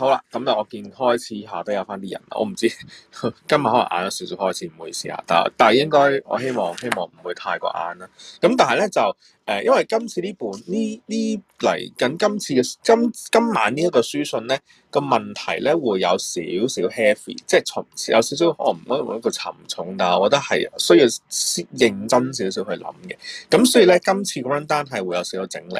好啦，咁但我見開始下都有翻啲人啦，我唔知今日可能晏咗少少開始，唔好意思啊，但係但係應該我希望希望唔會太過晏啦。咁但係咧就誒、呃，因為今次呢本呢呢嚟緊今次嘅今今晚呢一個書信咧嘅問題咧會有少少 heavy，即係沉有少少可能唔可以話一個沉重，但係我覺得係需要先認真少少去諗嘅。咁、嗯、所以咧今次 rundown 係會有少少整理。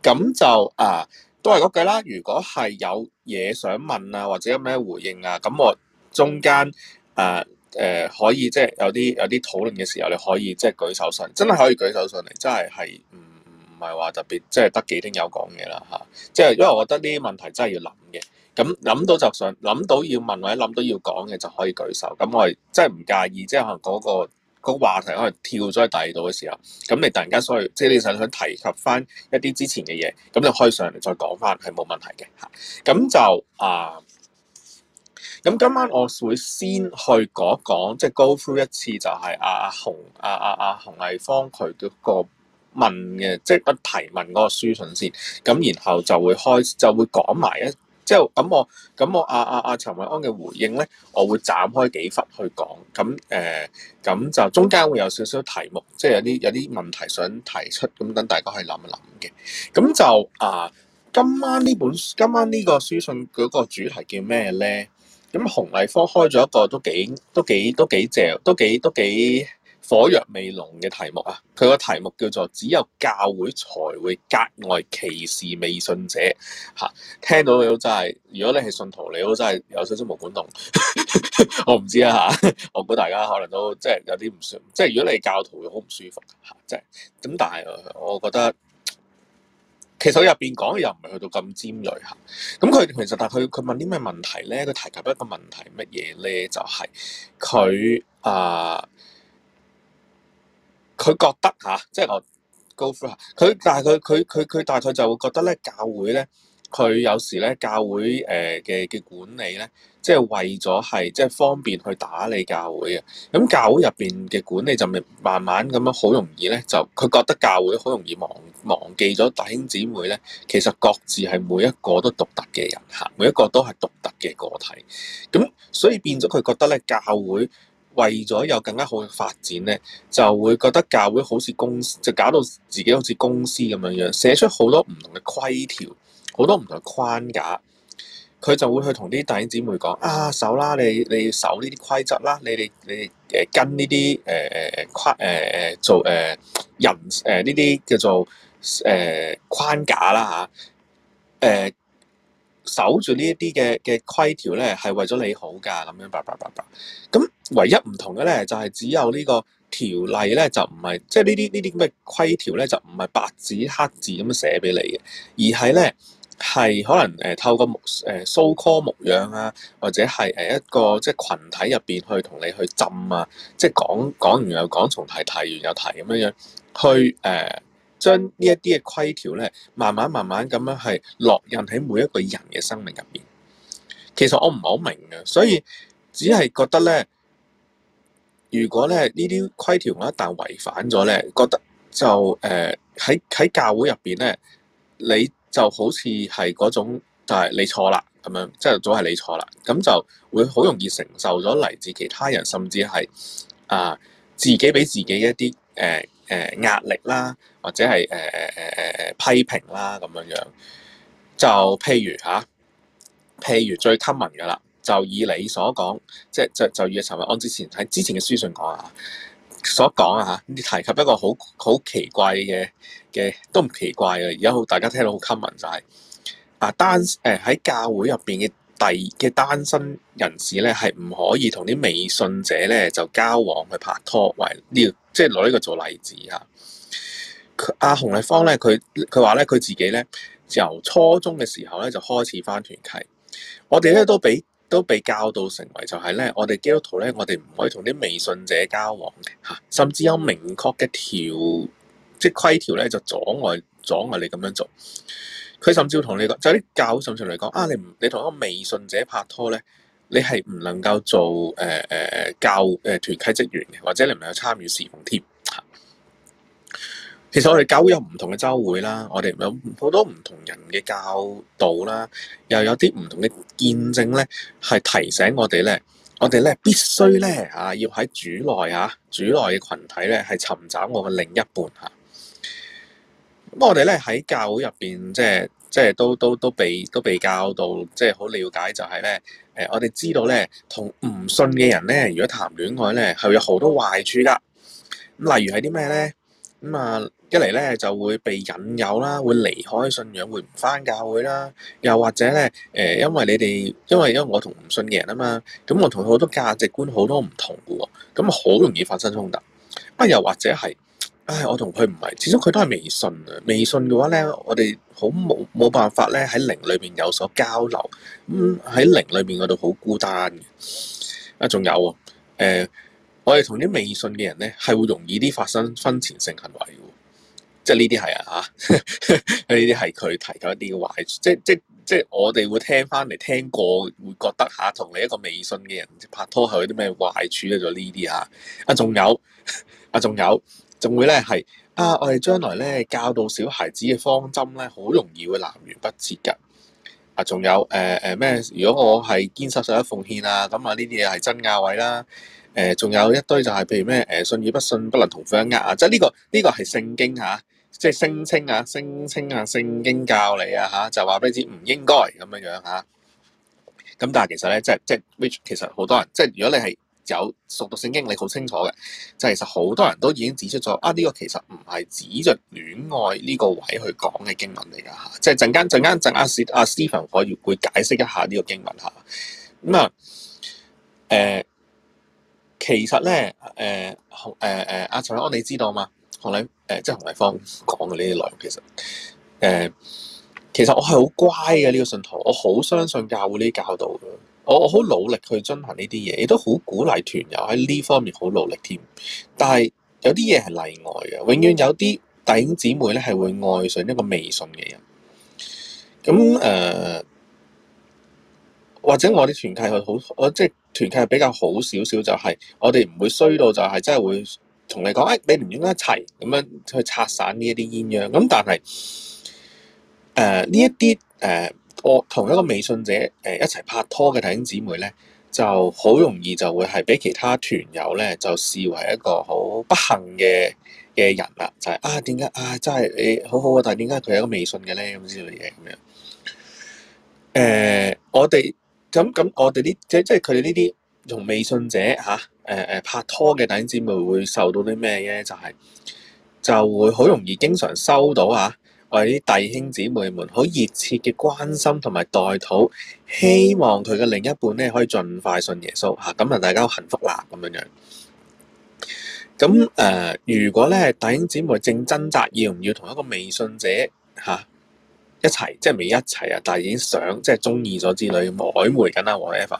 咁、嗯、就啊。呃都係嗰句啦。如果係有嘢想問啊，或者有咩回應啊，咁我中間誒誒可以即係有啲有啲討論嘅時候，你可以即係舉手信，真係可以舉手信嚟，真係係唔唔係話特別即係得幾丁友講嘢啦吓。即、啊、係因為我覺得呢啲問題真係要諗嘅。咁諗到就想諗到要問或者諗到要講嘅就可以舉手。咁我係真係唔介意，即係可能嗰個。個話題可能跳咗去第二度嘅時候，咁你突然間所謂，即係你想想提及翻一啲之前嘅嘢，咁就開上嚟再講翻係冇問題嘅嚇。咁就啊，咁今晚我會先去講一講，即係 go through 一次就，啊啊啊啊啊啊，就係阿阿紅阿阿阿紅藝芳佢嘅個問嘅，即係不提問嗰個書信先，咁然後就會開就會講埋一，講一，講一講。即係咁我咁我阿阿阿陳韋安嘅回應咧，我會斬開幾忽去講，咁誒咁就中間會有少少題目，即係有啲有啲問題想提出，咁等大家係諗一諗嘅。咁就啊，今晚呢本今晚呢個書信嗰個主題叫咩咧？咁洪麗芳開咗一個都幾都幾都幾正，都幾都幾。都幾都幾都幾火藥味濃嘅題目啊，佢個題目叫做只有教會才會格外歧視未信者嚇。聽到都真係，如果你係信徒你都真係 我真係有少少冇管動。我唔知啊嚇，我估大家可能都即係有啲唔舒，即係如果你係教徒會好唔舒服嚇、啊，即係咁。但係我覺得其實入邊講嘅又唔係去到咁尖鋭嚇。咁佢其實但佢佢問啲咩問題咧？佢提及一個問題乜嘢咧？就係佢啊。呃佢覺得嚇、啊，即係我 go through 佢但係佢佢佢大概就會覺得咧，教會咧，佢有時咧，教會誒嘅嘅管理咧，即係為咗係即係方便去打理教會啊。咁教會入邊嘅管理就咪慢慢咁樣好容易咧，就佢覺得教會好容易忘忘記咗弟兄姊妹咧，其實各自係每一個都獨特嘅人嚇，每一個都係獨特嘅個體。咁所以變咗佢覺得咧，教會。為咗有更加好嘅發展咧，就會覺得教會好似公司，就搞到自己好似公司咁樣樣，寫出好多唔同嘅規條，好多唔同嘅框架，佢就會去同啲弟兄姊妹講：啊，守啦，你你要守呢啲規則啦，你哋你哋誒跟呢啲誒誒誒框做誒、呃、人誒呢啲叫做誒、呃、框架啦嚇誒。啊呃守住呢一啲嘅嘅規條咧，係為咗你好㗎，咁樣叭叭叭叭。咁唯一唔同嘅咧，就係、是、只有個條呢個條例咧，就唔係即係呢啲呢啲咁嘅規條咧，就唔係白紙黑字咁樣寫俾你嘅，而係咧係可能誒、呃、透過誒 so call 模樣啊，或者係誒一個即係群體入邊去同你去浸啊，即係講講完又講，重提，提完又提咁樣樣去誒。呃將呢一啲嘅規條咧，慢慢慢慢咁樣係烙印喺每一個人嘅生命入邊。其實我唔係好明嘅，所以只係覺得咧，如果咧呢啲規條我一旦違反咗咧，覺得就誒喺喺教會入邊咧，你就好似係嗰種就係、是、你錯啦咁樣，即係總係你錯啦，咁就會好容易承受咗嚟自其他人，甚至係啊、呃、自己俾自己一啲誒誒壓力啦。或者係誒誒誒批評啦咁樣樣，就譬如吓、啊，譬如最 common 嘅啦，就以你所講，即係就是、就，就以陳韋安之前喺之前嘅書信講啊，所講啊嚇，你提及一個好好奇怪嘅嘅，都唔奇怪嘅，而家好大家聽到好 common 就係啊單誒喺、呃、教會入邊嘅第嘅單身人士咧，係唔可以同啲未信者咧就交往去拍拖為呢，即係攞呢個做例子嚇。阿洪麗芳咧，佢佢話咧，佢自己咧由初中嘅時候咧就開始返團契。我哋咧都俾都俾教導成為就係咧，我哋基督徒咧，我哋唔可以同啲未信者交往嘅吓，甚至有明確嘅條即係規條咧，就阻礙阻礙你咁樣做。佢甚至要同你講，就啲、是、教上上嚟講啊，你唔你同一個未信者拍拖咧，你係唔能夠做誒誒、呃呃、教誒、呃、團契職員嘅，或者你唔係有參與事奉添。其實我哋教會有唔同嘅周會啦，我哋有好多唔同人嘅教導啦，又有啲唔同嘅見證咧，係提醒我哋咧，我哋咧必須咧啊，要喺主內啊，主內嘅群體咧係尋找我嘅另一半吓。咁我哋咧喺教會入邊，即係即係都都都被都被教導，即係好了解就係咧，誒，我哋知道咧，同唔信嘅人咧，如果談戀愛咧，係有好多壞處噶。咁例如係啲咩咧？咁、嗯、啊？一嚟咧就會被引誘啦，會離開信仰，會唔返教會啦。又或者咧，誒、呃，因為你哋因為因為我同唔信嘅人啊嘛，咁我同佢好多價值觀好多唔同嘅喎，咁啊好容易發生衝突。啊，又或者係唉、哎，我同佢唔係，始終佢都係未信嘅。未信嘅話咧，我哋好冇冇辦法咧喺靈裏面有所交流。咁、嗯、喺靈裏面嗰度好孤單嘅啊。仲有啊，誒、呃，我哋同啲未信嘅人咧係會容易啲發生婚前性行為。即係呢啲係啊嚇，呢啲係佢提及一啲嘅壞處，即係即係即係我哋會聽翻嚟聽過，會覺得嚇，同你一個未信嘅人拍拖係有啲咩壞處咧？就呢啲嚇啊，仲有啊，仲有仲、啊、會咧係啊，我哋將來咧教導小孩子嘅方針咧，好容易會南轅北轍㗎。啊，仲有誒誒咩？如果我係堅守十一奉獻啊，咁啊呢啲嘢係真摳位啦。誒、呃，仲有一堆就係、是、譬如咩誒、啊，信與不信不能同負一軛啊！即係、這、呢個呢、這個係聖經嚇。啊啊即係聲稱啊，聲稱啊，聖經教啊啊你啊，嚇就話俾你知唔應該咁樣樣嚇。咁但係其實咧，即係即係，其實好多人即係如果你係有熟讀聖經，你好清楚嘅，就其實好多人都已經指出咗啊，呢個其實唔係指着戀愛呢個位去講嘅經文嚟㗎嚇。即係陣間陣間陣阿阿 Stephen 可以會解釋一下呢個經文嚇。咁啊，誒，其實咧，誒，誒誒，阿韋安，你知道嘛？同你即係同麗芳講嘅呢啲內容，其實誒，其實我係好乖嘅呢個信徒，我好相信教會呢啲教導，我我好努力去進行呢啲嘢，亦都好鼓勵團友喺呢方面好努力添。但係有啲嘢係例外嘅，永遠有啲弟兄姊妹咧係會愛上一個未信嘅人。咁誒、呃，或者我哋團契係好，即係團契係比較好少少、就係，就係我哋唔會衰到，就係真係會。同你講，誒，你唔應該一齊咁樣去拆散呢一啲鴛鴦。咁但係，誒、呃，呢一啲誒，我同一個未信者誒、呃、一齊拍拖嘅弟兄姊妹咧，就好容易就會係俾其他團友咧，就視為一個好不幸嘅嘅人啦。就係、是、啊，點解啊，真係你、欸、好好啊，但係點解佢係一個未信嘅咧？咁之類嘢咁樣。誒、呃，我哋咁咁，我哋呢即即係佢哋呢啲同未信者嚇。啊誒誒、呃、拍拖嘅弟兄姊妹會受到啲咩咧？就係、是、就會好容易經常收到啊，我哋啲弟兄姊妹們好熱切嘅關心同埋代禱，希望佢嘅另一半咧可以盡快信耶穌嚇，咁啊大家幸福啦咁樣樣。咁、啊、誒，如果咧弟兄姊妹正掙扎要唔要同一個未信者嚇、啊、一齊，即係未一齊啊，但係已經想即係中意咗之類，曖昧緊啦 whatever。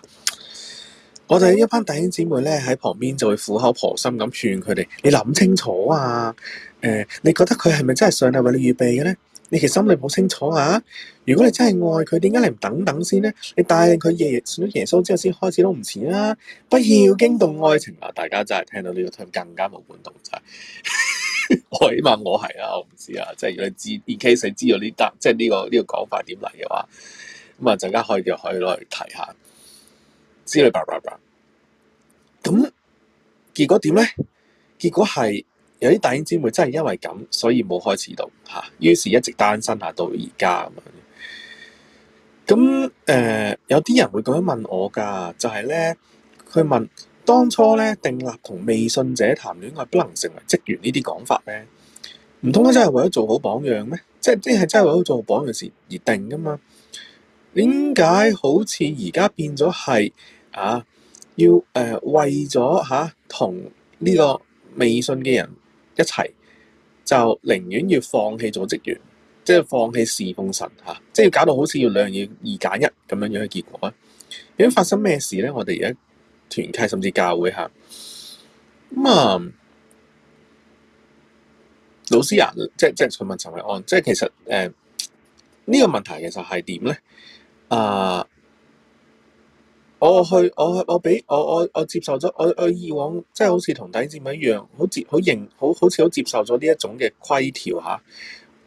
我哋一班弟兄姊妹咧喺旁邊就會苦口婆心咁勸佢哋，你諗清楚啊！誒、呃，你覺得佢係咪真係上帝為你預備嘅咧？你其實心裏好清楚啊！如果你真係愛佢，點解你唔等等先呢？你帶領佢日夜信耶穌之後，先開始都唔遲啦！不要驚動愛情啊！大家真係聽到呢個 topic 更加冇半道就係，我起碼我係啊，我唔知啊，即係如果你知，in case 知道呢單，即係呢個呢、呢個講法點嚟嘅話，咁啊，陣間可以又可以攞嚟提下。之類白白白，叭叭咁結果點呢？結果係有啲大英姊妹真係因為咁，所以冇開始到吓，於、啊、是一直單身下到而家咁樣。咁誒、呃，有啲人會咁樣問我噶，就係、是、呢，佢問當初呢，訂立同未信者談戀愛不能成為職員呢啲講法呢？唔通真係為咗做好榜樣咩？即係即係真係為咗做好榜樣事而定噶嘛？點解好似而家變咗係？啊！要誒、呃、為咗吓同呢個微信未信嘅人一齊，就寧願要放棄咗職員，即係放棄侍奉神吓、啊，即係搞到好似要兩樣嘢二揀一咁樣樣嘅結果啊！究竟發生咩事咧？我哋而家團契甚至教會吓咁啊！老師啊，即係即係佢問陳韋安，即係其實誒呢、呃這個問題其實係點咧？啊！我去，我去，我俾我我我接受咗，我我以往即係好似同弟姊妹一樣，好接好認好好似好接受咗呢一種嘅規條吓，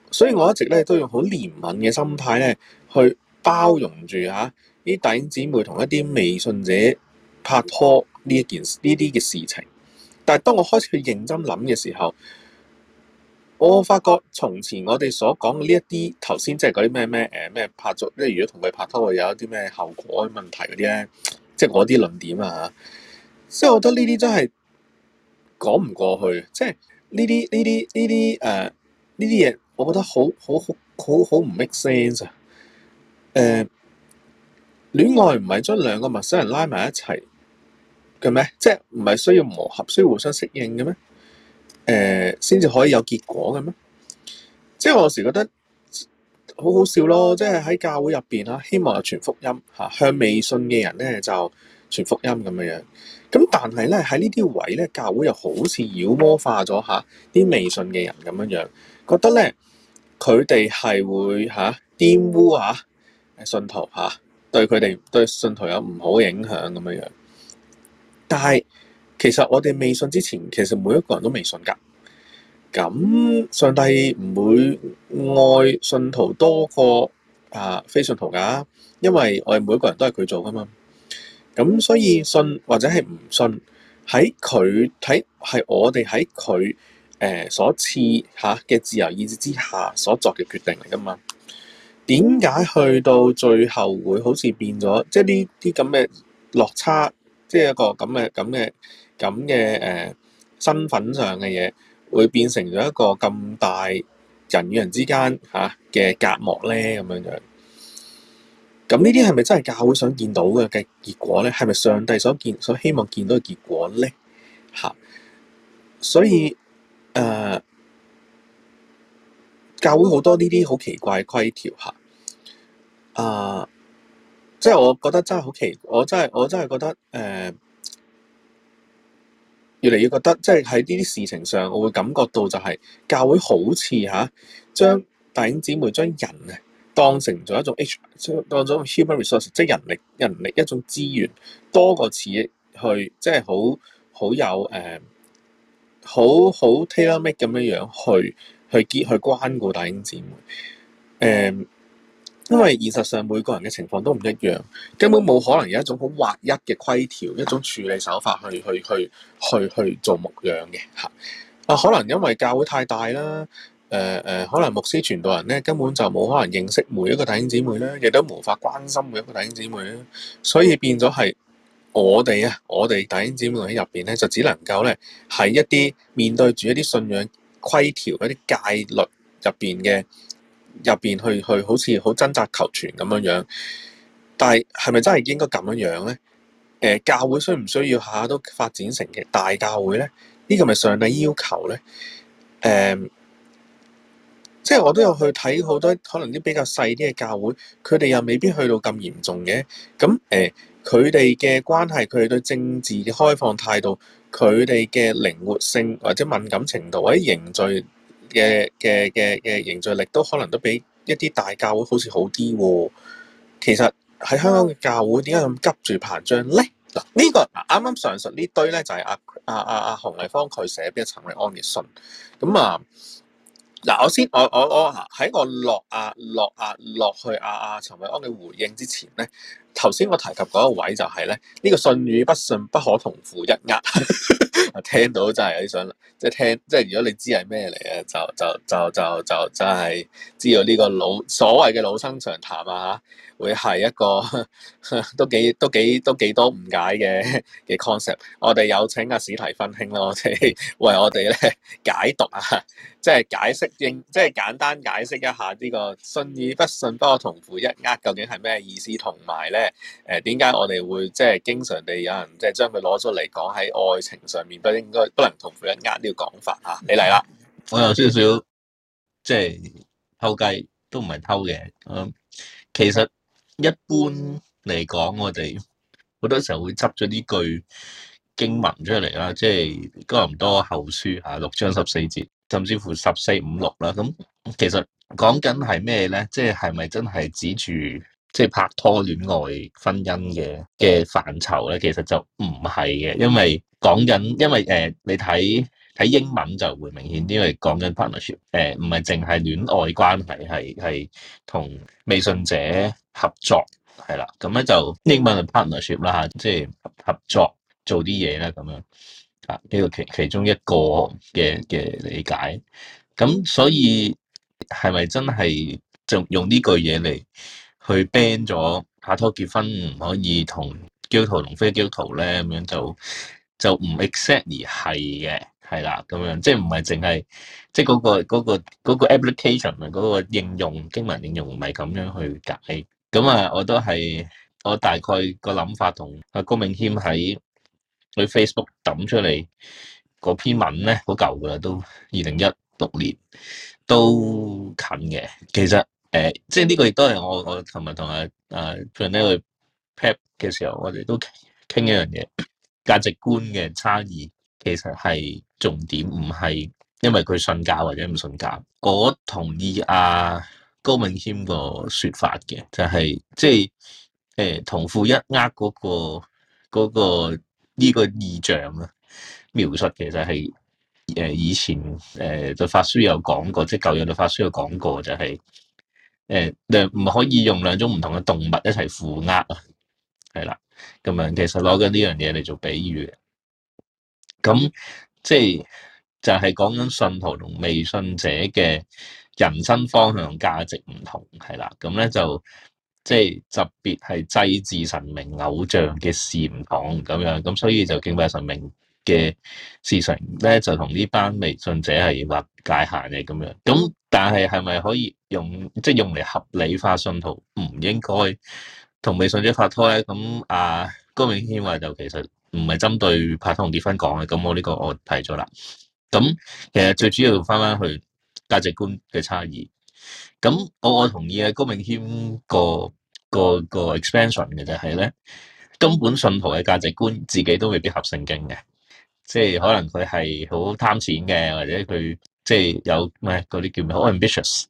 所以我一直咧都用好憐憫嘅心態咧去包容住吓啲弟兄姊妹同一啲未信者拍拖呢一件呢啲嘅事情，但係當我開始去認真諗嘅時候。我發覺從前我哋所講嘅呢一啲頭先即係嗰啲咩咩誒咩拍作，即係如果同佢拍拖會有一啲咩後果問題嗰啲咧，即係嗰啲論點啊，即係我覺得呢啲真係講唔過去，即係呢啲呢啲呢啲誒呢啲嘢，呃、我覺得好好好好好唔 make sense 啊！誒，戀愛唔係將兩個陌生人拉埋一齊嘅咩？即係唔係需要磨合，需要互相適應嘅咩？誒先至可以有結果嘅咩？即係我有時覺得好好笑咯！即係喺教會入邊啦，希望傳福音嚇向未信嘅人咧就傳福音咁樣樣。咁但係咧喺呢啲位咧，教會又好似妖魔化咗嚇啲未信嘅人咁樣樣，覺得咧佢哋係會嚇玷污嚇信徒嚇、啊、對佢哋對信徒有唔好影響咁樣樣。但係其實我哋未信之前，其實每一個人都未信噶。咁上帝唔會愛信徒多過啊非信徒噶，因為我哋每一個人都係佢做噶嘛。咁所以信或者係唔信，喺佢睇，係我哋喺佢誒所賜吓嘅自由意志之下所作嘅決定嚟噶嘛，點解去到最後會好似變咗？即係呢啲咁嘅落差，即係一個咁嘅咁嘅。咁嘅誒身份上嘅嘢，會變成咗一個咁大人與人之間吓嘅隔膜咧，咁樣樣。咁呢啲係咪真係教會想見到嘅嘅結果咧？係咪上帝所見所希望見到嘅結果咧？吓、啊，所以誒、呃，教會好多呢啲好奇怪規條吓，誒、啊，即、就、係、是、我覺得真係好奇，我真係我真係覺得誒。呃越嚟越覺得，即係喺呢啲事情上，我會感覺到就係教會好似吓將弟兄姊妹將人啊當成咗一種 H，當咗 human resource，即係人力、人力一種資源多過次去，即係好好有誒好、嗯、好 tailor make 咁樣樣去去結去關顧弟兄姊妹誒。嗯因為現實上每個人嘅情況都唔一樣，根本冇可能有一種好劃一嘅規條、一種處理手法去去去去去做牧養嘅嚇。啊，可能因為教會太大啦，誒、呃、誒、呃，可能牧師傳道人咧根本就冇可能認識每一個弟兄姊妹咧，亦都無法關心每一個弟兄姊妹咧，所以變咗係我哋啊，我哋弟兄姊妹喺入邊咧就只能夠咧係一啲面對住一啲信仰規條、一啲戒律入邊嘅。入邊去去好似好掙扎求存咁樣樣，但係係咪真係應該咁樣樣咧？誒教會需唔需要下下都發展成嘅大教會咧？呢個咪上帝要求咧？誒即係我都有去睇好多可能啲比較細啲嘅教會，佢哋又未必去到咁嚴重嘅。咁誒佢哋嘅關係，佢哋對政治嘅開放態度，佢哋嘅靈活性或者敏感程度，或者凝聚。嘅嘅嘅嘅凝聚力都可能都比一啲大教會好似好啲喎。其實喺香港嘅教會點解咁急住膨脹咧？嗱、這、呢個嗱啱啱上述呢堆咧就係阿阿阿阿洪麗芳佢寫俾陳韋安嘅信咁啊。嗱、啊啊啊嗯啊啊、我先我我我喺我落啊落啊落去阿阿陳韋安嘅回應之前咧。頭先我提及嗰個位就係、是、咧，呢、這個信與不信不可同負一軛， 聽到真係有啲想即係聽，即係如果你知係咩嚟嘅，就就就就就就係知道呢個老所謂嘅老生常談啊，會係一個都幾都幾都幾多誤解嘅嘅 concept。我哋有請阿、啊、史提芬兄咯，我哋為我哋咧解讀啊。即係解釋應，即係簡單解釋一下呢個信與不信不可同負一軛，究竟係咩意思？同埋咧，誒點解我哋會即係經常地有人即係將佢攞出嚟講喺愛情上面，都應該不能同負一軛呢個講法啊？你嚟啦，我有少少即係偷雞都唔係偷嘅。嗯，其實一般嚟講，我哋好多時候會執咗呢句經文出嚟啦，即係《哥林多後書》嚇六章十四節。甚至乎十四五六啦，咁其實講緊係咩咧？即係係咪真係指住即係拍拖、戀愛、婚姻嘅嘅範疇咧？其實就唔係嘅，因為講緊，因為誒、呃，你睇睇英文就會明顯啲，因為講緊 partnership，誒、呃、唔係淨係戀愛關係，係係同未信者合作係啦，咁咧就英文 partnership、啊、就 partnership 啦吓，即係合合作做啲嘢啦咁樣。呢個其其中一個嘅嘅理解，咁所以係咪真係就用呢句嘢嚟去 ban 咗拍拖結婚，唔可以同基徒同非基徒咧？咁樣就就唔 accept 而係嘅，係啦咁樣，即係唔係淨係即係、嗰、嗰個嗰、嗰個嗰、嗰個 application 啊，嗰個應用經文應用唔係咁樣去解咁啊？我都係我大概個諗法同阿高明軒喺。佢 Facebook 抌出嚟嗰篇文咧，好舊噶啦，都二零一六年都近嘅。其實誒，即係呢個亦都係我我琴日同阿阿 Pandey pat 嘅時候，我哋都傾一樣嘢，價值觀嘅差異其實係重點，唔係因為佢信教或者唔信教。我同意阿、啊、高明軒個説法嘅，就係、是、即係誒、呃、同父一呃嗰個嗰個。那個呢個意象啦，描述其實係誒以前誒《律法書》有講過，即係舊約《律法書》有講過，就係誒兩唔可以用兩種唔同嘅動物一齊負軛啊，係啦，咁樣其實攞緊呢樣嘢嚟做比喻，咁即係就係講緊信徒同未信者嘅人生方向價值唔同，係啦，咁咧就。即係特別係祭祀神明偶像嘅事唔同，咁樣，咁所以就敬拜神明嘅事情咧，就同呢班未信者係劃界限嘅咁樣。咁但係係咪可以用即係、就是、用嚟合理化信徒唔應該同未信者拍拖咧？咁阿、啊、高明謙話就其實唔係針對拍拖同結婚講嘅。咁我呢個我提咗啦。咁其實最主要返返去價值觀嘅差異。咁我我同意啊，高明謙個。個個 expansion 嘅就係咧，根本信徒嘅價值觀自己都未必合聖經嘅，即係可能佢係好貪錢嘅，或者佢即係有咩嗰啲叫咩？好 ambitious，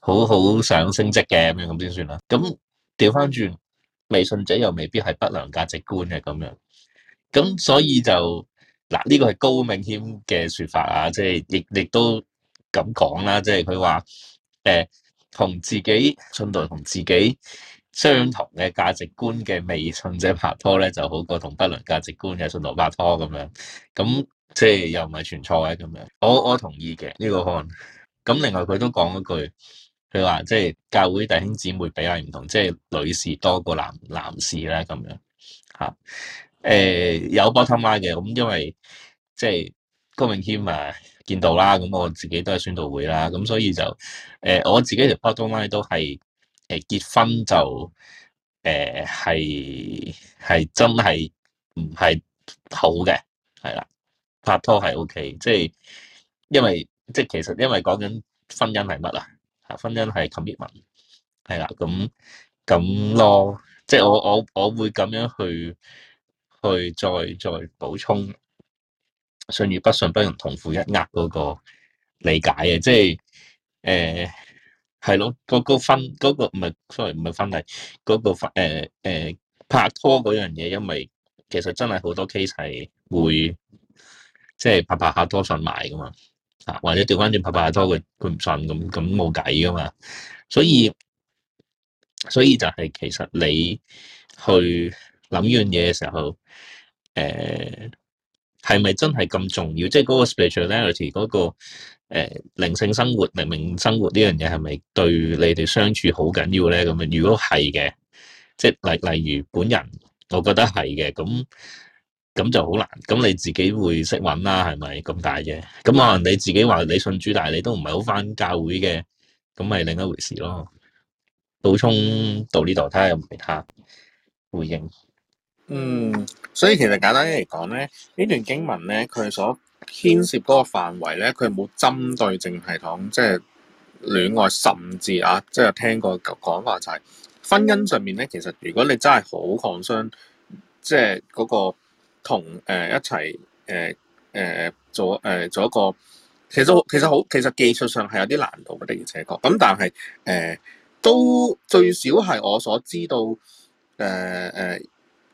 好好想升職嘅咁樣咁先算啦。咁掉返轉，未信者又未必係不良價值觀嘅咁樣。咁所以就嗱呢個係高銘謙嘅說法啊，即係亦亦都咁講啦，即係佢話誒，同自己信徒同自己。相同嘅價值觀嘅未信者拍拖咧，就好過同不良價值觀嘅信徒拍拖咁樣。咁即係又唔係全錯嘅。咁樣。我我同意嘅呢、這個可能。咁另外佢都講一句，佢話即係教會弟兄姊妹比較唔同，即係女士多過男男士咧咁樣。吓、啊，誒、呃、有 bottom line 嘅。咁因為即係高永謙啊見到啦。咁我自己都係宣道會啦。咁所以就誒、呃、我自己條 bottom line 都係。係結婚就誒係係真係唔係好嘅係啦，拍拖係 OK，即係因為即係其實因為講緊婚姻係乜啊？吓，婚姻係 commitment 係啦，咁咁咯，即係我我我會咁樣去去再再補充，信與不信不用同負一軛嗰個理解嘅，即係誒。呃係咯，個、那個分嗰、那個唔係，sorry 唔係分例，嗰、那個誒誒、呃呃、拍拖嗰樣嘢，因為其實真係好多 case 係會即係拍拍下拖上埋噶嘛，啊或者掉返轉拍拍下拖佢佢唔信，咁咁冇計噶嘛，所以所以就係其實你去諗呢樣嘢嘅時候，誒、呃。係咪真係咁重要？即係嗰個 spirituality 嗰、那個誒呃靈性生活、靈命生活呢樣嘢，係咪對你哋相處好緊要咧？咁啊，如果係嘅，即係例例如本人，我覺得係嘅，咁咁就好難。咁你自己會識揾啦，係咪咁大嘅？咁可能你自己話你信主大，但係你都唔係好返教會嘅，咁咪另一回事咯。補充到呢度，睇下有冇其他回應。嗯。所以其實簡單啲嚟講咧，呢段經文咧，佢所牽涉嗰個範圍咧，佢冇針對淨係講即係戀愛，甚至啊，即、就、係、是、聽過講話就係婚姻上面咧，其實如果你真係好抗傷，即係嗰個同誒、呃、一齊誒誒做誒、呃、做一個，其實其實好其實技術上係有啲難度嘅而且確。咁但係誒、呃、都最少係我所知道誒誒。呃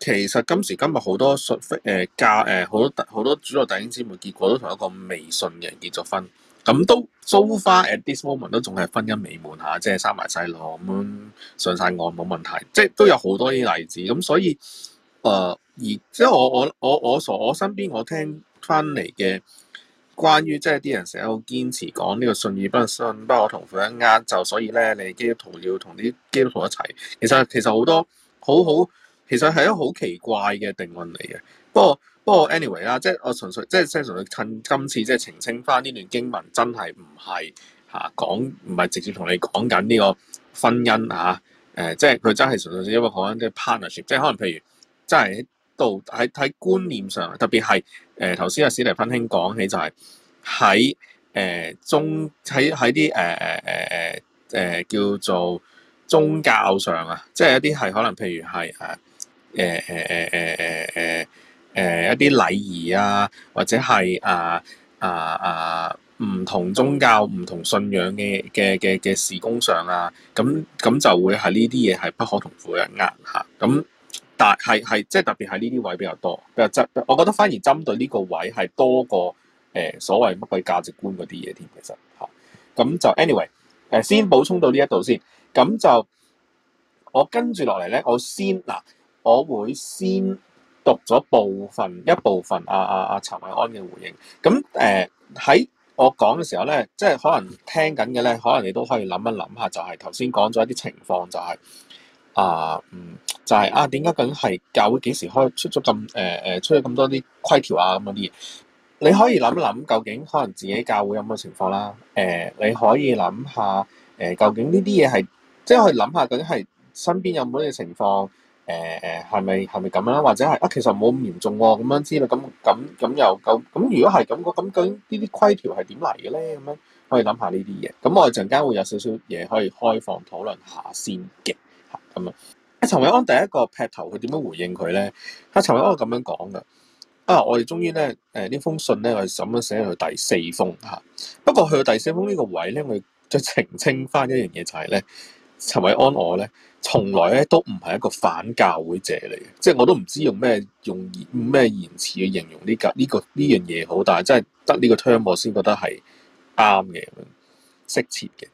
其實今時今日好多誒嫁誒好多好多主內弟兄姊妹，結果都同一個未信嘅人結咗婚，咁都 so far at this moment 都仲係婚姻美滿吓，即係生埋細路咁樣上晒岸冇問題，即係都有好多啲例子，咁、嗯、所以誒、呃、而即係我我我我傻，我身邊我聽翻嚟嘅關於即係啲人成日好堅持講呢個信與不信不，我同父一啱就所以咧，你基督徒要同啲基督徒一齊。其實其實好多好好。好好其實係一個好奇怪嘅定論嚟嘅，不過不過 anyway 啦，即係我純粹即係即係純粹趁今次即係澄清翻呢段經文，真係唔係吓講，唔係直接同你講緊呢個婚姻吓，誒、啊呃、即係佢真係純粹因為講緊啲 partnership，即係可能譬如真係喺度喺喺觀念上，特別係誒頭先阿史提芬兄講起就係喺誒宗喺喺啲誒誒誒誒叫做宗教上啊，即係一啲係可能譬如係誒。呃呃呃誒誒誒誒誒誒一啲禮儀啊，或者係啊啊啊唔同宗教、唔同信仰嘅嘅嘅嘅事工上啊，咁咁就會係呢啲嘢係不可同負嘅軛。下。咁但係係即係特別係呢啲位比較多，比較我覺得反而針對呢個位係多過誒所謂乜鬼價值觀嗰啲嘢添，其實嚇。咁就 anyway 誒，先補充到呢一度先。咁就我跟住落嚟咧，我先嗱。我會先讀咗部分一部分阿阿阿陳韋安嘅回應。咁誒喺我講嘅時候咧，即係可能聽緊嘅咧，可能你都可以諗一諗下，就係頭先講咗一啲情況，就係啊，嗯，就係啊，點解究竟係教會幾時開出咗咁誒誒出咗咁多啲規條啊咁嗰啲嘢？你可以諗一諗，究竟可能自己教會有冇呢個情況啦？誒，你可以諗下誒、呃，究竟呢啲嘢係即係諗下，究竟係身邊有冇呢個情況？誒誒，係咪係咪咁樣？或者係啊，其實冇咁嚴重喎，咁樣之類。咁咁咁又咁咁，如果係咁個究竟呢啲規條係點嚟嘅咧？咁樣可以諗下呢啲嘢。咁我哋陣間會有少少嘢可以開放討論下先嘅。咁啊，陳韋安第一個劈頭佢點樣回應佢咧？阿陳韋安係咁樣講噶。啊，我哋終於咧誒呢封信咧，我哋係咁樣寫到第四封嚇。不過去到第四封呢個位咧，我哋就澄清翻一樣嘢，就係咧。陳韋安我呢，我咧從來咧都唔係一個反教會者嚟嘅，即係我都唔知用咩用，用言咩言辭去形容呢、這個呢、這個呢樣嘢好，但係真係得呢個 term 我先覺得係啱嘅，適切嘅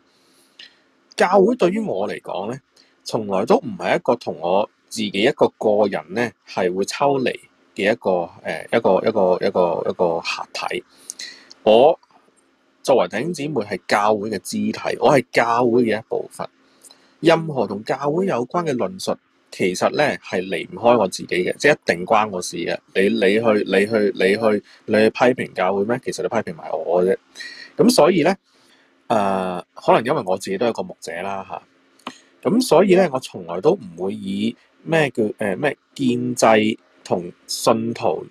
教會對於我嚟講咧，從來都唔係一個同我自己一個個人咧係會抽離嘅一個誒、呃、一個一個一個一個客體。我作為弟兄姊妹係教會嘅肢體，我係教會嘅一部分。任何同教會有關嘅論述，其實咧係離唔開我自己嘅，即係一定關我的事嘅。你你去你去你去你去，你去批評教會咩？其實你批評埋我啫。咁所以咧，誒、呃、可能因為我自己都係一個牧者啦嚇，咁、啊、所以咧我從來都唔會以咩叫誒咩、呃、建制同信徒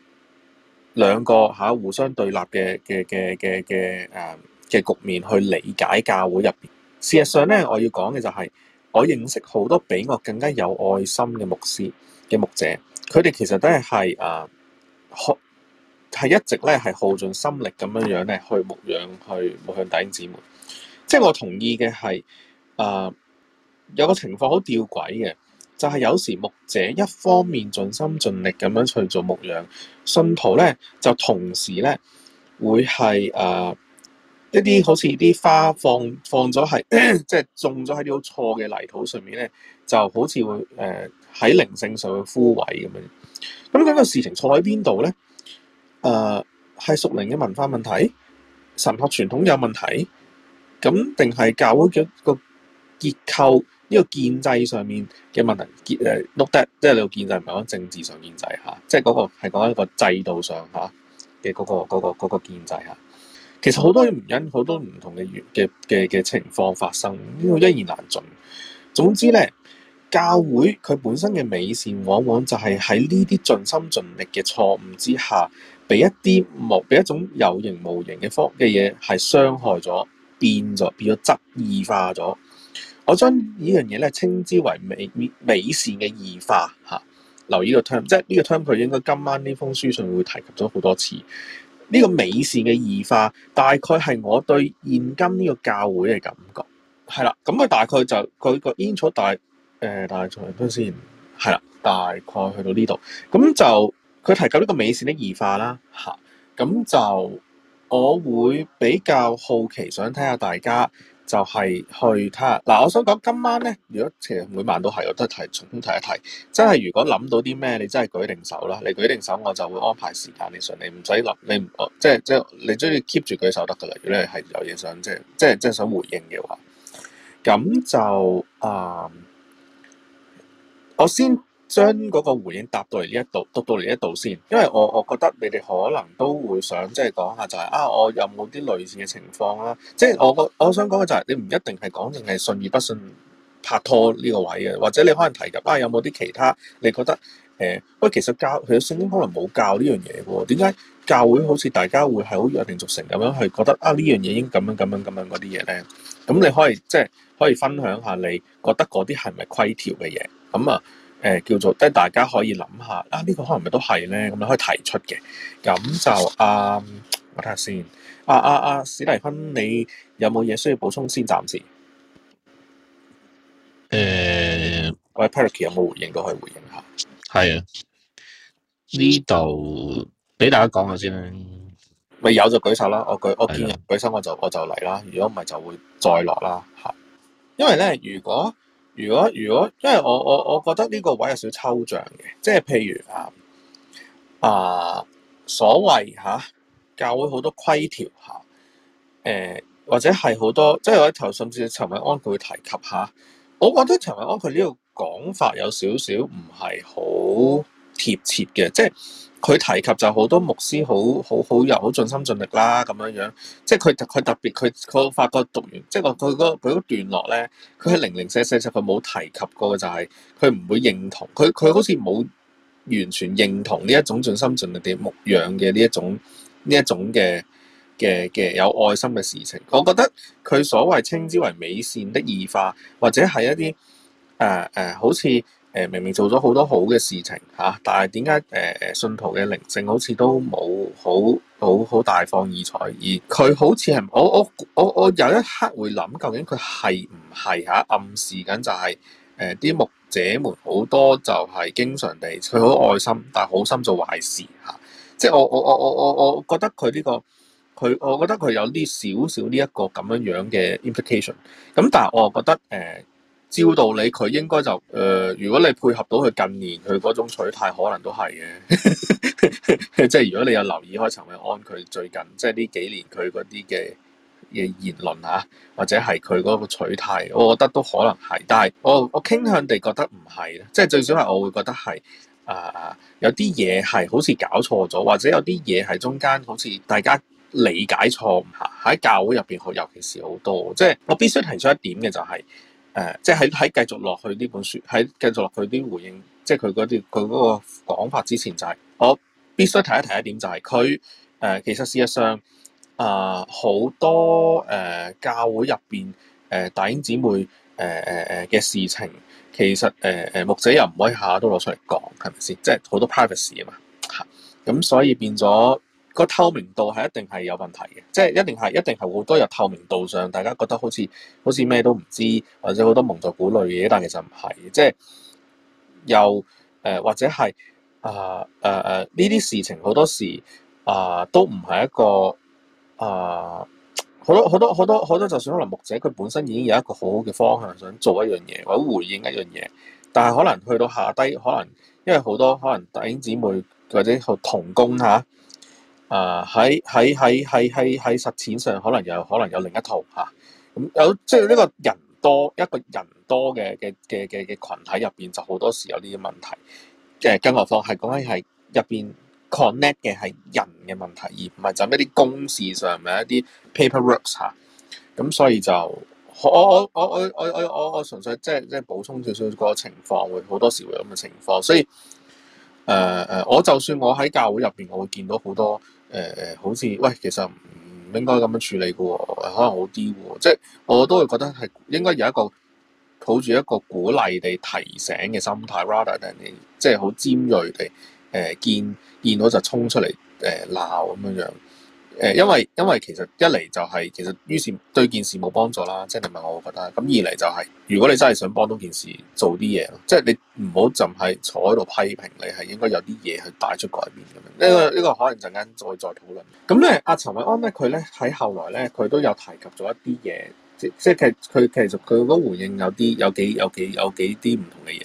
兩個嚇、啊、互相對立嘅嘅嘅嘅嘅誒嘅局面去理解教會入邊。事實上咧，我要講嘅就係、是。我認識好多比我更加有愛心嘅牧師嘅牧者，佢哋其實都係係啊，耗係一直咧係耗盡心力咁樣樣咧去牧養、去牧向弟兄姊妹。即係我同意嘅係啊，有個情況好吊詭嘅，就係、是、有時牧者一方面盡心盡力咁樣去做牧羊，信徒咧就同時咧會係啊。一啲好似啲花放放咗，係即係種咗喺啲好錯嘅泥土上面咧，就好似會誒喺靈性上會枯萎咁樣。咁咁個事情錯喺邊度咧？誒、呃，係屬靈嘅文化問題，神學傳統有問題，咁定係搞咗個結構呢、這個建制上面嘅問題？結誒，獨、呃、特即係你個建制唔係講政治上建制吓、啊，即係嗰、那個係講一個制度上吓嘅嗰個、那個、那個那個建制吓。其實好多原因，好多唔同嘅原嘅嘅嘅情況發生，呢個一言難盡。總之咧，教會佢本身嘅美善，往往就係喺呢啲盡心盡力嘅錯誤之下，俾一啲無俾一種有形無形嘅方嘅嘢係傷害咗，變咗變咗質異化咗。我將呢樣嘢咧稱之為美美善嘅異化吓、啊。留意個 term，即係呢個 term 佢應該今晚呢封書信會提及咗好多次。呢個美善嘅異化，大概係我對現今呢個教會嘅感覺，係啦。咁佢大概就佢個煙草大，誒大財經先，係啦，大概去到呢度。咁就佢提及呢個美善的異化啦，嚇。咁就我會比較好奇，想睇下大家。就係去睇嗱，我想講今晚咧，如果其實每晚都係，我都提重新提一提。真係如果諗到啲咩，你真係舉定手啦，你舉定手我就會安排時間你上你唔使諗，你唔、呃、即係即係你中意 keep 住舉手得㗎喇。如果你係有嘢想即係即係即係想回應嘅話，咁就誒、呃，我先。將嗰個回應答到嚟，呢一度讀到嚟呢一度先，因為我我覺得你哋可能都會想即係講下就係、是、啊，我有冇啲類似嘅情況啦、啊？即係我我想講嘅就係你唔一定係講定係信而不信拍拖呢個位嘅、啊，或者你可能提及啊有冇啲其他你覺得誒、呃、喂，其實教其實聖經可能冇教呢樣嘢嘅，點解教會好似大家會係好約定俗成咁樣去覺得啊樣樣樣呢樣嘢已經咁樣咁樣咁樣嗰啲嘢咧？咁、嗯、你可以即係、就是、可以分享下你覺得嗰啲係咪規條嘅嘢咁啊？嗯誒、呃、叫做，即係大家可以諗下，啊呢、這個可能咪都係咧，咁你可以提出嘅。咁就啊、呃，我睇下先。啊啊啊，史蒂芬，你有冇嘢需要補充先暫？暫時誒，我係 Patrick 有冇回應都可以回應下。係啊，呢度俾大家講下先。咪有就舉手啦，我舉，我，舉的我見人舉手我就我就嚟啦。如果唔係就會再落啦。嚇，因為咧，如果如果如果，因為我我我覺得呢個位有少抽象嘅，即係譬如啊啊，所謂嚇教會好多規條嚇，誒或者係好多，即係我頭甚至陳韋安佢會提及下。我覺得陳韋、啊啊啊、安佢呢個講法有少少唔係好貼切嘅，即係。佢提及就好多牧師好好好又好盡心盡力啦，咁樣樣，即係佢特佢特別佢佢發覺讀完，即係佢佢個段落咧，佢係零零碎碎，實佢冇提及過嘅就係佢唔會認同，佢佢好似冇完全認同呢一種盡心盡力嘅牧養嘅呢一種呢一種嘅嘅嘅有愛心嘅事情。我覺得佢所謂稱之為美善的異化，或者係一啲誒誒好似。誒明明做咗好多好嘅事情嚇，但係點解誒信徒嘅靈性好似都冇好好好大放異彩？而佢好似係我我我我有一刻會諗，究竟佢係唔係嚇暗示緊就係誒啲牧者們好多就係經常地佢好愛心，但係好心做壞事嚇。即係我我我我我我覺得佢呢個佢，我覺得佢有啲少少呢一個咁樣樣嘅 implication。咁但係我覺得誒。小小這個照道理佢應該就誒、呃，如果你配合到佢近年佢嗰種取態，可能都係嘅。 即係如果你有留意開陳韋安佢最近即係呢幾年佢嗰啲嘅嘅言論嚇、啊，或者係佢嗰個取態，我覺得都可能係。但係我我傾向地覺得唔係咧，即係最少係我會覺得係啊、呃，有啲嘢係好似搞錯咗，或者有啲嘢係中間好似大家理解錯誤，喺教會入邊，尤其是好多。即係我必須提出一點嘅就係、是。誒，即係喺喺繼續落去呢本書，喺繼續落去啲回應，即係佢嗰啲佢嗰個講法之前、就是，就係我必須提一提一點就，就係佢誒，其實事實上啊，好、呃、多誒、呃、教會入邊誒弟兄姊妹誒誒誒嘅事情，其實誒誒、呃、牧者又唔可以下下都攞出嚟講，係咪先？即係好多 privacy 事啊嘛，嚇、嗯！咁所以變咗。個透明度係一定係有問題嘅，即係一定係一定係好多有透明度上，大家覺得好似好似咩都唔知，或者好多蒙在鼓裡嘅，嘢，但係其實唔係，即係又誒、呃、或者係啊誒誒呢啲事情好多時啊、呃、都唔係一個啊好、呃、多好多好多好多，就算可能牧者佢本身已經有一個好好嘅方向想做一樣嘢或者回應一樣嘢，但係可能去到下低，可能因為好多可能弟兄姊妹或者同工嚇。啊！喺喺喺喺喺喺實踐上，可能又可能有另一套嚇。咁、啊嗯、有即係呢個人多，一個人多嘅嘅嘅嘅嘅羣體入邊，就好多時有呢啲問題。誒、呃，更何況係講緊係入邊 connect 嘅係人嘅問題，而唔係就係一啲公事上 works、啊，唔係一啲 paperworks 嚇。咁所以就我我我我我我我我純粹即係即係補充少少個情況，會好多時會咁嘅情況。所以誒誒、呃，我就算我喺教會入邊，我會見到好多。誒誒、呃，好似喂，其實唔應該咁樣處理嘅喎，可能好啲喎，即係我都會覺得係應該有一個抱住一個鼓勵地提醒嘅心態，rather than 你即係好尖鋭地誒見見到就衝出嚟誒鬧咁樣樣。誒，因為因為其實一嚟就係、是、其實於是對件事冇幫助啦，即係你問我我覺得咁。二嚟就係、是、如果你真係想幫到件事做啲嘢，即係你唔好就係坐喺度批評，你係應該有啲嘢去帶出改變咁樣。呢個呢個可能陣間再再討論。咁、嗯、咧，阿陳韋安咧，佢咧喺後來咧，佢都有提及咗一啲嘢，即即係佢其實佢都回應有啲有幾有幾有幾啲唔同嘅嘢嘅。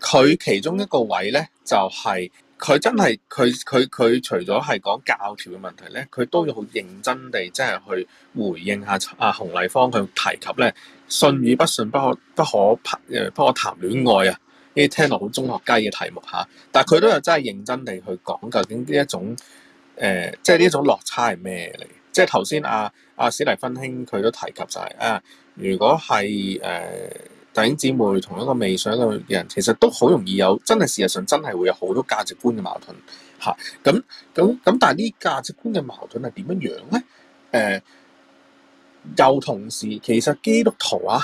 佢其中一個位咧就係、是。佢真係佢佢佢除咗係講教條嘅問題咧，佢都要好認真地即係去回應下啊洪麗芳佢提及咧，信與不信不可不可拍誒不可談戀愛啊，呢啲聽落好中學雞嘅題目嚇，但係佢都有真係認真地去講究竟呢一種誒，即係呢種落差係咩嚟？即係頭先阿啊，啊史蒂芬兄佢都提及晒啊，如果係誒。呃弟兄姊妹，同一個未信嘅人，其實都好容易有真係事實上真係會有好多價值觀嘅矛盾嚇。咁咁咁，但係呢價值觀嘅矛盾係點樣樣咧？誒、呃，又同時其實基督徒啊，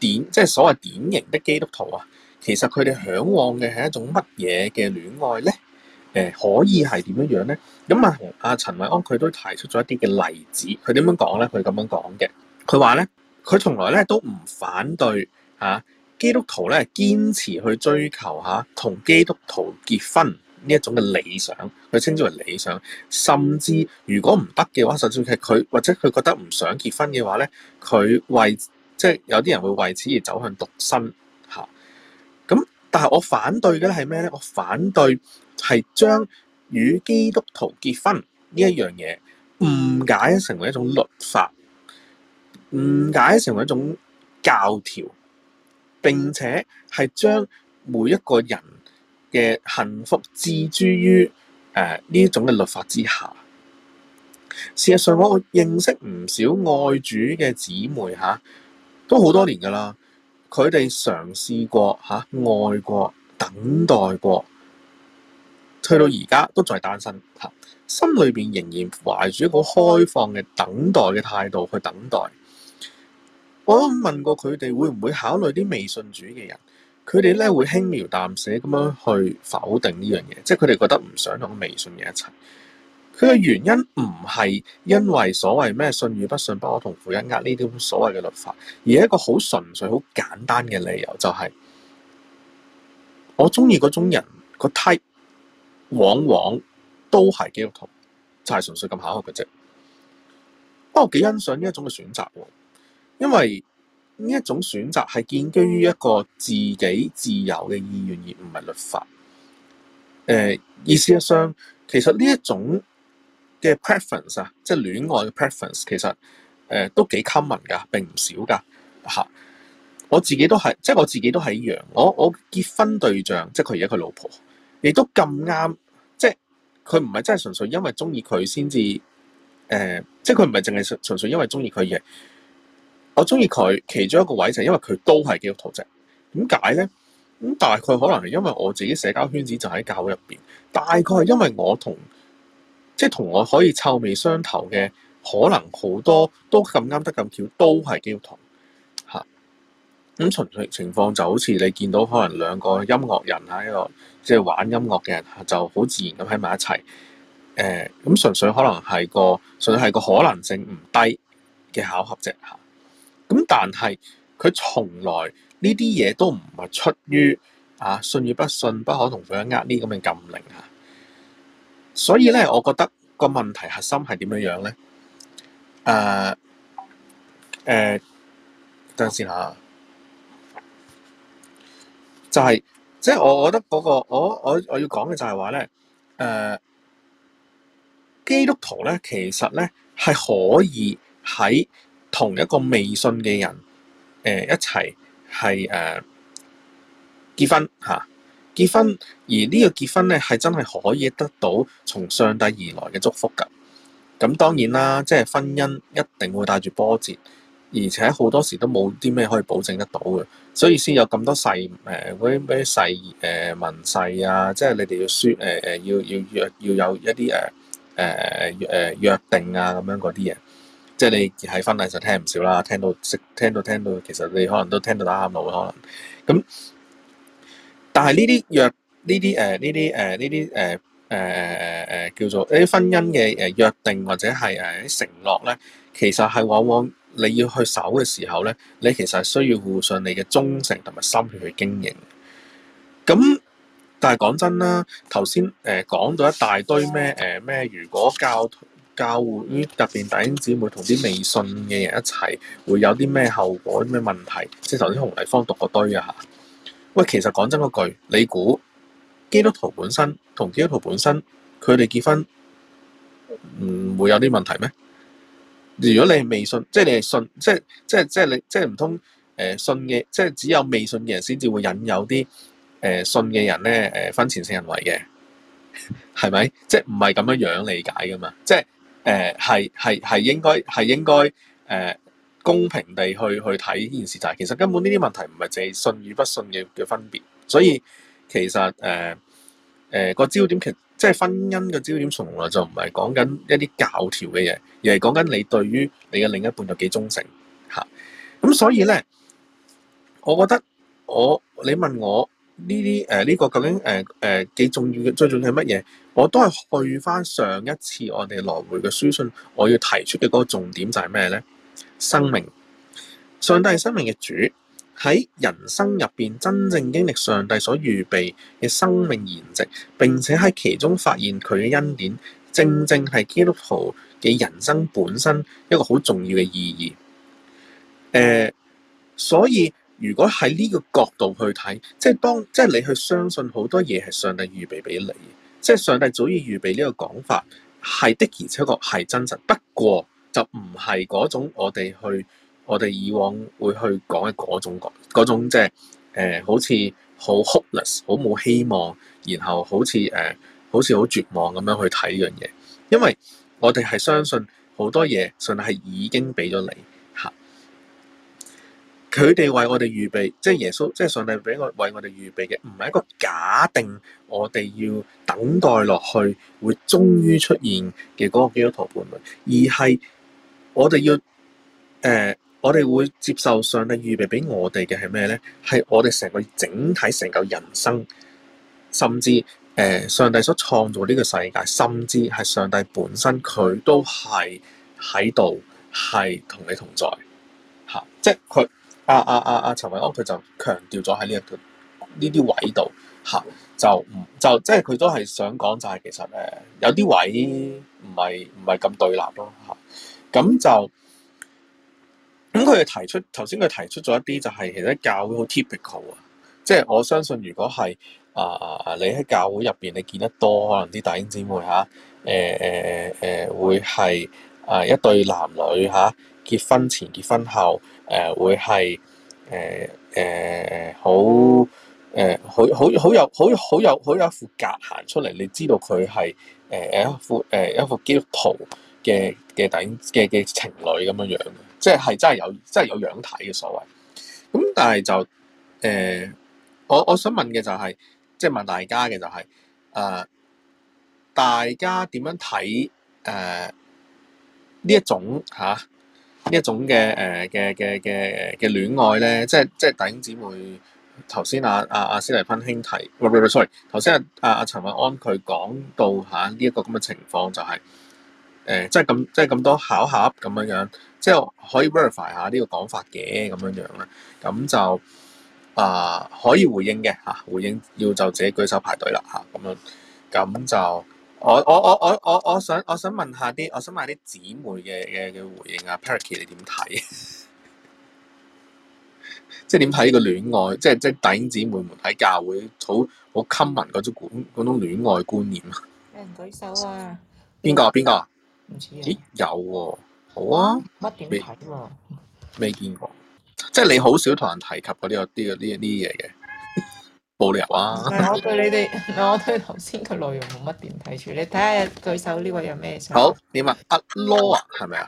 典即係所謂典型的基督徒啊，其實佢哋向往嘅係一種乜嘢嘅戀愛咧？誒、呃，可以係點樣樣咧？咁啊，阿陳韋安佢都提出咗一啲嘅例子，佢點樣講咧？佢咁樣講嘅，佢話咧，佢從來咧都唔反對。啊！基督徒咧，堅持去追求嚇同基督徒結婚呢一種嘅理想，佢稱之為理想。甚至如果唔得嘅話，甚至佢或者佢覺得唔想結婚嘅話咧，佢為即係有啲人會為此而走向獨身嚇。咁、啊、但係我反對嘅咧係咩咧？我反對係將與基督徒結婚呢一樣嘢誤解成為一種律法，誤解成為一種教條。並且係將每一個人嘅幸福置諸於呃、呢種嘅律法之下。事實上，我認識唔少愛主嘅姊妹嚇、啊，都好多年噶啦。佢哋嘗試過嚇、啊、愛過、等待過，去到而家都仲係單身、啊、心裏邊仍然懷住一個開放嘅等待嘅態度去等待。我都問過佢哋會唔會考慮啲未信主嘅人，佢哋咧會輕描淡寫咁樣去否定呢樣嘢，即係佢哋覺得唔想同未信嘅一齊。佢嘅原因唔係因為所謂咩信與不信不可同負一軛呢啲咁所謂嘅律法，而係一個好純粹、好簡單嘅理由，就是，就係我中意嗰種人個 type，往往都係基督徒，就係、是，純粹咁巧合嘅啫。不過幾欣賞呢一種嘅選擇喎。因為呢一種選擇係建基於一個自己自由嘅意願，而唔係律法。誒、呃，意思上其實呢一種嘅 preference 啊，即係戀愛嘅 preference，其實誒、呃、都幾 common 㗎，並唔少㗎嚇、啊。我自己都係，即係我自己都係一樣。我我結婚對象，即係佢而家佢老婆，亦都咁啱，即係佢唔係真係純粹因為中意佢先至誒，即係佢唔係淨係純粹因為中意佢嘅。我中意佢，其中一個位就係因為佢都係基督徒啫。點解呢？咁大概可能係因為我自己社交圈子就喺教會入邊，大概係因為我同即係同我可以臭味相投嘅，可能好多都咁啱得咁巧，都係基督徒嚇。咁純粹情況就好似你見到可能兩個音樂人喺個即係、即係、玩音樂嘅人、啊、就好自然咁喺埋一齊。誒、啊，咁純粹可能係個純粹係個可能性唔低嘅巧合啫。咁但係佢從來呢啲嘢都唔係出於啊信與不信不可同負一軛呢咁嘅禁令啊，所以咧，我覺得個問題核心係點樣樣咧？誒、呃、誒、呃，等下先吓，就係即係我我覺得嗰、那個我我我要講嘅就係話咧誒，基督徒咧其實咧係可以喺。同一個未信嘅人，誒、呃、一齊係誒結婚嚇、啊、結婚，而呢個結婚咧係真係可以得到從上帝而來嘅祝福㗎。咁當然啦，即係婚姻一定會帶住波折，而且好多時都冇啲咩可以保證得到嘅，所以先有咁多細誒啲嗰啲細誒文細啊，即係你哋要説誒誒要要約要，要有一啲誒誒誒誒約定啊咁樣嗰啲嘢。即係你喺婚禮上聽唔少啦，聽到識聽到聽到，其實你可能都聽到打喊路可能。咁，但係呢啲約，呢啲誒呢啲誒呢啲誒誒誒叫做啲婚姻嘅誒約定或者係誒承諾咧，其實係往往你要去守嘅時候咧，你其實係需要付上你嘅忠誠同埋心血去經營。咁，但係講真啦，頭先誒講到一大堆咩誒咩，如果教？教會啲特別弟兄姊妹同啲未信嘅人一齊，會有啲咩後果、咩問題？即係頭先洪麗芳讀個堆啊！喂，其實講真嗰句，你估基督徒本身同基督徒本身佢哋結婚，唔、嗯、會有啲問題咩？如果你係未信，即係你係信，即係即係即係你即係唔通誒信嘅，即係、呃、只有未信嘅人先至會引誘啲誒、呃、信嘅人咧誒婚前性行為嘅，係咪？即係唔係咁樣樣理解㗎嘛？即係。即誒係係係應該係應該，誒、呃、公平地去去睇呢件事，但係其實根本呢啲問題唔係凈係信與不信嘅嘅分別，所以其實誒誒個焦點其實即係婚姻嘅焦點，從來就唔係講緊一啲教條嘅嘢，而係講緊你對於你嘅另一半有幾忠誠嚇。咁、啊、所以咧，我覺得我你問我。呢啲誒呢個究竟誒誒幾重要嘅？最重要係乜嘢？我都係去翻上一次我哋來回嘅書信，我要提出嘅嗰個重點就係咩咧？生命，上帝係生命嘅主，喺人生入邊真正經歷上帝所預備嘅生命延續，並且喺其中發現佢嘅恩典，正正係基督徒嘅人生本身一個好重要嘅意義。誒、呃，所以。如果喺呢個角度去睇，即係當即係你去相信好多嘢係上帝預備俾你，即係上帝早已預備呢個講法係的而且確係真實。不過就唔係嗰種我哋去我哋以往會去講嘅嗰種講嗰種即係誒好似好 hopeless 好冇希望，然後好似誒、呃、好似好絕望咁樣去睇呢樣嘢。因為我哋係相信好多嘢，上帝係已經俾咗你。佢哋為我哋預備，即係耶穌，即係上帝俾我為我哋預備嘅，唔係一個假定我哋要等待落去會終於出現嘅嗰個基督徒伴侶，而係我哋要，誒、呃，我哋會接受上帝預備俾我哋嘅係咩咧？係我哋成個整體成個人生，甚至誒、呃，上帝所創造呢個世界，甚至係上帝本身，佢都係喺度，係同你同在，吓、啊，即係佢。啊啊啊啊！陳韋安佢就強調咗喺呢一個呢啲位度嚇、啊，就唔就即係佢都係想講就係其實誒有啲位唔係唔係咁對立咯嚇，咁、啊、就咁佢哋提出頭先佢提出咗一啲就係其實教會好 typical 啊，即、就、係、是、我相信如果係啊你喺教會入邊你見得多可能啲大英姊妹嚇誒誒會係啊一對男女嚇、啊、結婚前結婚後。誒、呃、會係誒誒好誒好好好有好好有好有一副格行出嚟，你知道佢係誒誒一副誒、呃、一副基督徒嘅嘅頂嘅嘅情侶咁樣樣，即係真係有真係有，有樣睇嘅所謂。咁但係就誒、呃，我我想問嘅就係、是、即係問大家嘅就係、是、啊、呃，大家點樣睇誒呢一種嚇？啊呢一種嘅誒嘅嘅嘅嘅戀愛咧，即係即係弟兄姊妹。頭先阿阿阿斯尼芬兄提，sorry，頭先阿阿陳韋安佢講到嚇呢一個咁嘅情況，就是，就係誒，即係咁，即係咁多巧合咁樣樣，即係可以 verify 下呢個講法嘅咁樣樣啦。咁就啊，可以回應嘅嚇，回應要就自己舉手排隊啦嚇，咁，啊、樣咁就。我我我我我我想我想問下啲，我想問下啲姊妹嘅嘅嘅回應啊 p a r a k e e t 你點睇？即係點睇個戀愛？即係即係弟兄姊妹喺教會好好 common 嗰種觀嗰種戀愛觀念啊！有人舉手啊？邊個啊？邊個？啊？咦有喎、啊！好啊！乜點睇喎？未見過，即、就、係、是、你好少同人提及嗰啲個啲個啲嘢嘅。冇理由啊 我！我對你哋，我對頭先個內容冇乜點睇處，你睇下對手呢位有咩？好點啊？阿 Lo 啊，係咪啊？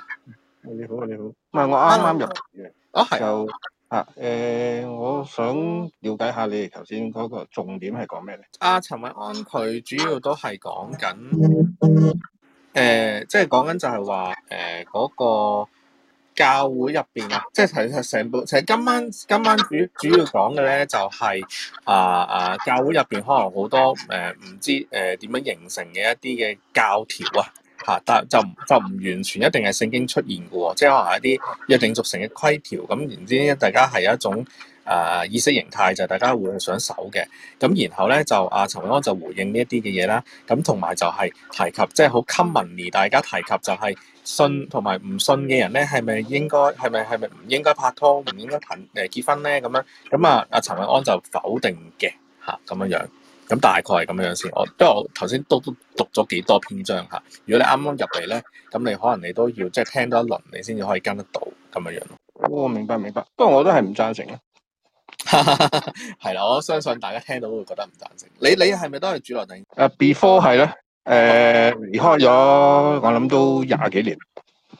你好啊，你好。唔係我啱啱入嚟嘅。哦係，哦。啊誒、呃，我想了解下你哋頭先嗰個重點係講咩咧？阿陳韋安佢主要都係講緊誒，即係講緊就係話誒嗰個。教會入邊啊，即係其實成部，其實今晚今晚主主要講嘅咧就係啊啊教會入邊可能好多誒唔、呃、知誒點、呃、樣形成嘅一啲嘅教條啊嚇，但就就唔完全一定係聖經出現嘅喎，即係可能一啲約定俗成嘅規條，咁然之大家係一種啊、呃、意識形態就大家會去想守嘅，咁然後咧就阿陳韋安就回應呢一啲嘅嘢啦，咁同埋就係提及即係好 common 而大家提及就係、是。信同埋唔信嘅人咧，係咪應該？係咪係咪唔應該拍拖？唔應該憑誒結婚咧？咁樣咁啊？阿陳韋安就否定嘅嚇，咁樣樣咁大概係咁樣先。我因為我頭先都都讀咗幾多篇章嚇。如果你啱啱入嚟咧，咁你可能你都要即係聽多一輪，你先至可以跟得到咁樣樣。我、哦、明白明白，不過我都係唔贊成咯。係啦， 我相信大家聽到都會覺得唔贊成。你你係咪都係主流定誒，before 係咧。誒，離、呃、開咗，我諗都廿幾年。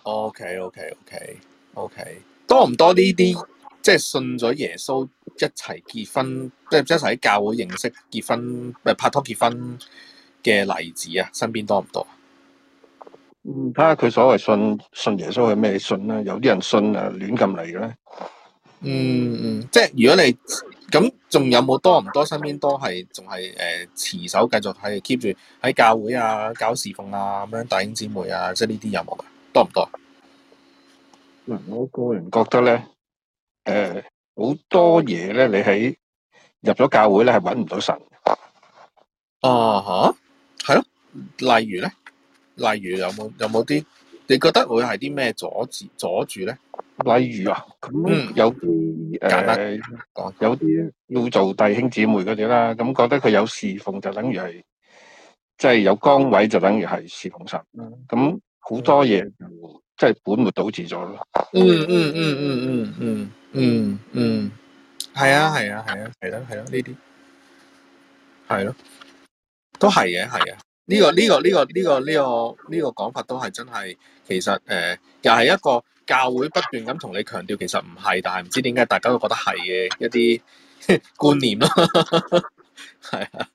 OK，OK，OK，OK，、okay, okay, okay, okay. 多唔多呢啲即係信咗耶穌一齊結婚，即係一齊喺教會認識結婚，唔係拍拖結婚嘅例子啊？身邊多唔多？嗯，睇下佢所謂信信耶穌係咩信啦。有啲人信誒，亂咁嚟嘅咧。嗯，即係如果你。咁仲有冇多唔多？身邊多係仲係誒持守，繼續係 keep 住喺教會啊，搞侍奉啊咁樣，弟兄姊妹啊，即係呢啲有冇啊？多唔多？嗱、嗯，我個人覺得咧，誒、呃、好多嘢咧，你喺入咗教會咧係揾唔到神。啊吓、uh？係、huh? 咯。例如咧，例如有冇有冇啲？有你覺得會係啲咩阻住阻住咧？例如啊，咁有啲誒，簡單講有啲要做弟兄姊妹嗰啲啦，咁覺得佢有侍奉就等於係即係有崗位，就等於係侍奉神。咁好多嘢即係本末倒置咗咯。嗯嗯嗯嗯嗯嗯嗯嗯，係啊係啊係啊係咯係咯呢啲，係咯，都係嘅係啊。呢、這個呢、這個呢、這個呢、這個呢、這個呢、這個講法都係真係，其實誒又係一個教會不斷咁同你強調，其實唔係，但係唔知點解大家都覺得係嘅一啲觀念、， 啊、觀念咯。係啊，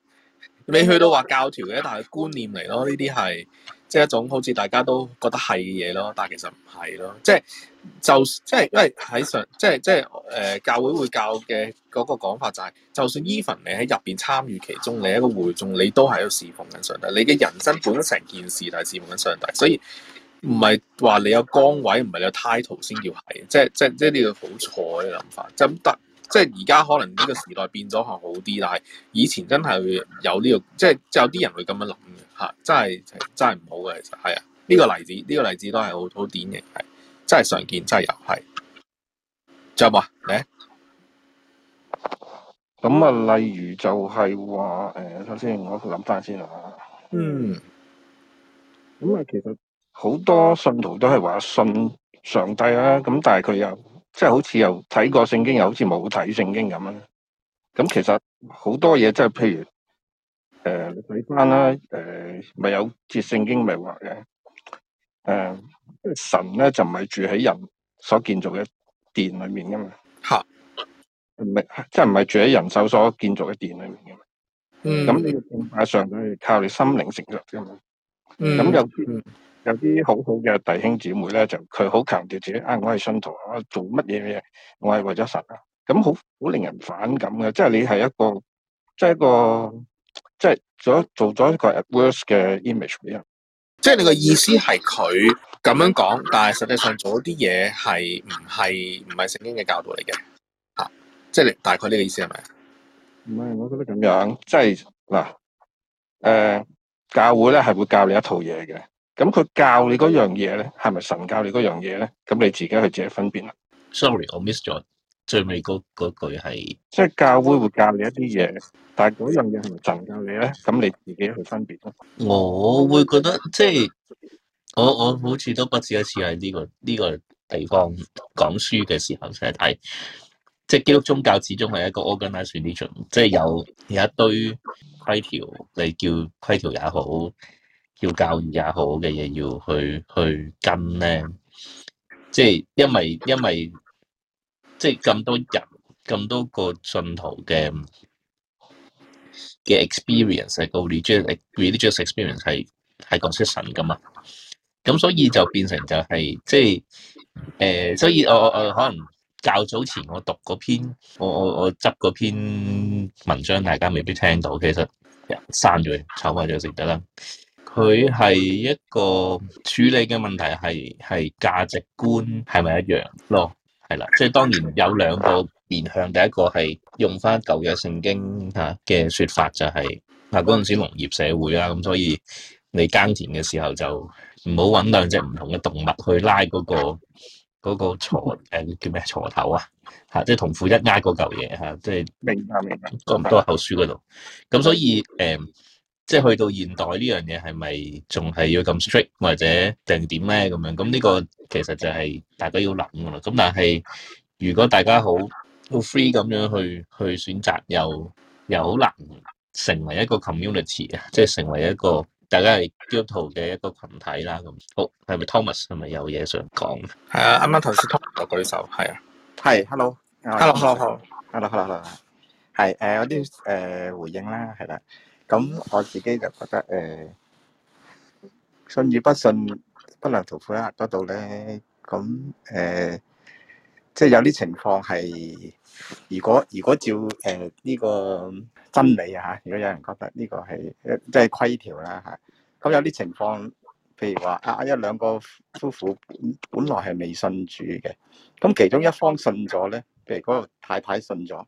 未去到話教條嘅，但係觀念嚟咯，呢啲係。即係一種好似大家都覺得係嘅嘢咯，但係其實唔係咯。即係就即係因為喺上，即係即係誒、呃、教會會教嘅嗰個講法就係、是，就算 even 你喺入邊參與其中，你一個會眾，你都係喺度侍奉緊上帝。你嘅人生本身成件事都係侍奉緊上帝，所以唔係話你有崗位，唔係你有 title 先叫係。即係即係即係呢個好錯嘅諗法。就得。即係而家可能呢個時代變咗係好啲，但係以前真係會有呢個，即係有啲人會咁樣諗嘅吓，真係真係唔好嘅，其實係啊。呢個例子呢個例子都係好好典型，係真係常見，真係又係。仲有冇嚟？咁啊、嗯，例如就係話誒，首先我諗翻先啊，嗯，咁啊，其實好多信徒都係話信上帝啊。咁但係佢又。即係好似又睇過聖經，又好似冇睇聖經咁樣。咁其實好多嘢即係譬如，誒、呃、你睇翻啦，誒、呃、咪有節聖經咪話嘅，誒、呃、神咧就唔係住喺人所建造嘅殿裏面噶嘛。吓、啊，唔係，即係唔係住喺人手所建造嘅殿裏面噶嘛？嗯。咁你嘅崇拜上係靠你心靈成熟嘅嘛？嗯。咁就嗯。有啲好好嘅弟兄姊妹咧，就佢好強調自己啊！我係信徒，我、啊、做乜嘢嘅？我係為咗神啊！咁好好令人反感嘅，即係你係一個，即係一個，即係做做咗一個 adverse 嘅 image 俾人。即係你個意思係佢咁樣講，但係實際上做啲嘢係唔係唔係聖經嘅教導嚟嘅？啊，即係大概呢個意思係咪？唔係，我覺得咁樣，即係嗱，誒、呃，教會咧係會教你一套嘢嘅。咁佢教你嗰樣嘢咧，係咪神教你嗰樣嘢咧？咁你自己去自己分辨啦。Sorry，我 miss 咗最尾嗰句係，即係教會會教你一啲嘢，但係嗰樣嘢係咪神教你咧？咁你自己去分辨咯。我會覺得即係我我好似都不止一次喺呢個呢個地方講書嘅時候成日睇，即係基督宗教始終係一個 organisation，即係有有一堆規條，你叫規條也好。要教也好嘅嘢，要去去跟咧，即係因為因為即係咁多人，咁多個信徒嘅嘅 experience 係個 religious religious experience 係係講些神㗎嘛，咁所以就變成就係即係誒，所以我我可能較早前我讀嗰篇我我我執嗰篇文章，大家未必聽到，其實刪咗，醜化咗先得啦。佢係一個處理嘅問題，係係價值觀係咪一樣咯？係啦，即係當然有兩個面向。第一個係用翻舊約聖經嚇嘅説法，就係嗱，嗰陣時農業社會啊，咁所以你耕田嘅時候就唔好揾兩隻唔同嘅動物去拉嗰個嗰個鋤，誒叫咩鋤頭？啊嚇，即係同負一軛嗰嚿嘢嚇，即係明白明白，哥林多後書嗰度。咁所以誒。嗯即係去到現代呢樣嘢係咪仲係要咁 strict 或者定點咧咁樣？咁呢個其實就係大家要諗噶啦。咁但係如果大家好好 free 咁樣去去選擇，又又好難成為一個 community 啊，即係成為一個大家係 group 嘅一個群體啦。咁好係咪？Thomas 係咪有嘢想講？係啊，啱啱頭先 Thomas 舉手，係啊，係、sí，hello，hello，hello，hello，hello，hello，h e l l o 係誒，我啲誒回應啦，係啦。咁我自己就覺得誒、呃，信與不信，不能同負一軛嗰度咧。咁誒，即、呃、係、就是、有啲情況係，如果如果照誒呢、呃這個真理啊嚇，如果有人覺得呢個係即係規條啦嚇，咁有啲情況，譬如話啊一兩個夫夫婦本本來係未信主嘅，咁其中一方信咗咧，譬如嗰個太太信咗，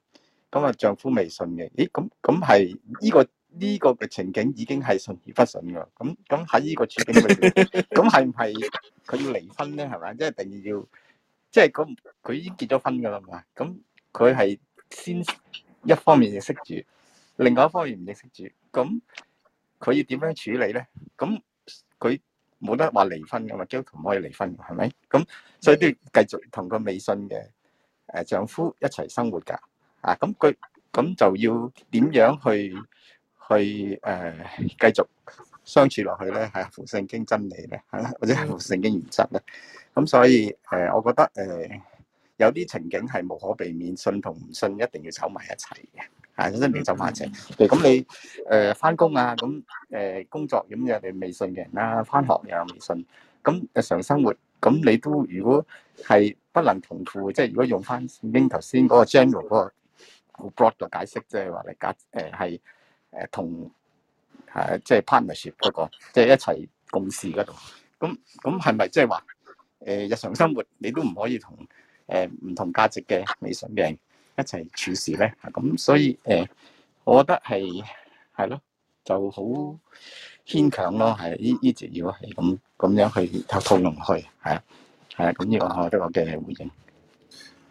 咁啊丈夫未信嘅，咦咁咁係呢個？呢個嘅情景已經係信而不信噶，咁咁喺呢個處境裏面，咁係唔係佢要離婚咧？係咪？即係一定要，即係佢佢已經結咗婚噶啦嘛？咁佢係先一方面認識住，另外一方面唔認識住，咁佢要點樣處理咧？咁佢冇得話離婚噶嘛？基督徒唔可以離婚，係咪？咁所以都要繼續同個未信嘅誒丈夫一齊生活㗎。啊，咁佢咁就要點樣去？去誒繼續相處落去咧，係符聖經真理咧，係啦，或者符聖經原則咧。咁所以誒，我覺得誒有啲情景係無可避免，信同唔信一定要走埋一齊嘅，係真真要走埋一齊。咁你誒翻工啊，咁誒工作咁嘅，你未信嘅人啦，翻學又有未信，咁日常生活，咁你都如果係不能同負，即係如果用翻拎頭先嗰個 general 嗰個 broad 嘅解釋，即係話嚟解誒係。誒同係即係、就是、partnership 嗰、那個，即、就、係、是、一齊共事嗰、那、度、個。咁咁係咪即係話誒日常生活你都唔可以同誒唔同價值嘅理想嘅人一齊處事咧？咁所以誒、呃，我覺得係係咯，就好牽強咯。係一直要係咁咁樣去去討論去，係啊係啊。咁呢個我都我嘅回應。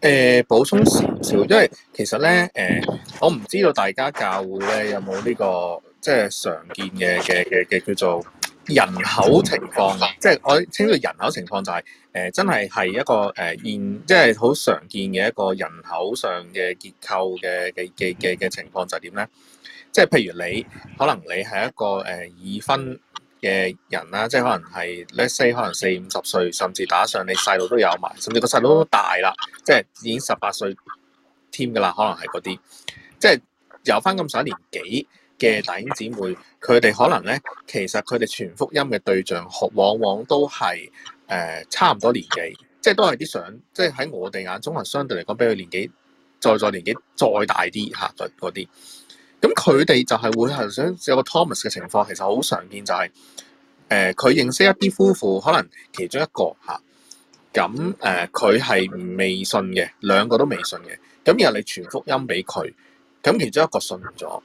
誒、呃、補充少少，因為其實咧，誒、呃、我唔知道大家教會咧有冇呢、這個即係、就是、常見嘅嘅嘅嘅叫做人口情況。即係我稱做人口情況、就是，就係誒真係係一個誒現、呃，即係好常見嘅一個人口上嘅結構嘅嘅嘅嘅情況就係點咧？即係譬如你可能你係一個誒已婚，呃嘅人啦，即係可能係 let's say 可能四五十歲，甚至打上你細路都有埋，甚至個細路都大啦，即係已經十八歲添㗎啦。可能係嗰啲，即係有翻咁上年紀嘅弟兄姊妹，佢哋可能咧，其實佢哋傳福音嘅對象，往往都係誒、呃、差唔多年紀，即係都係啲相，即係喺我哋眼中係相對嚟講，比佢年紀再再年紀再大啲嚇啲。啊咁佢哋就係會係想有個 Thomas 嘅情況，其實好常見就係、是，誒、呃、佢認識一啲夫婦，可能其中一個嚇，咁誒佢係未信嘅，兩個都未信嘅，咁然後你傳福音俾佢，咁、嗯、其中一個信咗，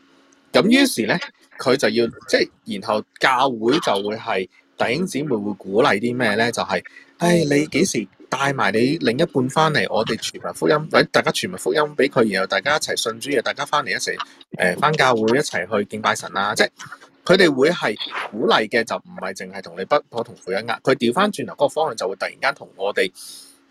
咁於是咧佢就要即係、就是，然後教會就會係弟兄姊妹會鼓勵啲咩咧？就係、是，唉、哎、你幾時？帶埋你另一半翻嚟，我哋傳埋福音，或者大家傳埋福音俾佢，然後大家一齊信主嘅，大家翻嚟一齊誒翻教會一齊去敬拜神啦。即係佢哋會係鼓勵嘅，就唔係淨係同你不可同負一軛。佢調翻轉頭嗰個方向，就會突然間同我哋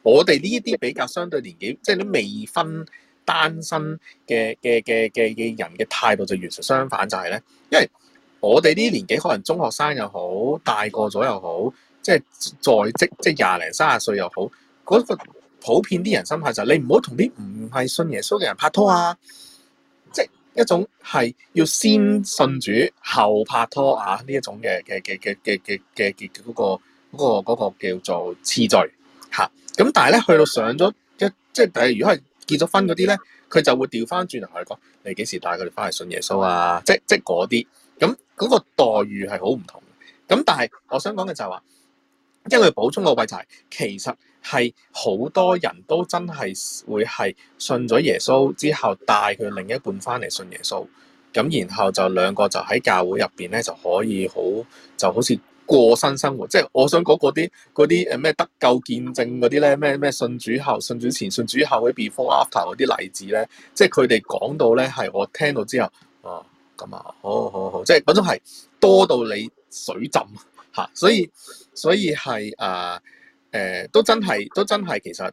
我哋呢啲比較相對年紀，即係你未婚單身嘅嘅嘅嘅嘅人嘅態度就完全相反，就係、是、咧，因為我哋呢啲年紀可能中學生又好，大個咗又好。即係在職即係廿零三十歲又好，嗰個普遍啲人心態就係你唔好同啲唔係信耶穌嘅人拍拖啊！即係一種係要先信主後拍拖啊！Of, 呢一種嘅嘅嘅嘅嘅嘅嘅嘅嗰個叫做次序嚇。咁但係咧去到上咗一即係，如果係結咗婚嗰啲咧，佢就會調翻轉頭去講：你幾時帶佢哋翻去信耶穌啊即？即即係嗰啲咁嗰個待遇係好唔同。咁但係我想講嘅就係話。因為補充我位就係，其實係好多人都真係會係信咗耶穌之後帶佢另一半翻嚟信耶穌，咁然後就兩個就喺教會入邊咧就可以好，就好似過新生活。即係我想講嗰啲嗰啲誒咩得救見證嗰啲咧，咩咩信主後、信主前、信主後嗰啲 before after 嗰啲例子咧，即係佢哋講到咧係我聽到之後，啊咁啊，好好好，即係嗰種係多到你水浸。嚇！所以所以係啊誒，都真係都真係其實誒，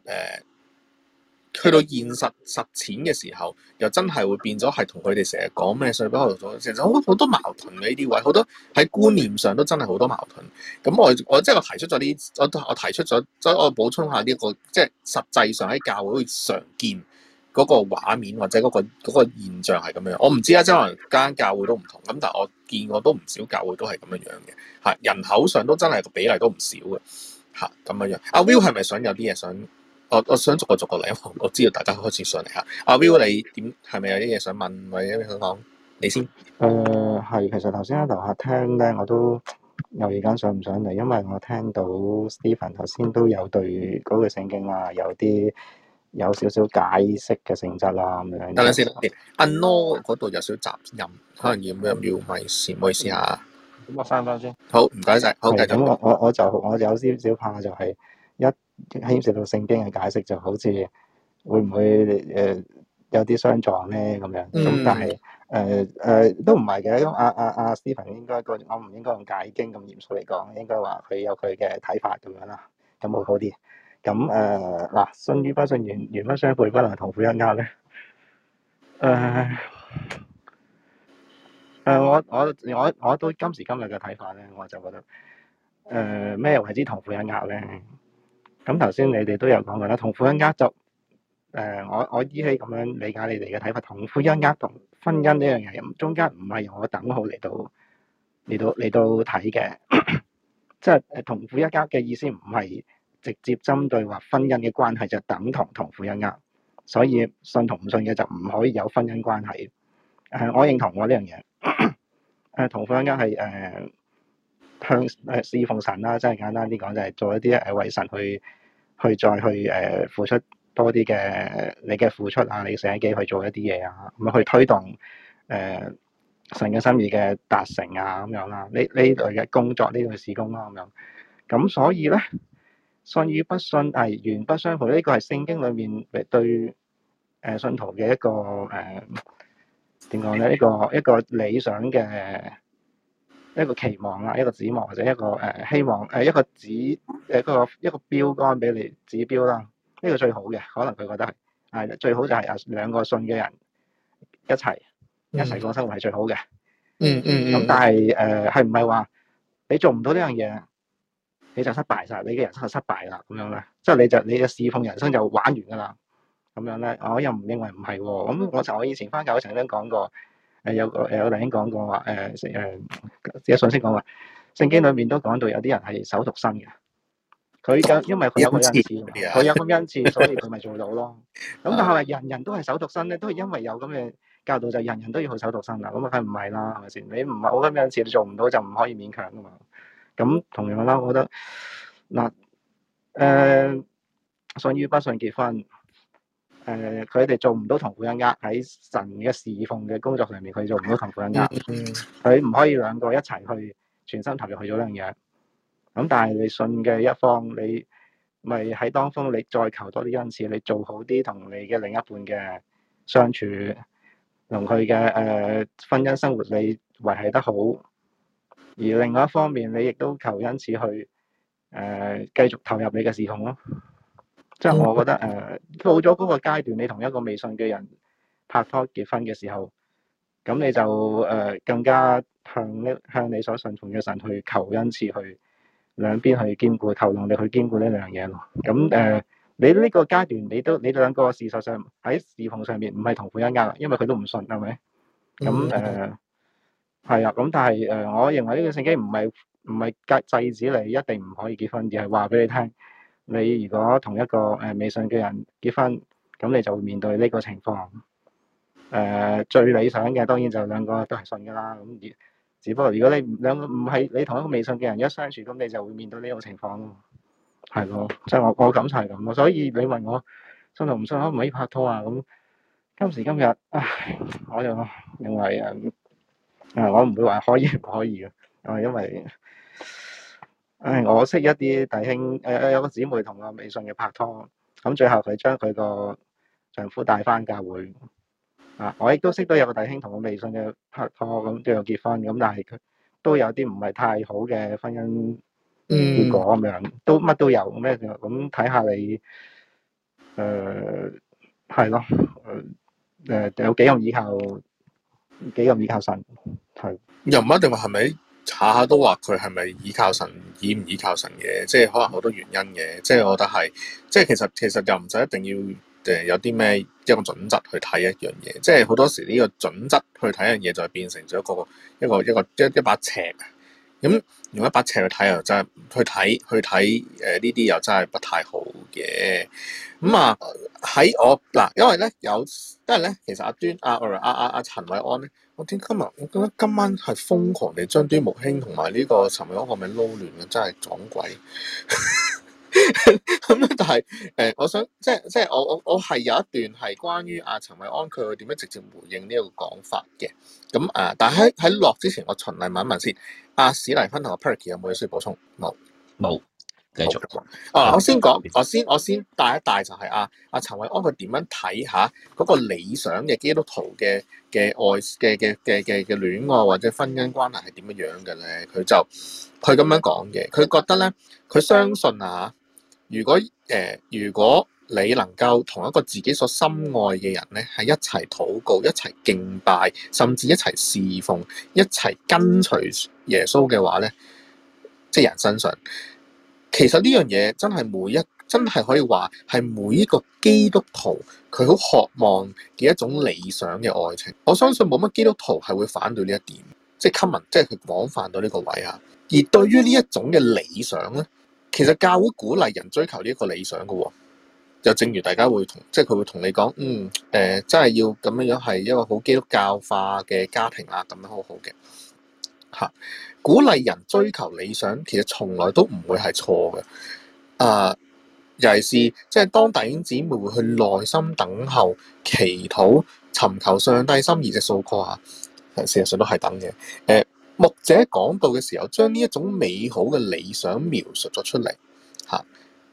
去到現實實踐嘅時候，又真係會變咗係同佢哋成日講咩稅包度咗，其實好好多矛盾嘅呢啲位，好多喺觀念上都真係好多矛盾。咁我我即係、就是、我提出咗呢，我我提出咗，所以我補充一下呢、呢個即係、就是、實際上喺教會常見。嗰個畫面或者嗰、嗰個嗰、嗰個、現象係咁樣，我唔知啊。即係間教會都唔同咁，但我見過都唔少教會都係咁樣樣嘅嚇。人口上都真係個比例都唔少嘅嚇，咁樣樣。阿 Will 係咪想有啲嘢想？我我想逐個逐個嚟，因為我知道大家開始上嚟嚇。阿、 啊、Will 你點係咪有啲嘢想問或者想講？你先。誒係、呃，其實頭先喺樓下聽咧，我都有意間想唔想嚟，因為我聽到 Stephen 頭先都有對嗰個聖經話有啲。有少少解釋嘅性質啦，咁樣，就係。等下等先，啲 a n o 嗰度有少雜音，可能要咩要咪唔好意思下。咁、嗯、我翻翻先好謝謝。好，唔該晒。好嘅續。咁我我就我就有少少怕，就係，就係一牽涉到聖經嘅解釋，就好似會唔會誒、呃、有啲相撞咧咁樣。咁、嗯、但係誒誒都唔係嘅，因為阿、啊、阿阿、啊啊啊啊、Stephen 應該我我唔應該用解經咁嚴肅嚟講，應該話佢有佢嘅睇法咁樣啦，咁會好啲。咁誒嗱，信與不信，原不相配，不能同負一軛咧。誒、啊、誒、啊，我我我我都今時今日嘅睇法咧，我就覺得誒咩、啊、為之同負一軛咧？咁頭先你哋都有講過啦，同負一軛就誒、啊，我我依稀咁樣理解你哋嘅睇法，同負一軛同婚姻呢樣嘢，中間唔係用個等號嚟到嚟到嚟到睇嘅， 即係同負一軛嘅意思唔係。直接針對話婚姻嘅關係就等同同負一軛，所以信同唔信嘅就唔可以有婚姻關係。誒、啊，我認同我呢樣嘢。誒、 啊，同負一軛係誒向誒侍、呃、奉神啦，即係簡單啲講，就係、是、做一啲誒、呃、為神去去再去誒、呃、付出多啲嘅你嘅付出啊，你嘅心機去做一啲嘢啊，咁去推動誒、呃、神嘅心意嘅達成啊，咁樣啦。呢呢類嘅工作，呢類嘅事工啦。咁樣咁所以咧。信與不信係原不相符，呢、這個係聖經裏面對誒信徒嘅一個誒點講咧？呃、呢、這個一個理想嘅一個期望啦，一個指望或者一個誒、呃、希望誒、呃、一個指一個一個標杆俾你指標啦。呢、這個最好嘅，可能佢覺得係啊、呃，最好就係啊兩個信嘅人一齊一齊過生活係最好嘅，嗯。嗯嗯。咁、嗯、但係誒係唔係話你做唔到呢樣嘢？你就失敗晒，你嘅人生就失敗啦，咁樣咧，即係你就你嘅侍奉人生就玩完噶啦，咁樣咧，我又唔認為唔係喎，咁我就我以前翻教曾經講過，誒有個誒有黎英講過話，誒誒自己信息講話，聖經裏面都講到有啲人係守獨身嘅，佢就因為佢有咁恩賜，佢有咁恩賜，所以佢咪做到咯，咁 但係人人都係守獨身咧？都係因為有咁嘅教導，就人人都要去守獨身啊？咁啊，佢唔係啦，係咪先？你唔係好咁樣恩賜，你做唔到就唔可以勉強噶嘛。咁同樣啦，我覺得嗱，誒、呃、信與不信結婚，誒佢哋做唔到同負一軛喺神嘅侍奉嘅工作上面，佢做唔到同負一軛，佢唔可以兩個一齊去全心投入去咗呢樣嘢。咁但係你信嘅一方，你咪喺當風，你再求多啲恩賜，你做好啲同你嘅另一半嘅相處，同佢嘅誒婚姻生活你維係得好。而另外一方面，你亦都求恩慈去，誒、呃、繼續投入你嘅侍奉。咯。即、就、係、是、我覺得誒、呃、到咗嗰個階段，你同一個未信嘅人拍拖結婚嘅時候，咁你就誒、呃、更加向一向你所信從嘅神去求恩慈去兩邊去兼顧，求能力去兼顧呢兩樣嘢咯。咁、嗯、誒、呃，你呢個階段你都你兩個事實上喺侍奉上面唔係同款一啱，因為佢都唔信，係咪？咁、嗯、誒。呃係啊，咁但係誒，我認為呢個聖經唔係唔係格制止你一定唔可以結婚，而係話俾你聽，你如果同一個誒未信嘅人結婚，咁你就會面對呢個情況。誒、呃，最理想嘅當然就兩個都係信噶啦，咁而，只不過如果你唔兩個唔係你同一個未信嘅人一相處，咁你就會面對呢個情況咯。係咯，即係我我感受係咁，所以你問我信同唔信可唔可以拍拖啊？咁今時今日，唉，我就認為誒。嗯啊！我唔會話可以唔可以嘅，啊，因為，唉，我識一啲弟兄，誒誒，有個姊妹同我未信嘅拍拖，咁最後佢將佢個丈夫帶翻教會，啊！我亦都識到有個弟兄同我未信嘅拍拖，咁最後結婚，咁但係佢都有啲唔係太好嘅婚姻結果咁樣，都乜、嗯、都有嘅咩？咁睇下你，誒、呃，係咯，誒、呃、有幾樣以後。幾咁依靠神，係又唔一定話係咪下下都話佢係咪依靠神，依唔依靠神嘅，即係可能好多原因嘅，即係我覺得係即係其實其實又唔使一定要誒有啲咩一個準則去睇一樣嘢，即係好多時呢個準則去睇一樣嘢就會變成咗一個一個一個一一把尺。咁用、嗯、一把尺去睇又、啊、真係去睇去睇誒呢啲又真係不太好嘅，咁啊喺我嗱，canvas, 看因為咧有即係咧，其實阿端阿阿阿阿陳韋安咧，我點今日我覺得今晚係瘋狂地將端木興同埋呢個陳韋安個名撈亂真係撞鬼咁咧。但係誒，我想即係即係我我我係有一段係關於阿、啊、陳韋安佢會點樣直接回應呢一個講法嘅。咁啊、yeah. 但係喺落之前，我循例問一問先。阿史黎芬同阿 Perky 有冇嘢需要補充？冇冇，繼續。啊，我先講，我先我先帶一帶，就係阿阿陳韋安佢點樣睇下嗰個理想嘅基督徒嘅嘅愛嘅嘅嘅嘅嘅戀愛或者婚姻關係係點樣呢樣嘅咧？佢就佢咁樣講嘅，佢覺得咧，佢相信啊，如果誒、呃、如果。你能夠同一個自己所深愛嘅人咧，係一齊禱告、一齊敬拜，甚至一齊侍奉、一齊跟隨耶穌嘅話咧，即係人身上，其實呢樣嘢真係每一真係可以話係每一個基督徒佢好渴望嘅一種理想嘅愛情。我相信冇乜基督徒係會反對呢一點，即係 common，即係佢廣泛到呢個位啊。而對於呢一種嘅理想咧，其實教會鼓勵人追求呢一個理想嘅喎、哦。就正如大家會同，即係佢會同你講，嗯，誒、呃，真係要咁樣樣係一個好基督教化嘅家庭啊，咁樣好好嘅，嚇，鼓勵人追求理想，其實從來都唔會係錯嘅，啊、呃，尤其是即係當弟兄姊妹會去耐心等候、祈禱、尋求上帝心意嘅訴誡啊，事實上都係等嘅。誒、呃，牧者講道嘅時候，將呢一種美好嘅理想描述咗出嚟。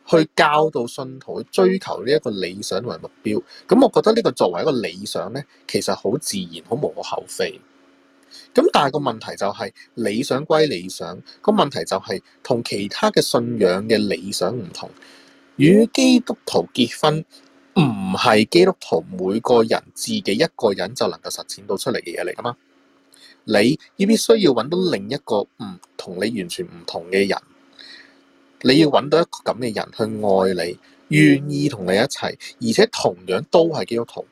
去教導信徒去追求呢一個理想為目標，咁我覺得呢個作為一個理想呢，其實好自然，好無可厚非。咁但係個問題就係、是、理想歸理想，個問題就係、是、同其他嘅信仰嘅理想唔同。與基督徒結婚唔係基督徒每個人自己一個人就能夠實踐到出嚟嘅嘢嚟噶嘛？你要必須要揾到另一個唔同你完全唔同嘅人。你要揾到一個咁嘅人去愛你，願意同你一齊，而且同樣都係基督徒，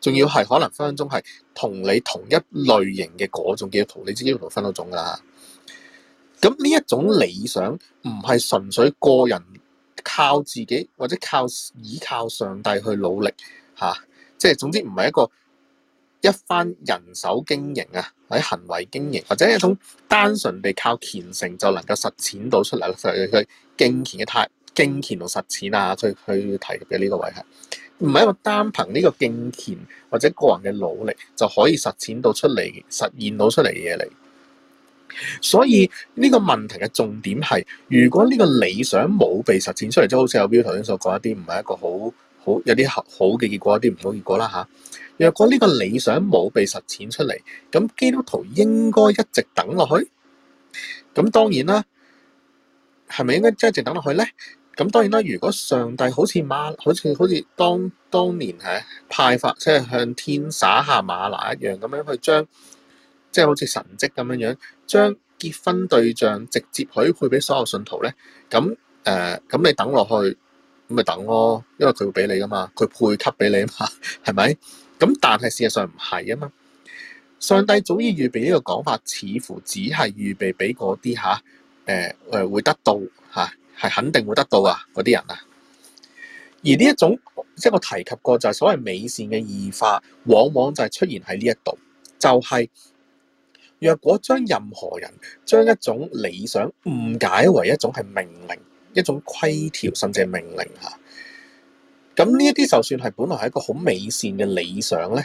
仲要係可能分分鐘係同你同一類型嘅嗰種基督徒。同你知基督徒分好多種噶啦。咁呢一種理想唔係純粹個人靠自己或者靠倚靠上帝去努力嚇、啊，即係總之唔係一個一番人手經營啊，或者行為經營，或者一種單純地靠虔誠，就能夠實踐到出嚟咯。就佢敬虔嘅態，敬虔同實踐啊，去去提嘅呢個位係唔係一個單憑呢個敬虔或者個人嘅努力就可以實踐到出嚟、實現到出嚟嘅嘢嚟？所以呢個問題嘅重點係，如果呢個理想冇被實踐出嚟，即好似阿標頭先所講一啲，唔係一個好好有啲好嘅結果，一啲唔好結果啦嚇。若果呢個理想冇被實踐出嚟，咁基督徒應該一直等落去？咁當然啦，係咪應該即一直等落去咧？咁當然啦。如果上帝好似馬，好似好似當當年係，啊、派發，即係向天撒下馬拿一樣咁樣去將，即係好似神蹟咁樣樣，將結婚對象直接許配俾所有信徒咧。咁誒、咁，呃、你等落去，咁咪等咯，啊，因為佢會俾你噶嘛，佢配給俾你啊嘛，係咪？咁但係事實上唔係啊嘛，上帝早已預備呢個講法，似乎只係預備俾嗰啲吓，誒、啊、誒、呃、會得到吓，係、啊、肯定會得到啊嗰啲人啊。而呢一種，即係我提及過就係所謂美善嘅異化，往往就係出現喺呢一度，就係、是、若果將任何人將一種理想誤解為一種係命令，一種規條，甚至係命令吓。啊咁呢一啲就算係本來係一個好美善嘅理想咧，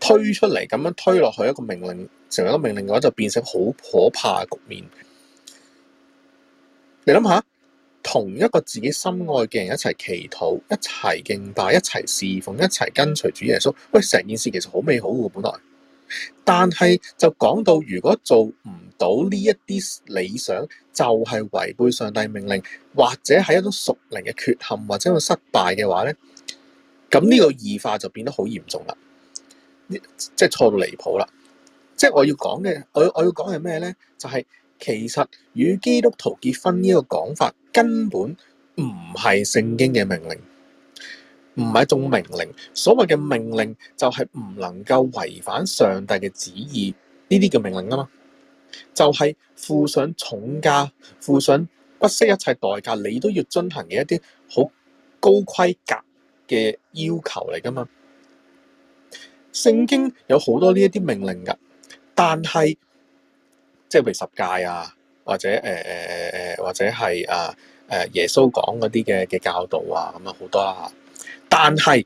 推出嚟，咁樣推落去一個命令，成為一個命令嘅話，就變成好可怕嘅局面。你諗下，同一個自己心愛嘅人一齊祈禱，一齊敬拜，一齊侍奉，一齊跟隨主耶穌，喂，成件事其實好美好嘅，本來。但係就講到如果做唔到呢一啲理想，就係違背上帝命令，或者係一種屬靈嘅缺陷，或者一種失敗嘅話咧，咁呢個異化就變得好嚴重啦，即係錯到離譜啦！即係我要講嘅，我我要講係咩咧？就係其實與基督徒結婚呢個講法根本唔係聖經嘅命令。唔係一種命令，所謂嘅命令就係唔能夠違反上帝嘅旨意，呢啲叫命令啊嘛。就係、是、負上重價、負上不惜一切代價，你都要遵行嘅一啲好高規格嘅要求嚟噶嘛。聖經有好多呢一啲命令噶，但係即係譬如十戒啊，或者誒誒誒，或者係啊誒耶穌講嗰啲嘅嘅教導啊，咁樣好多啦。但係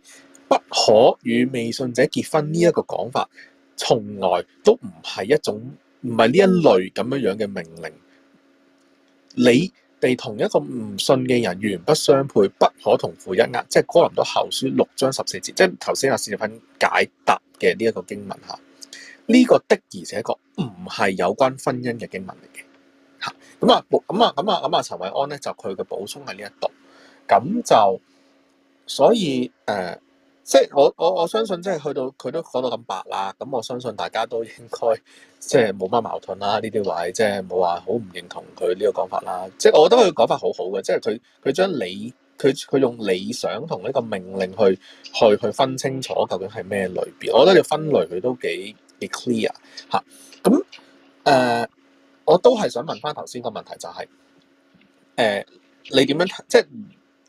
不可與未信者結婚呢一個講法，從來都唔係一種唔係呢一類咁樣樣嘅命令。你哋同一個唔信嘅人原不相配，不可同負一軛，即係《哥林多後書》六章十四節，即係頭先阿史蒂芬解答嘅呢一個經文下，呢、這個的而且確唔係有關婚姻嘅經文嚟嘅。吓咁啊，補咁啊，咁啊，咁啊，陳韋安咧就佢嘅補充喺呢一度，咁就。所以，誒、呃，即係我我我相信，即係去到佢都講到咁白啦。咁我相信大家都應該，即係冇乜矛盾啦。呢啲位即係冇話好唔認同佢呢個講法啦。即係我覺得佢講法好好嘅，即係佢佢將理佢佢用理想同呢個命令去去去分清楚究竟係咩類別。我覺得要分類，佢都幾幾 clear 吓、啊，咁誒、呃，我都係想問翻頭先個問題、就是，就係誒你點樣睇？即係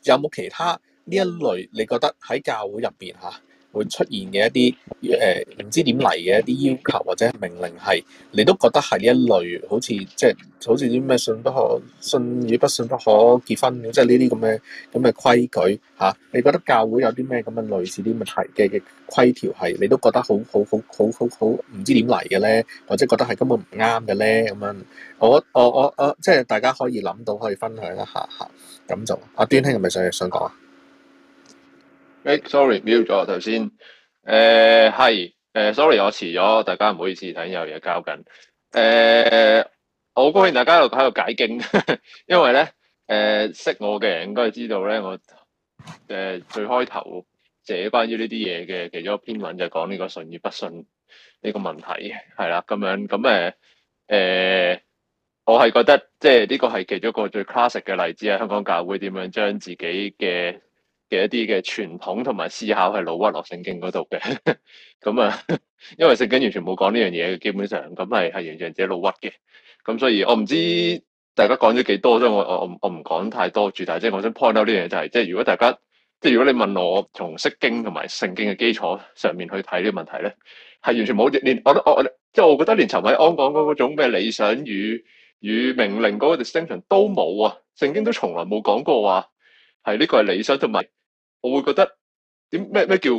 有冇其他？呢一類，你覺得喺教會入邊嚇會出現嘅一啲誒唔知點嚟嘅一啲要求或者命令係，你都覺得係呢一類好似即係好似啲咩信不可信與不信不可結婚，即係呢啲咁嘅咁嘅規矩嚇、啊。你覺得教會有啲咩咁嘅類似啲問題嘅規條係，你都覺得好好好好好好唔知點嚟嘅咧，或者覺得係根本唔啱嘅咧咁樣？我我我我即係、就是、大家可以諗到可以分享啦嚇嚇，咁就阿端兄係咪想想講啊？Sorry，mute 咗頭先。誒係，誒、呃呃、，sorry，我遲咗，大家唔好意思，睇有嘢交緊。誒、呃，好高興大家又喺度解經， 因為咧，誒、呃，識我嘅應該知道咧，我誒、呃、最開頭寫關於呢啲嘢嘅其中一篇文就講呢個信與不信呢個問題，係啦咁樣。咁誒，誒、呃呃，我係覺得即係呢個係其中一個最 classic 嘅例子，喺香港教會點樣將自己嘅。嘅一啲嘅傳統同埋思考係老屈落聖經嗰度嘅，咁啊，因為聖經完全冇講呢樣嘢，基本上咁係係完全自己老屈嘅，咁所以我唔知大家講咗幾多，所以我我我唔講太多住，但係即係我想 point out 呢樣嘢就係、是，即係如果大家即係如果你問我從釋經同埋聖經嘅基礎上面去睇呢個問題咧，係完全冇連我都我即係我，我覺得連陳韋安講嗰種咩理想與與命令嗰個 distinction 都冇啊，聖經都從來冇講過話係呢個係理想同埋。我會覺得點咩咩叫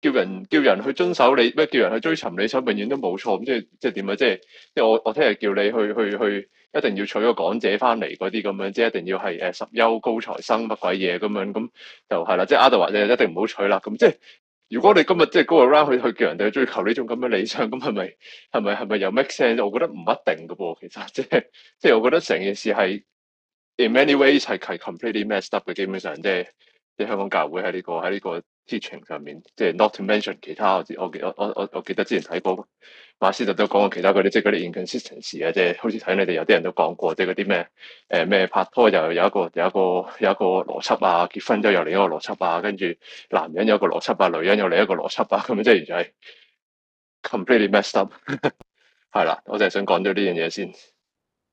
叫人叫人去遵守你咩叫人去追尋理想永遠都冇錯，咁即係即係點啊，即係即係我我聽日叫你去去去一定要娶個港姐翻嚟嗰啲咁樣即係一定要係誒十優高材生乜鬼嘢，咁樣咁就係啦，即係阿德華你一定唔好娶啦，咁即係如果你今日即係 go around 去去叫人哋去追求呢種咁嘅理想，咁係咪係咪係咪有 make sense？我覺得唔一定噶噃，其實即係即係我覺得成件事係 in many ways 係係 completely messed up 嘅，基本上即係即係香港教會喺呢、這個喺呢個 teaching 上面，即係 not to mention 其他我知我我我我記得之前睇過，馬斯特都講過其他嗰啲，即係嗰啲 inconsistencies 嘅，即係好似睇你哋有啲人都講過，即係嗰啲咩誒咩拍拖又有一個有一個有一個邏輯啊，結婚都有另一個邏輯啊，跟住男人有一個邏輯啊，女人又另一個邏輯啊，咁即係就係 completely messed up，係 啦，我就係想講咗呢樣嘢先。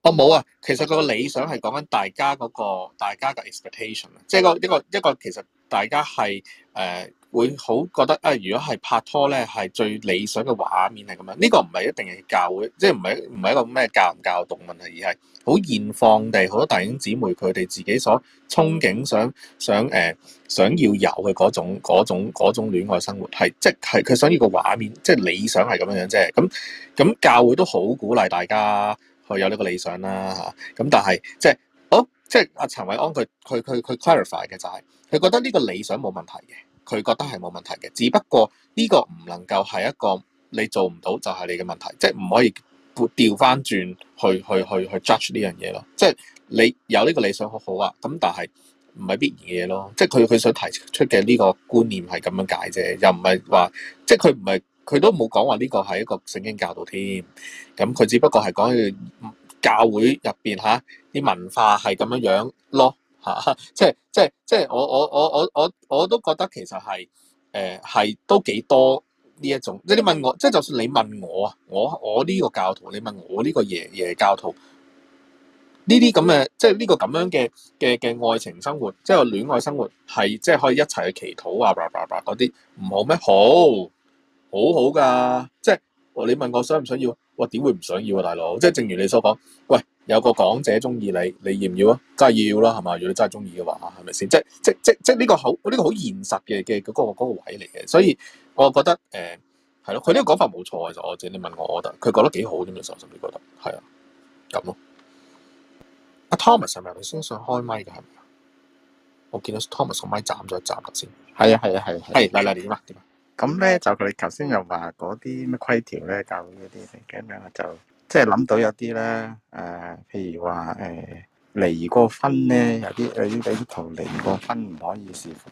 我冇、哦、啊！其實個理想係講緊大家嗰、那個大家嘅 expectation，即係個一個一個，一個一個其實大家係誒、呃、會好覺得啊、呃。如果係拍拖咧，係最理想嘅畫面係咁樣。呢、這個唔係一定係教會，即係唔係唔係一個咩教唔教導問題，而係好現況地好多弟兄姊妹佢哋自己所憧憬想想誒想，、呃、想要有嘅嗰種嗰種嗰種戀愛生活，係即係佢想要個畫面，即係理想係咁樣啫。咁咁教會都好鼓勵大家。佢有呢個理想啦、啊、嚇，咁但係即係好、哦、即係、啊、阿陳韋安佢佢佢佢 clarify 嘅就係、是、佢覺得呢個理想冇問題嘅，佢覺得係冇問題嘅，只不過呢個唔能夠係一個你做唔到就係你嘅問題，即係唔可以撥調翻轉去去去去 judge 呢樣嘢咯，即係你有呢個理想好好啊，咁但係唔係必然嘅嘢咯，即係佢佢想提出嘅呢個觀念係咁樣解啫，又唔係話即係佢唔係。佢都冇講話呢個係一個聖經教導添。咁佢只不過係講佢教會入邊嚇啲文化係咁樣樣咯嚇，即係即係即係我我我我我我都覺得其實係誒係都幾多呢一種。即係你問我，即係就算你問我啊，我我呢個教徒，你問我呢個爺爺教徒呢啲咁嘅，即係呢個咁樣嘅嘅嘅愛情生活，即係戀愛生活，係即係可以一齊去祈禱啊，嗰啲唔好咩？好。好好噶，即係你問我想唔想要，我點會唔想要啊，大佬？即係正如你所講，喂，有個港姐中意你，你要唔要啊？梗係要啦，係嘛？如果你真係中意嘅話，係咪先？即係即即即係呢個好呢個好現實嘅嘅嗰個個位嚟嘅，所以我覺得誒係咯，佢呢個講法冇錯啊，實我自係你問我，我覺得佢講得幾好咁嘅，實實你覺得係啊，咁咯。阿 Thomas 係咪你先想開麥嘅？係咪？我見到 Thomas 個麥斬咗一斬啦，先係啊係啊係係，嚟嚟啊點啊！咁咧就佢哋頭先又話嗰啲咩規條咧搞嗰啲嘅，咁樣就即係諗到有啲咧，誒譬如話誒離過婚咧有啲誒啲頭離過婚唔可以服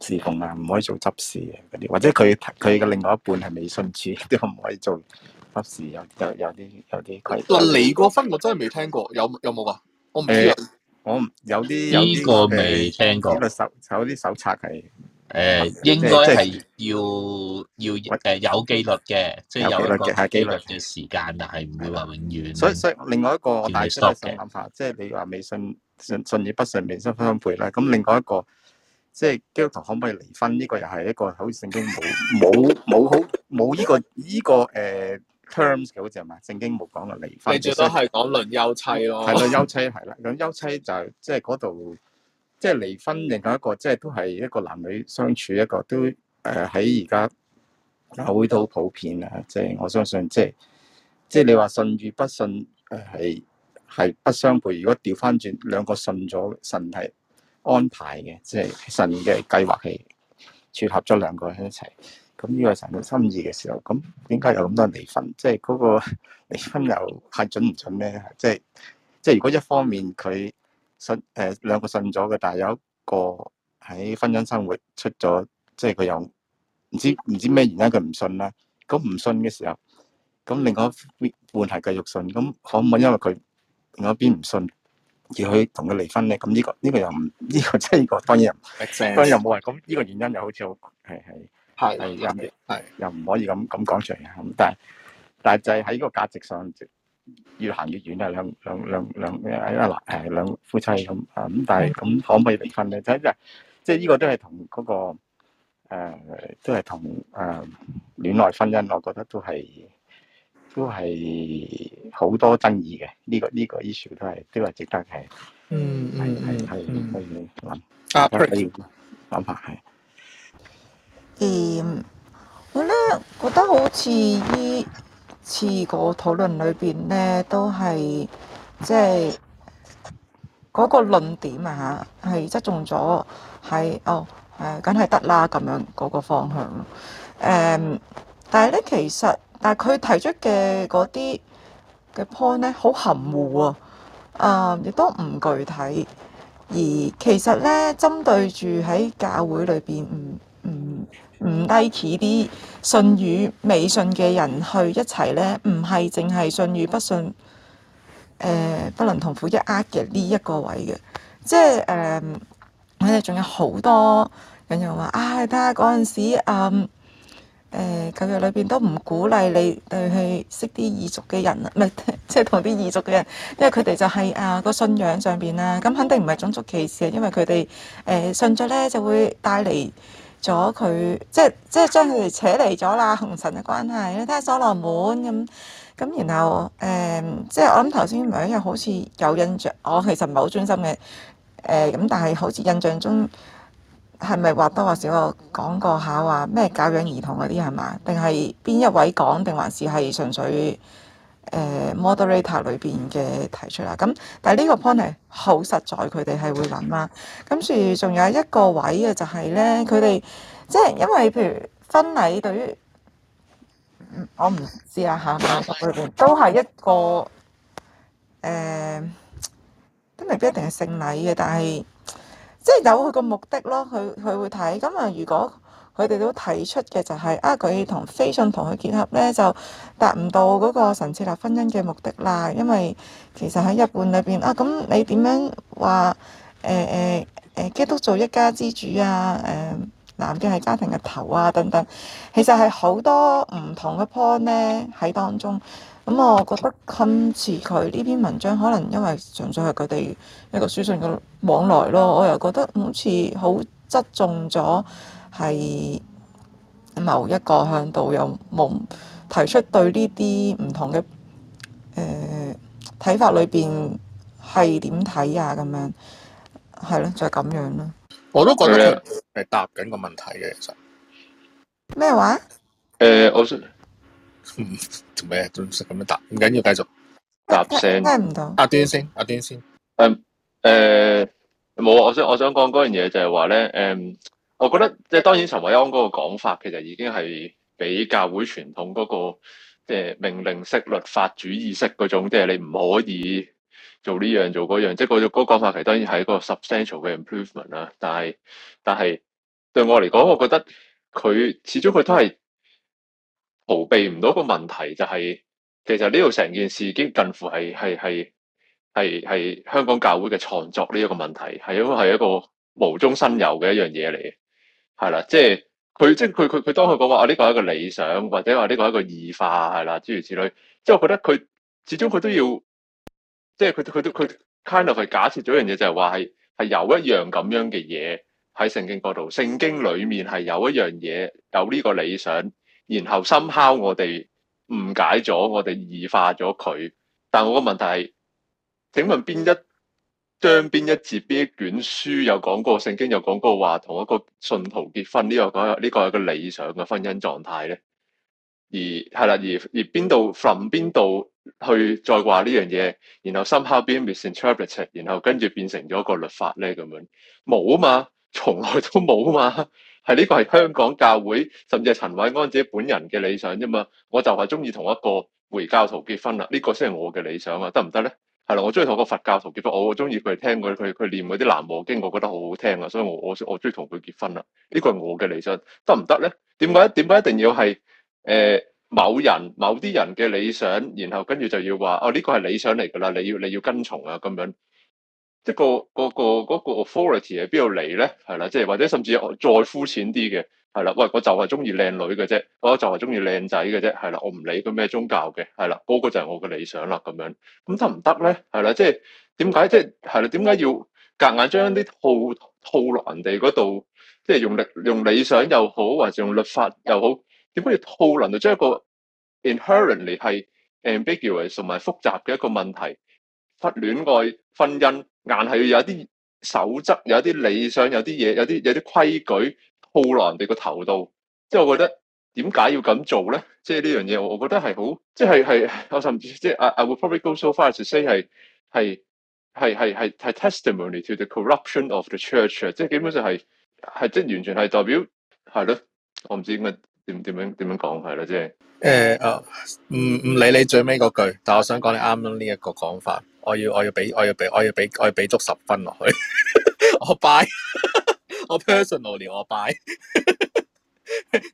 侍奉啊，唔可以做執事嘅啲，或者佢佢嘅另外一半係未信主都唔可以做執事，有有有啲有啲規條。嗱離過婚我真係未聽過，有有冇啊？我未知我有啲有啲。呢個未聽過。手有啲手冊係。誒、呃，應該係要要誒、呃、有紀律嘅，紀律即係有一個係紀律嘅時間，但係唔會話永遠。所以所以另外一個大家嘅諗法，即係你話未信信信與不信，未信分配啦。咁另外一個即係基督徒可唔可以離婚？呢、這個又係一個好似聖經冇冇冇好冇呢個呢、這個誒 Terms 嘅好似係嘛？聖、呃、經冇講過離婚。你最多係講論休妻咯，咯， 係啦休妻係啦，咁、就是、休妻就即係嗰度。即係離婚，另外一個即係都係一個男女相處一個都誒喺而家社會都好普遍啦。即係我相信，即係即係你話信與不信係係不相配。如果調翻轉，兩個信咗，神係安排嘅，即係神嘅計劃係撮合咗兩個喺一齊。咁呢個神嘅心意嘅時候，咁點解有咁多離婚？即係嗰個離婚又係准唔准咧？即係即係如果一方面佢。信，誒兩個信咗嘅，但係有一個喺婚姻生活出咗，即係佢又唔知唔知咩原因佢唔信啦。咁唔信嘅時候，咁另外一邊係繼續信，咁可唔可以因為佢另外一邊唔信而去同佢離婚咧？咁呢個呢個又唔呢個即係呢個當然 Make sense. 又當然又冇人咁呢個原因又好似好係係係又又唔可以咁咁講出嚟咁，但係但係就係喺個價值上。越行越遠啊！兩兩兩兩喺兩夫妻咁咁，但係咁可唔可以離婚？即係即係呢個都係同嗰、嗰個誒、呃，都係同誒戀愛婚姻，我覺得都係都係好多爭議嘅呢、這個呢、這個 issue 都係都係值得係嗯嗯嗯嗯可以。諗下係誒，我咧覺得好似次個討論裏邊咧，都係即係嗰、那個論點啊嚇，係側重咗係哦誒，梗係得啦咁樣嗰、那個方向咯。誒、嗯，但係咧其實，但係佢提出嘅嗰啲嘅 point 咧，好含糊喎、啊，亦、嗯、都唔具體。而其實咧，針對住喺教會裏邊，唔、嗯、唔。嗯唔低企啲信與未信嘅人去一齊咧，唔係淨係信與不信，誒、呃、不能同負一軛嘅呢一個位嘅，即係誒我哋仲有好多咁又話啊，睇下嗰陣時嗯誒舊約裏邊都唔鼓勵你對去識啲異族嘅人，唔係即係同啲異族嘅人，因為佢哋就係、是、啊個信仰上邊啦，咁肯定唔係種族歧視啊，因為佢哋誒信咗咧就會帶嚟。咗佢，即係即係將佢哋扯離咗啦，紅塵嘅關係。你睇下《所羅門》咁，咁然後誒、呃，即係我諗頭先唔係好似有印象，我其實唔係好專心嘅誒，咁、呃、但係好似印象中係咪或多或少我講過下話咩教養兒童嗰啲係嘛？定係邊一位講？定還是係純粹？呃、moderator 裏邊嘅提出啦，咁但係呢個 point 係好實在，佢哋係會諗啦。跟住仲有一個位嘅就係咧，佢哋即係因為譬如婚禮對於，我唔知啊嚇，禮 都係一個誒都未必一定係聖禮嘅，但係即係有佢個目的咯，佢佢會睇。咁啊，如果佢哋都提出嘅就係、是、啊，佢同非信同佢結合咧，就達唔到嗰個神設立婚姻嘅目的啦。因為其實喺日本裏邊啊，咁你點樣話誒誒誒，基督做一家之主啊，誒、呃、男嘅係家庭嘅頭啊等等，其實係好多唔同嘅 point 咧喺當中。咁我覺得今次佢呢篇文章可能因為純粹係佢哋一個書信嘅往來咯，我又覺得好似好側重咗。係某一個向度有冇提出對呢啲唔同嘅誒睇法裏邊係點睇呀？咁樣係咯，就係咁樣咯。我都覺得你係答緊個問題嘅，其實咩話？誒，我做咩？仲識咁樣答？唔緊要，繼續答聲。聽唔到。阿端先，阿端先。誒誒，冇。我想我想講嗰樣嘢就係話咧，誒。我覺得即係當然，陳韋安嗰個講法其實已經係比教會傳統嗰、那個即係、呃、命令式、律法主義式嗰種，即係你唔可以做呢樣做嗰樣，即係、那、嗰個講、那個、法其實當然係一個 substantial 嘅 improvement 啦。但係但係對我嚟講，我覺得佢始終佢都係逃避唔到一個問題，就係、是、其實呢度成件事已經近乎係係係係係香港教會嘅創作呢一個問題，係一個係一個無中生有嘅一樣嘢嚟嘅。係啦，即係佢，即係佢，佢，佢當佢講話，啊呢個係一個理想，或者話呢個係一個異化，係啦，諸如此類。即係我覺得佢始終佢都要，即係佢，佢，佢，kindly 係 of 假設咗一樣嘢，就係話係係有一樣咁樣嘅嘢喺聖經嗰度，聖經裏面係有一樣嘢，有呢個理想，然後深敲我哋誤解咗，我哋異化咗佢。但我個問題係，請問邊一？將邊一節，邊一卷書有講過，聖經有講過話，同一個信徒結婚呢個講，呢個係一個理想嘅婚姻狀態咧，而係啦而而邊度 from 邊度去再話呢樣嘢，然後 somehow being misinterpret 然後跟住變成咗一個律法咧咁樣冇啊嘛，從來都冇啊嘛，係呢個係香港教會甚至係陳韋安自己本人嘅理想啫嘛，我就係中意同一個回教徒結婚啦，呢個先係我嘅理想啊，得唔得咧？係啦，我中意同個佛教徒結婚，我中意佢聽佢佢佢念嗰啲南無經，我覺得好好聽啊，所以我我我中意同佢結婚啦。呢個係我嘅理想，得唔得咧？點解點解一定要係誒、呃、某人某啲人嘅理想，然後跟住就要話哦，呢個係理想嚟噶啦，你要你要跟從啊咁樣。即係、嗰個個個嗰個 authority 係邊度嚟咧？係啦，即係或者甚至再膚淺啲嘅，係啦，喂，我就係中意靚女嘅啫，我就係中意靚仔嘅啫，係啦，我唔理佢咩宗教嘅，係啦，嗰、嗰個就係我嘅理想啦，咁樣咁得唔得咧？係啦，即係點解？即係係啦，點解要夾硬將啲套套落人哋嗰度？即係用力用理想又好，還是用律法又好？點解要套落去將一個 inherently 係 ambiguous 同埋複雜嘅一個問題，戀愛、婚姻？硬係要有啲守則，有啲理想，有啲嘢，有啲有啲規矩套落人哋個頭度。即係我覺得點解要咁做咧？即係呢樣嘢，我我覺得係好，即係係我甚至即係啊，I will probably go so far to say 係係係係係係 testimony to the corruption of the church 啊！即係基本上係係即係完全係代表係咯。我唔知應該點點樣點樣講係啦，即係誒誒，唔唔理你最尾嗰句，但係我想講你啱啱呢一個講法。我要我要俾我要俾我要俾我要俾足十分落去， 我拜， 我 personally 我拜，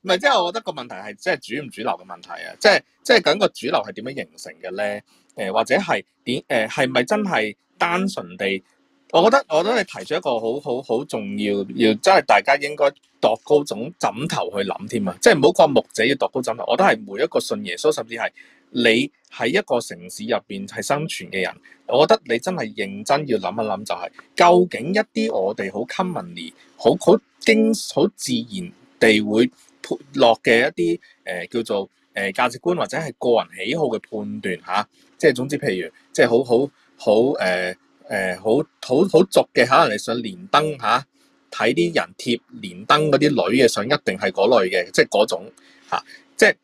唔係即係我覺得個問題係即係主唔主流嘅問題啊，即係即係講個主流係點樣形成嘅咧？誒、呃、或者係點誒係咪真係單純地？我覺得我都係提出一個好好好重要要，真係大家應該度高種枕頭去諗添啊！即係唔好個牧者要度高枕頭，我都係每一個信耶穌甚至係。你喺一個城市入邊係生存嘅人，我覺得你真係認真要諗一諗，就係，就係究竟一啲我哋好 commonly 好好經好自然地會 put，落嘅一啲誒、呃、叫做誒、呃、價值觀或者係個人喜好嘅判斷嚇、啊。即係總之，譬如即係好好好誒誒好好好俗嘅，可能你想連登嚇睇啲人貼連登嗰啲女嘅，相，一定係嗰類嘅，即係嗰種、啊、即係。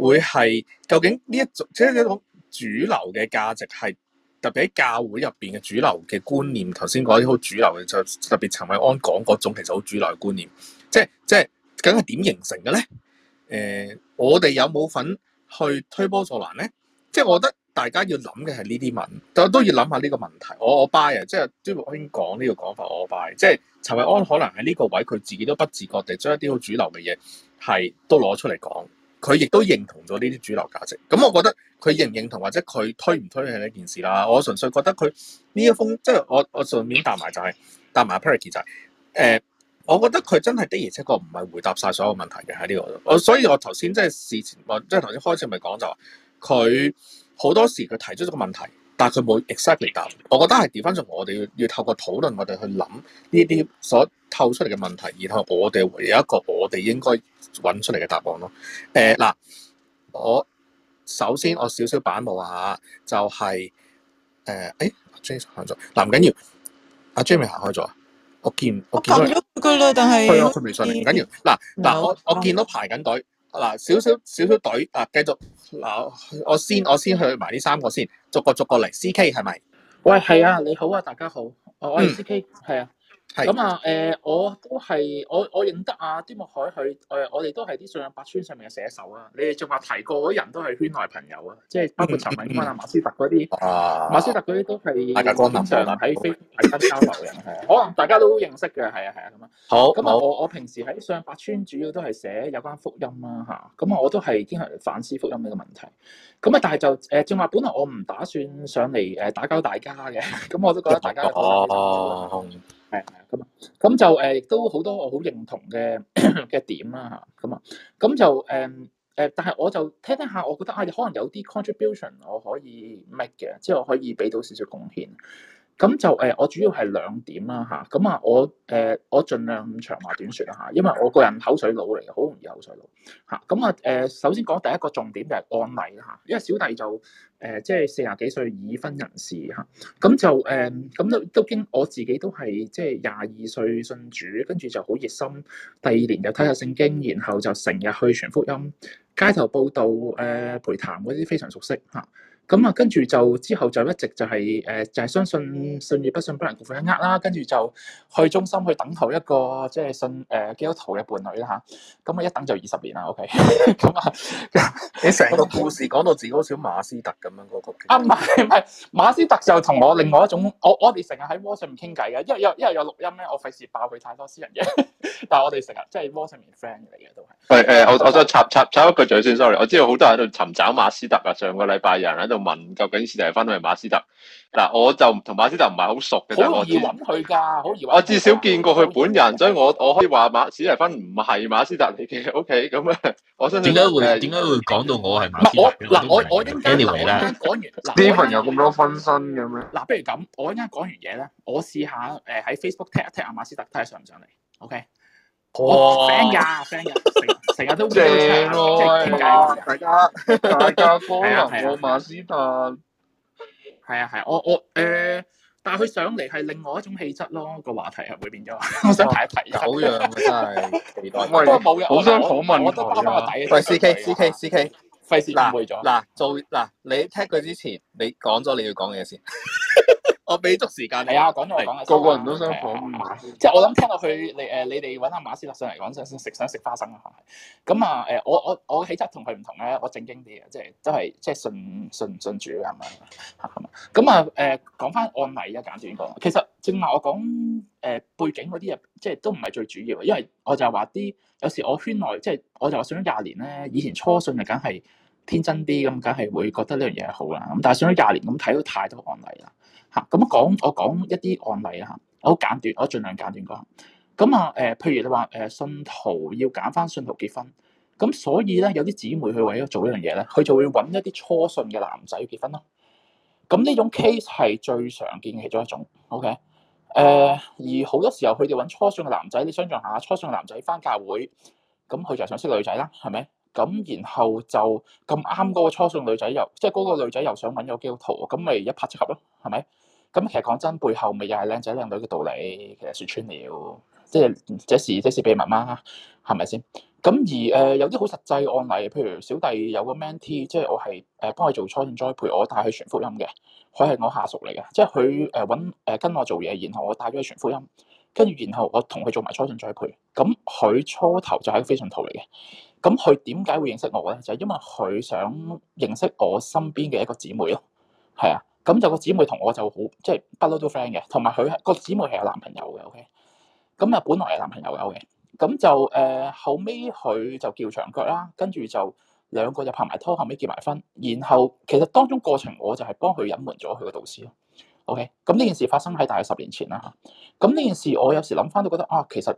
會係究竟呢一種即係一種主流嘅價值係特別喺教會入邊嘅主流嘅觀念。頭先講啲好主流嘅，就特別陳韋安講嗰種其實好主流嘅觀念，即係即係究竟係點形成嘅咧？誒、呃，我哋有冇份去推波助瀾咧？即係我覺得大家要諗嘅係呢啲問，都都要諗下呢個問題。我我 buy 啊，即係朱木軒講呢個講法，我 buy。即係陳韋安可能喺呢個位，佢自己都不自覺地將一啲好主流嘅嘢係都攞出嚟講。佢亦都認同咗呢啲主流價值，咁我覺得佢認唔認同或者佢推唔推係呢件事啦。我純粹覺得佢呢一封即係我我順便答埋就係、是、答埋 Patrick 就係、是、誒、呃，我覺得佢真係的而且確唔係回答晒所有問題嘅喺呢個，我所以我頭先即係事前，即係頭先開始咪講就話佢好多時佢提出咗個問題。但佢冇 exactly 答，我覺得係調翻轉，我哋要要透過討論，我哋去諗呢啲所透出嚟嘅問題，然後我哋唯有一個我哋應該揾出嚟嘅答案咯。誒、呃、嗱，我首先我少少板模下，就係呃哎、James，係誒，誒 James 行咗，嗱唔緊要，阿 James 行開咗啊？我見我撳咗佢啦，但係佢未上嚟，唔緊要。嗱嗱，我 okay。我見到排緊隊。嗱，少少少少隊啊，繼續嗱、啊，我先我先去埋呢三個先，逐個逐個嚟。CK 係咪？喂，係啊，你好啊，大家好。哦，我係 CK，係啊。係咁啊！誒是、呃，我都係我我認得啊！端木海佢誒、呃，我哋都係啲信仰百川上面嘅寫手啊。你哋仲話提過嗰人都係圈內朋友啊，即係包括陳敏君啊、馬思特嗰啲， 啊、馬思特嗰啲都係大家常喺飛喺度交流嘅，係啊，可能大家都認識嘅，係啊，係啊，咁啊，好咁啊，那好我我平時喺信仰百川主要都係寫有關福音啊嚇，咁啊我都係經常反思福音呢個問題。咁啊，但係就誒正話，本來我唔打算上嚟誒打攪大家嘅，咁 我都覺得大家 係啊，咁啊、嗯，咁就誒，亦都好多我好認同嘅嘅點啦嚇，咁啊，咁就誒誒，但係我就聽聽下，我覺得啊，可能有啲 contribution 我可以 make 嘅，即係我可以俾到少少貢獻。咁就誒、呃，我主要係兩點啦嚇。咁啊，我誒、呃、我儘量咁長話短説啦嚇，因為我個人口水佬嚟嘅，好容易口水佬嚇。咁啊誒、啊，首先講第一個重點就係案例啦嚇，因為小弟就誒、呃、即係四十幾歲已婚人士嚇。咁、啊、就誒，咁、呃、都都經我自己都係即係廿二歲信主，跟住就好熱心。第二年就睇下聖經，然後就成日去傳福音，街頭佈道誒、呃、陪談嗰啲非常熟悉嚇。啊咁啊，跟住就之後就一直就係、是、誒、呃，就係、是、相信信與不信，不能同負一軛啦。跟住就去中心去等候一個即係、就是、信誒基督徒嘅伴侶啦吓，咁啊，一等就二十年啦。O K，咁啊，嗯嗯、你成個故事講到自己好似馬斯特咁樣嗰、那個。啊唔係唔係，馬斯特就同我另外一種。我我哋成日喺 WhatsApp 上面傾偈嘅，因為因為有錄音咧，我費事爆佢太多私人嘢。但係我哋成日即係 WhatsApp 上面 friend 嚟嘅都係。係、呃、我、嗯、我想插插插一句嘴先，sorry。我知道好多人喺度尋找馬斯特啊。上個禮拜有人喺度。問究竟史提芬係咪馬斯特？嗱，我就同馬斯特唔係好熟，好易揾佢噶，好易。我至少見過佢本人，所以我我可以話馬史提芬唔係馬斯特。你嘅 OK 咁啊？我點解會點解會講到我係馬斯？嗱，我我應該我啱啱講完，呢啲朋友咁多分身嘅咩？嗱，不如咁，我啱啱講完嘢咧，我試下誒喺 Facebook 踢一踢阿馬斯特睇下上唔上嚟？OK。friend 噶，friend 噶，成成日都好 friend 咯，啊、大家， 大家哥 達、啊，我馬斯頓，係啊係啊，我我誒、呃，但係佢上嚟係另外一種氣質咯，個話題又會變咗。我想提一提，好樣真係期待。我冇人，好想討問佢啊。再 C K C K C K，費事誤會咗。嗱做嗱你聽佢之前。你講咗你要講嘅嘢先， 我俾足時間你 啊！講咗我講嘅，個對個人都想講，即係、啊就是、我諗聽落去，你誒、呃、你哋揾下馬斯洛上嚟講，想食想食花生啊！咁啊誒，我我我起質同佢唔同咧，我正經啲嘅，即係都係即係信信唔信主咁樣嚇嘛。咁啊誒，講返案例啊，簡短講，其實正話我講誒、呃、背景嗰啲嘢，即係都唔係最主要，因為我就話啲有時我圈內即係我就話上咗廿年咧，以前初信嚟梗係。天真啲咁，梗係會覺得呢樣嘢係好啦。咁但係上咗廿年咁，睇到太多案例啦嚇。咁、嗯、講我講一啲案例啦嚇，我好簡短，我儘量簡短講。咁啊誒，譬如你話誒信徒要揀翻信徒結婚，咁、嗯、所以咧有啲姊妹去為咗做呢樣嘢咧，佢就會揾一啲初信嘅男仔結婚咯。咁、嗯、呢種 case 係最常見嘅其中一種。OK，誒、呃、而好多時候佢哋揾初信嘅男仔，你想象下初信嘅男仔翻教會，咁、嗯、佢就係想識女仔啦，係咪？咁，然後就咁啱嗰個初信女仔又即係嗰個女仔又想揾個基督徒，咁咪一拍即合咯，係咪？咁其實講真，背後咪又係靚仔靚女嘅道理，其實説穿了，即係即是即是秘密媽媽，係咪先？咁而誒、呃、有啲好實際案例，譬如小弟有個 man t，即係我係誒幫佢做初信栽培，我帶佢傳福音嘅，佢係我下屬嚟嘅，即係佢誒揾誒跟我做嘢，然後我帶咗佢傳福音，跟住然後我同佢做埋初信栽培，咁佢初頭就係一個非信徒嚟嘅。咁佢點解會認識我咧？就係因為佢想認識我身邊嘅一個姊妹咯，係啊。咁就個姊妹同我就好，即係不嬲都 friend 嘅。同埋佢個姊妹係有男朋友嘅。OK，咁啊，本來係男朋友嘅。OK，咁就誒後尾佢就叫長腳啦，跟住就兩個就拍埋拖，後尾結埋婚。然後其實當中過程，我就係幫佢隱瞞咗佢個導師咯。OK，咁呢件事發生喺大概十年前啦。咁呢件事我有時諗翻都覺得啊，其實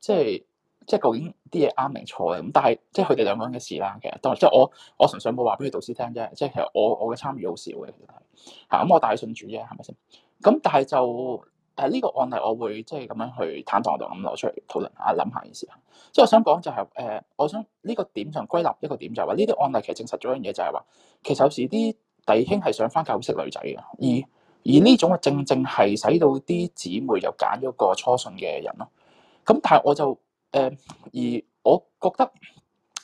即係。即係究竟啲嘢啱定錯嘅？咁，但係即係佢哋兩個人嘅事啦。其實當即係我，我純粹冇話俾佢導師聽啫。即係其實我我嘅參與好少嘅，其實係嚇。咁我帶佢信主啫，係咪先？咁但係就誒呢個案例，我會即係咁樣去坦蕩度咁攞出嚟討論下，諗下呢件事。即係我想講就係誒，我想呢個點上歸納一個點就係話，呢啲案例其實證實咗一樣嘢，就是，就係話其實有時啲弟兄係想翻教會識女仔嘅，而而呢種啊正正係使到啲姊妹就揀咗個初信嘅人咯。咁但係我就。誒而我覺得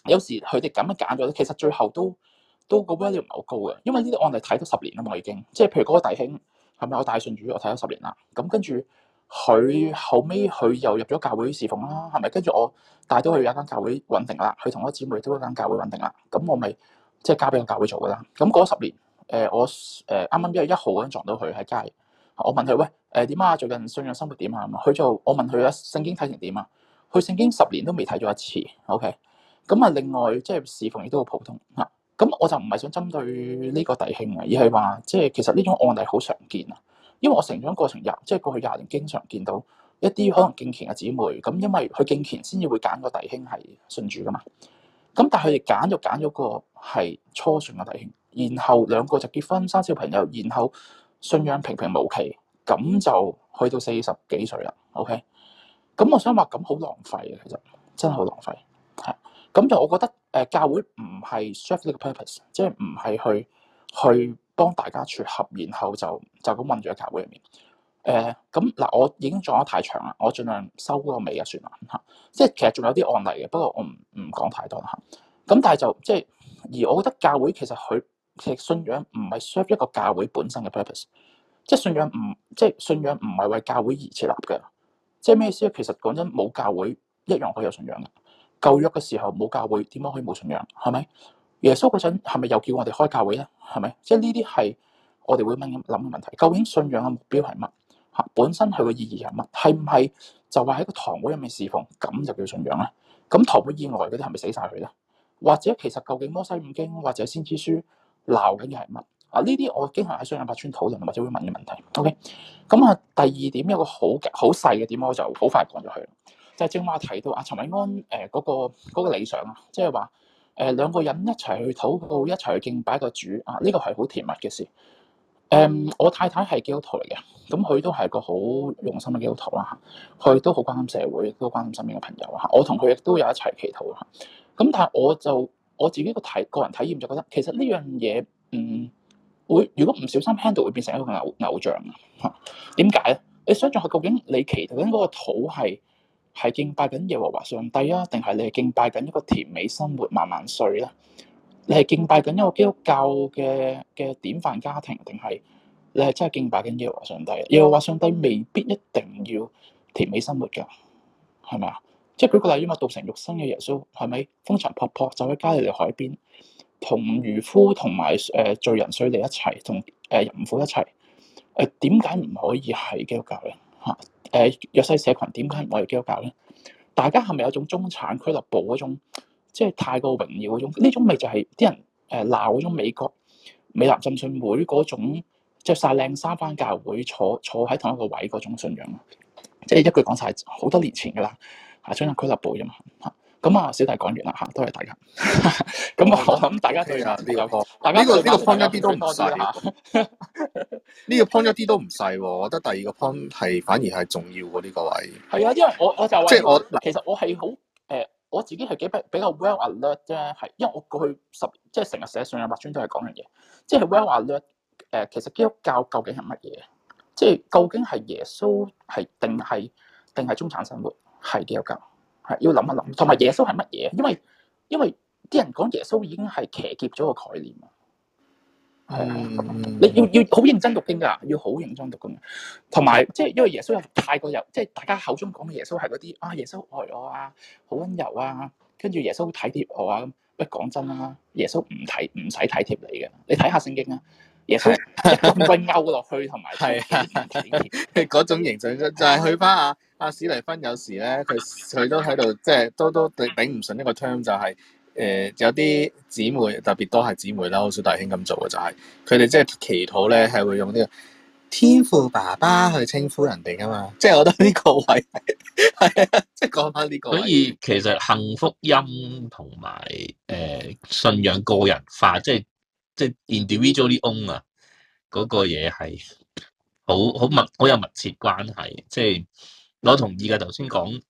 有時佢哋咁樣揀咗，其實最後都都個 value 唔係好高嘅，因為呢啲案例睇咗十年啊嘛，已經即係譬如嗰個弟兄係咪？我大信主，我睇咗十年啦。咁跟住佢後尾，佢又入咗教會侍奉啦，係咪？跟住我帶到佢入間教會穩定啦，佢同我啲姊妹都一間教會穩定啦。咁我咪即係交俾個教會做噶啦。咁嗰十年誒我誒啱啱一月一號嗰陣撞到佢喺街，我問佢喂誒點啊？最近信仰生活點啊？佢就我問佢啊聖經睇成點啊？佢聖經十年都未睇咗一次，OK，咁啊，另外即係侍奉亦都好普通嗱，咁我就唔係想針對呢個弟兄啊，而係話即係其實呢種案例好常見啊，因為我成長過程入即係過去廿年經常見到一啲可能敬虔嘅姊妹，咁因為佢敬虔先至會揀個弟兄係信主㗎嘛，咁但係佢哋揀就揀咗個係初信嘅弟兄，然後兩個就結婚生小朋友，然後信仰平平無奇，咁就去到四十幾歲啦，OK。咁我想話咁好浪費嘅，其實真係好浪費。係咁就我覺得，誒、呃、教會唔係 serve 呢個 purpose，即係唔係去去幫大家撮合，然後就就咁混住喺教會入面。誒咁嗱，我已經講得太長啦，我盡量收個尾啊算啦吓。即係其實仲有啲案例嘅，不過我唔唔講太多啦吓。咁但係就即係、就是，而我覺得教會其實佢嘅信仰唔係 serve 一個教會本身嘅 purpose，即係信仰唔即係信仰唔係為教會而設立嘅。即係咩意思啊？其實講真，冇教會一樣可以有信仰嘅。舊約嘅時候冇教會，點樣可以冇信仰？係咪耶穌嗰陣係咪又叫我哋開教會咧？係咪？即係呢啲係我哋會問諗嘅問題。究竟信仰嘅目標係乜？嚇，本身佢個意義係乜？係唔係就話喺個堂會入面侍奉咁就叫信仰咧？咁堂會以外嗰啲係咪死晒佢咧？或者其實究竟《摩西五經》或者《先知書》鬧緊嘅係乜？嗱，呢啲我經常喺雙人八村討論，或者會問嘅問題。OK，咁啊，第二點有一個好好細嘅點，我就好快講咗佢，就係正話提到啊，陳韋安誒嗰、呃那個那個理想啊，即係話誒兩個人一齊去禱告，一齊去敬拜個主啊，呢個係好甜蜜嘅事。誒、嗯，我太太係基督徒嚟嘅，咁、嗯、佢都係個好用心嘅基督徒啦。嚇，佢都好關心社會，都關心身邊嘅朋友啊。我同佢亦都有一齊祈禱啊。咁、啊、但係我就我自己個體個人體驗就覺得，其實呢樣嘢，嗯。嗯嗯會如果唔小心 handle，會變成一個牛偶像啊？點解咧？你想象下，究竟你祈求緊嗰個土係係敬拜緊耶和華上帝啊，定係你係敬拜緊一個甜美生活萬萬歲咧？你係敬拜緊一個基督教嘅嘅典範家庭，定係你係真係敬拜緊耶和華上帝啊？耶和華上帝未必一定要甜美生活㗎，係咪啊？即係舉個例子嘛，道成肉身嘅耶穌係咪風塵仆僕走喺加利利海邊？同漁夫同埋誒罪人稅吏一齊，同誒淫婦一齊，誒點解唔可以係基督教咧？嚇、呃、誒弱勢社群點解唔可以係基督教咧？大家係咪有種中產俱樂部嗰種，即係太過榮耀嗰種？呢種咪就係、是、啲人誒鬧嗰種美國美南浸信會嗰種，著晒靚衫返教會坐坐喺同一個位嗰種信仰咯？即、就、係、是、一句講晒，好多年前噶啦嚇，中產俱樂部啫嘛嚇。咁啊，小弟講完啦嚇，多謝大家。咁 啊我，我諗 Okay, 大家對啊呢個方，大家呢個呢個 point 一啲都唔細嚇。呢個 point 一啲都唔細，我覺得第二個 point 係反而係重要喎呢，這個位。係啊， 因為我就我就即係我其實我係好誒，我自己係幾比較 well alert 啫，係因為我過去十即係成日寫信入白村寫信仰百川都係講嘅嘢，即係 well alert 誒。其實基督教究竟係乜嘢？即係究竟係耶穌係定係定係中產生，生活係基督教？係要諗一諗，同埋耶穌係乜嘢？因為因為啲人講耶穌已經係騎劫咗個概念啊！係係，你要要好認真讀經噶，要好認真讀經。同埋即係因為耶穌有太過有，即係大家口中講嘅耶穌係嗰啲啊，耶穌愛我啊，好温柔啊，跟住耶穌體貼我啊。喂，講真啦，耶穌唔體唔使體貼你嘅，你睇下聖經啊，耶穌紛紛勾落去，同埋係嗰種形象就就係去翻啊。阿史尼芬有時咧，佢佢都喺度，即係都都頂頂唔順呢個 term 就係、是、誒、呃、有啲姊妹特別多係姊妹啦，好少弟兄咁做嘅，就係佢哋即係祈禱咧，係會用呢、這、啲、個、天父爸爸去稱呼人哋噶嘛，即係我覺得呢個位係即係講翻呢個。所以其實幸福音同埋誒信仰個人化，即係即係 individualism 啊，嗰個嘢係好好密好有密切關係，即係。我同意嘅，頭先講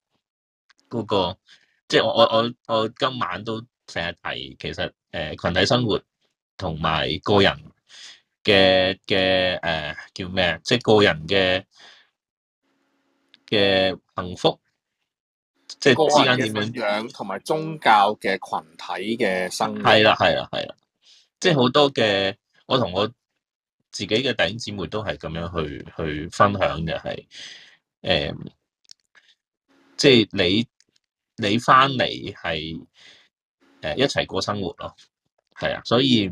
嗰個，即係我我我我今晚都成日提，其實誒羣體生活同埋個人嘅嘅誒叫咩？即係個人嘅嘅幸福，即係之間點樣樣同埋宗教嘅群體嘅生活。係啦，係啦，係啦，即係好多嘅，我同我自己嘅弟兄姊妹都係咁樣去去分享嘅係誒。即係你，你翻嚟係誒一齊過生活咯，係啊，所以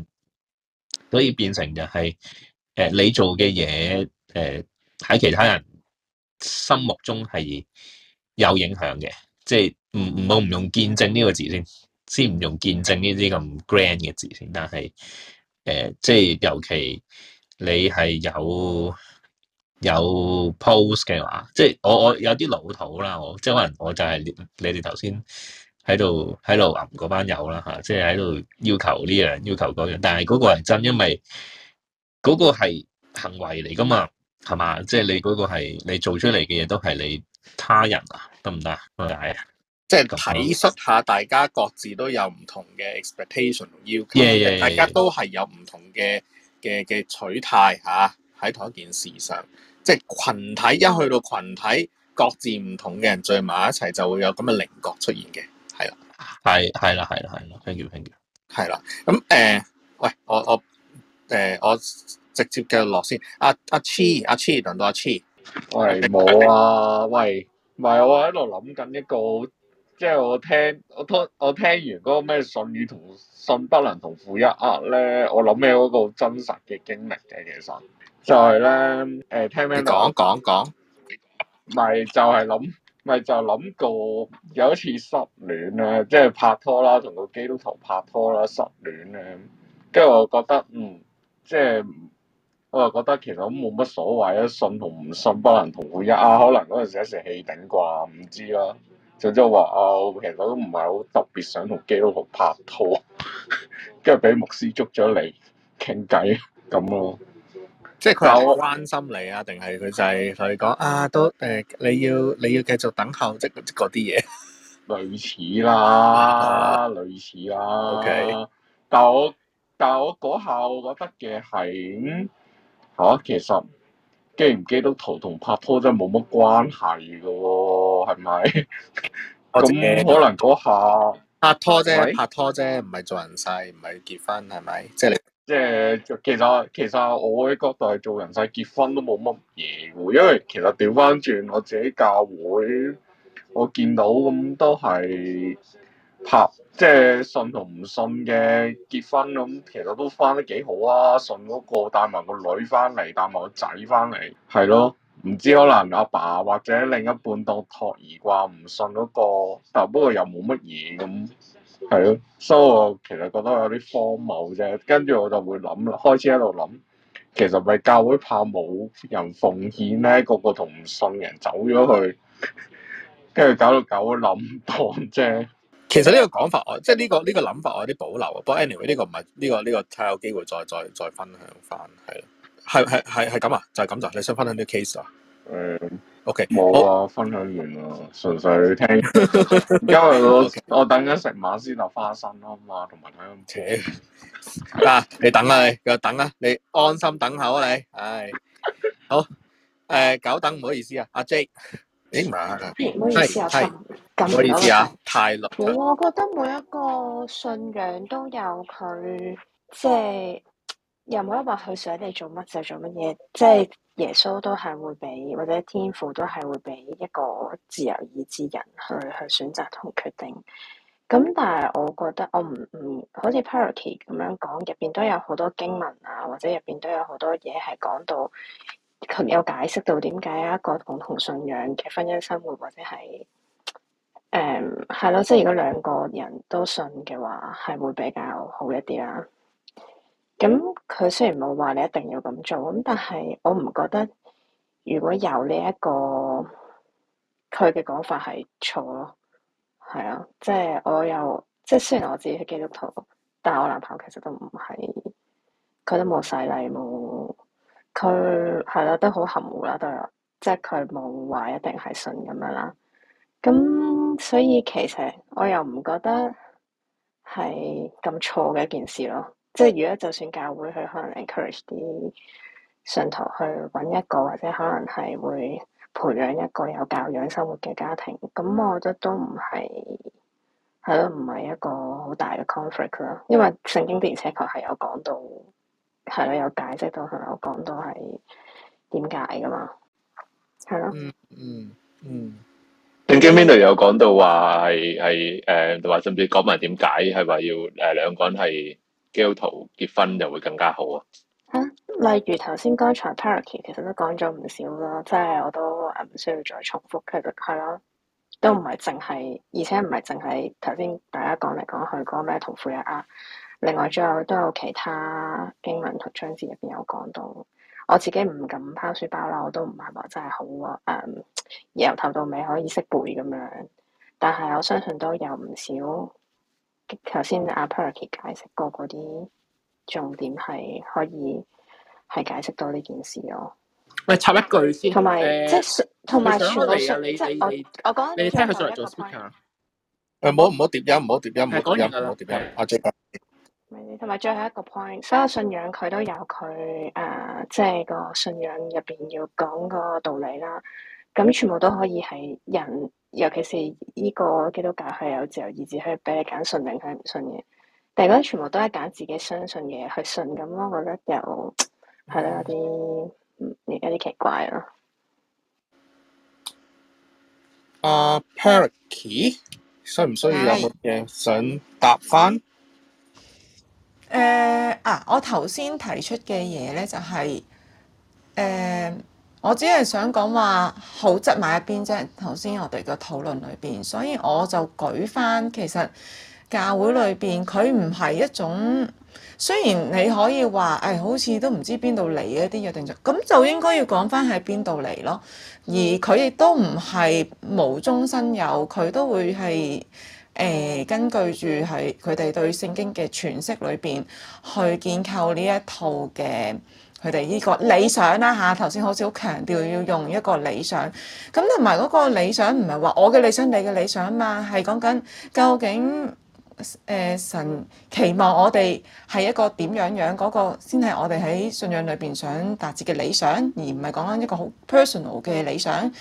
所以變成就係、是、誒、呃、你做嘅嘢誒喺其他人心目中係有影響嘅，即係唔唔好唔用見證呢個字先，先唔用見證呢啲咁 grand 嘅字先，但係誒、呃、即係尤其你係有。有 pose 嘅話，即係我我有啲老土啦，我即係可能我就係你哋頭先喺度喺度揞嗰班友啦嚇，即係喺度要求呢樣要求嗰樣，但係嗰個係真，因為嗰個係行為嚟㗎嘛，係嘛？即係你嗰個係你做出嚟嘅嘢都係你他人啊，得唔得啊？係、嗯，即係體恤下大家各自都有唔同嘅 expectation 要求，大家都係有唔同嘅嘅嘅取態嚇喺同一件事上。即係群體一去到群體，うう各自唔同嘅人聚埋一齊，就會有咁嘅靈覺出現嘅，係啦，係係啦係啦係啦，叫叫，係啦，咁誒，喂，我我誒我直接嘅落先，阿阿黐阿黐，輪到阿黐，喂冇啊，喂，唔係我喺度諗緊一個，即係我聽我通我聽完嗰個咩信與不信不能同負一軛咧，我諗起嗰個真實嘅經歷嘅其實。就係咧，誒聽咩聽到？講講講，咪就係諗，咪就諗、是、過有一次失戀咧，即、就、係、是、拍拖啦，同個基督徒拍拖啦，失戀咧，跟住我覺得嗯，即係我話覺得其實都冇乜所謂啊，信同唔信，可能同唔一啊，可能嗰陣時一時氣頂啩，唔知啦。就之後話啊，其實都唔係好特別想同基督徒拍拖，嗯就是啊時時呃、跟住俾 牧師捉咗嚟傾偈咁咯。即係佢有關心你啊，定係佢就係同你講啊，都誒、呃，你要你要繼續等候，即即嗰啲嘢。類似啦，啊、類似啦。O Okay . K，但係我但係我嗰下我覺得嘅係，嚇、啊、其實既然基督徒同拍拖真係冇乜關係嘅喎，係咪？咁可能嗰下拍拖啫，是拍拖啫，唔係做人世，唔係結婚，係咪？即係你。即係，其實其實我嘅角度係做人世結婚都冇乜嘢噶，因為其實調翻轉我自己教會，我見到咁都係拍，即係信同唔信嘅結婚咁，其實都翻得幾好啊！信嗰個帶埋個，個女翻嚟，帶埋個仔翻嚟，係咯，唔知可能阿爸，爸或者另一半當托兒啩，唔信嗰、嗰個，但不過又冇乜嘢咁。係咯，所以我其實覺得有啲荒謬啫。跟住我就會諗啦，開始喺度諗，其實咪教會怕冇人奉獻咧，個個同唔信人走咗去，跟住搞到狗諗多啫。其實呢個講法我，即係、呢個、呢個呢、呢個諗法我有啲保留啊。Anyway, 不過 anyway 呢個唔係呢個呢個睇有機會再再再分享翻，係啦，係係係係咁啊，就係咁就，你想分享啲 case 啊？嗯。O K，冇啊，分享完啦，純粹聽，因為我我等咗成晚先落花生咯嘛，同埋睇咁扯啊！你等啊你，又等啊你，安心等候啊你，唉，好，誒，久等，唔好意思啊，阿 J，咦，唔好意思啊，咁唔好意思啊，太耐，我我覺得每一個信仰都有佢，即係又冇話佢想你做乜就做乜嘢，即係。耶穌都係會俾，或者天父都係會俾一個自由意志人去去選擇同決定。咁但係我覺得我唔唔好似 Parakey 咁樣講，入邊都有好多經文啊，或者入邊都有好多嘢係講到佢有解釋到點解一個共同信仰嘅婚姻生活或者係誒係咯，即係如果兩個人都信嘅話，係會比較好一啲啦。咁佢雖然冇話你一定要咁做，咁但係我唔覺得如果由呢一個佢嘅講法係錯咯，係啊，即係我又即係雖然我自己係基督徒，但係我男朋友其實都唔係，佢都冇洗禮，冇佢係啦，都好含糊啦，都即係佢冇話一定係信咁樣啦。咁所以其實我又唔覺得係咁錯嘅一件事咯。即係如果就算教會佢可能 encourage 啲信徒去揾一個或者可能係會培養一個有教養生活嘅家庭，咁我覺得都唔係係咯，唔係一個好大嘅 conflict 啦。因為聖經的而且確係有講到，係咯有解釋到同埋有講到係點解㗎嘛，係咯、嗯。嗯嗯嗯。聖經嗰度有講到話係係誒話甚至講埋點解係話要誒、呃、兩個人係。Gel 結婚就會更加好啊！嚇、啊，例如頭先剛才 Parody 其實都講咗唔少咯，即係我都誒唔、嗯、需要再重複嘅，係咯，都唔係淨係，而且唔係淨係頭先大家講嚟講去嗰咩同負一軛啊。另外最後都有其他經文同章節入邊有講到，我自己唔敢拋書包啦，我都唔係話真係好啊、嗯、由頭到尾可以識背咁樣，但係我相信都有唔少。頭先阿 Patrick 解釋過嗰啲重點係可以係解釋到呢件事咯。喂，插一句先，同埋即係同埋，即係我講。你聽佢做 speaker。誒，唔好唔好，疊音唔好疊音，唔好疊音。唔好疊音，阿 J。同埋最後一個 point，所有信仰佢都有佢誒，即係個信仰入邊要講個道理啦。咁全部都可以係人。尤其是呢個基督教係有自由意志，係俾你揀信定係唔信嘅。但係嗰啲全部都係揀自己相信嘅去信咁咯。我覺得有係啦，有啲有啲奇怪咯。阿、uh, Perky，、e? 需唔需要有乜嘢想答翻？誒啊！我頭先提出嘅嘢咧，就係、是、誒。Uh, 我只係想講話，好擠埋一邊啫。頭先我哋個討論裏邊，所以我就舉翻其實教會裏邊，佢唔係一種，雖然你可以話，誒、哎、好似都唔知邊度嚟一啲約定咁，就應該要講翻喺邊度嚟咯。而佢亦都唔係無中生有，佢都會係誒、欸、根據住係佢哋對聖經嘅詮釋裏邊去建構呢一套嘅。佢哋呢個理想啦嚇，頭、啊、先好似好強調要用一個理想，咁同埋嗰個理想唔係話我嘅理想、你嘅理想啊嘛，係講緊究竟誒、呃、神期望我哋係一個點樣樣，嗰、嗰個先係我哋喺信仰裏邊想達至嘅理想，而唔係講緊一個好 personal 嘅理想。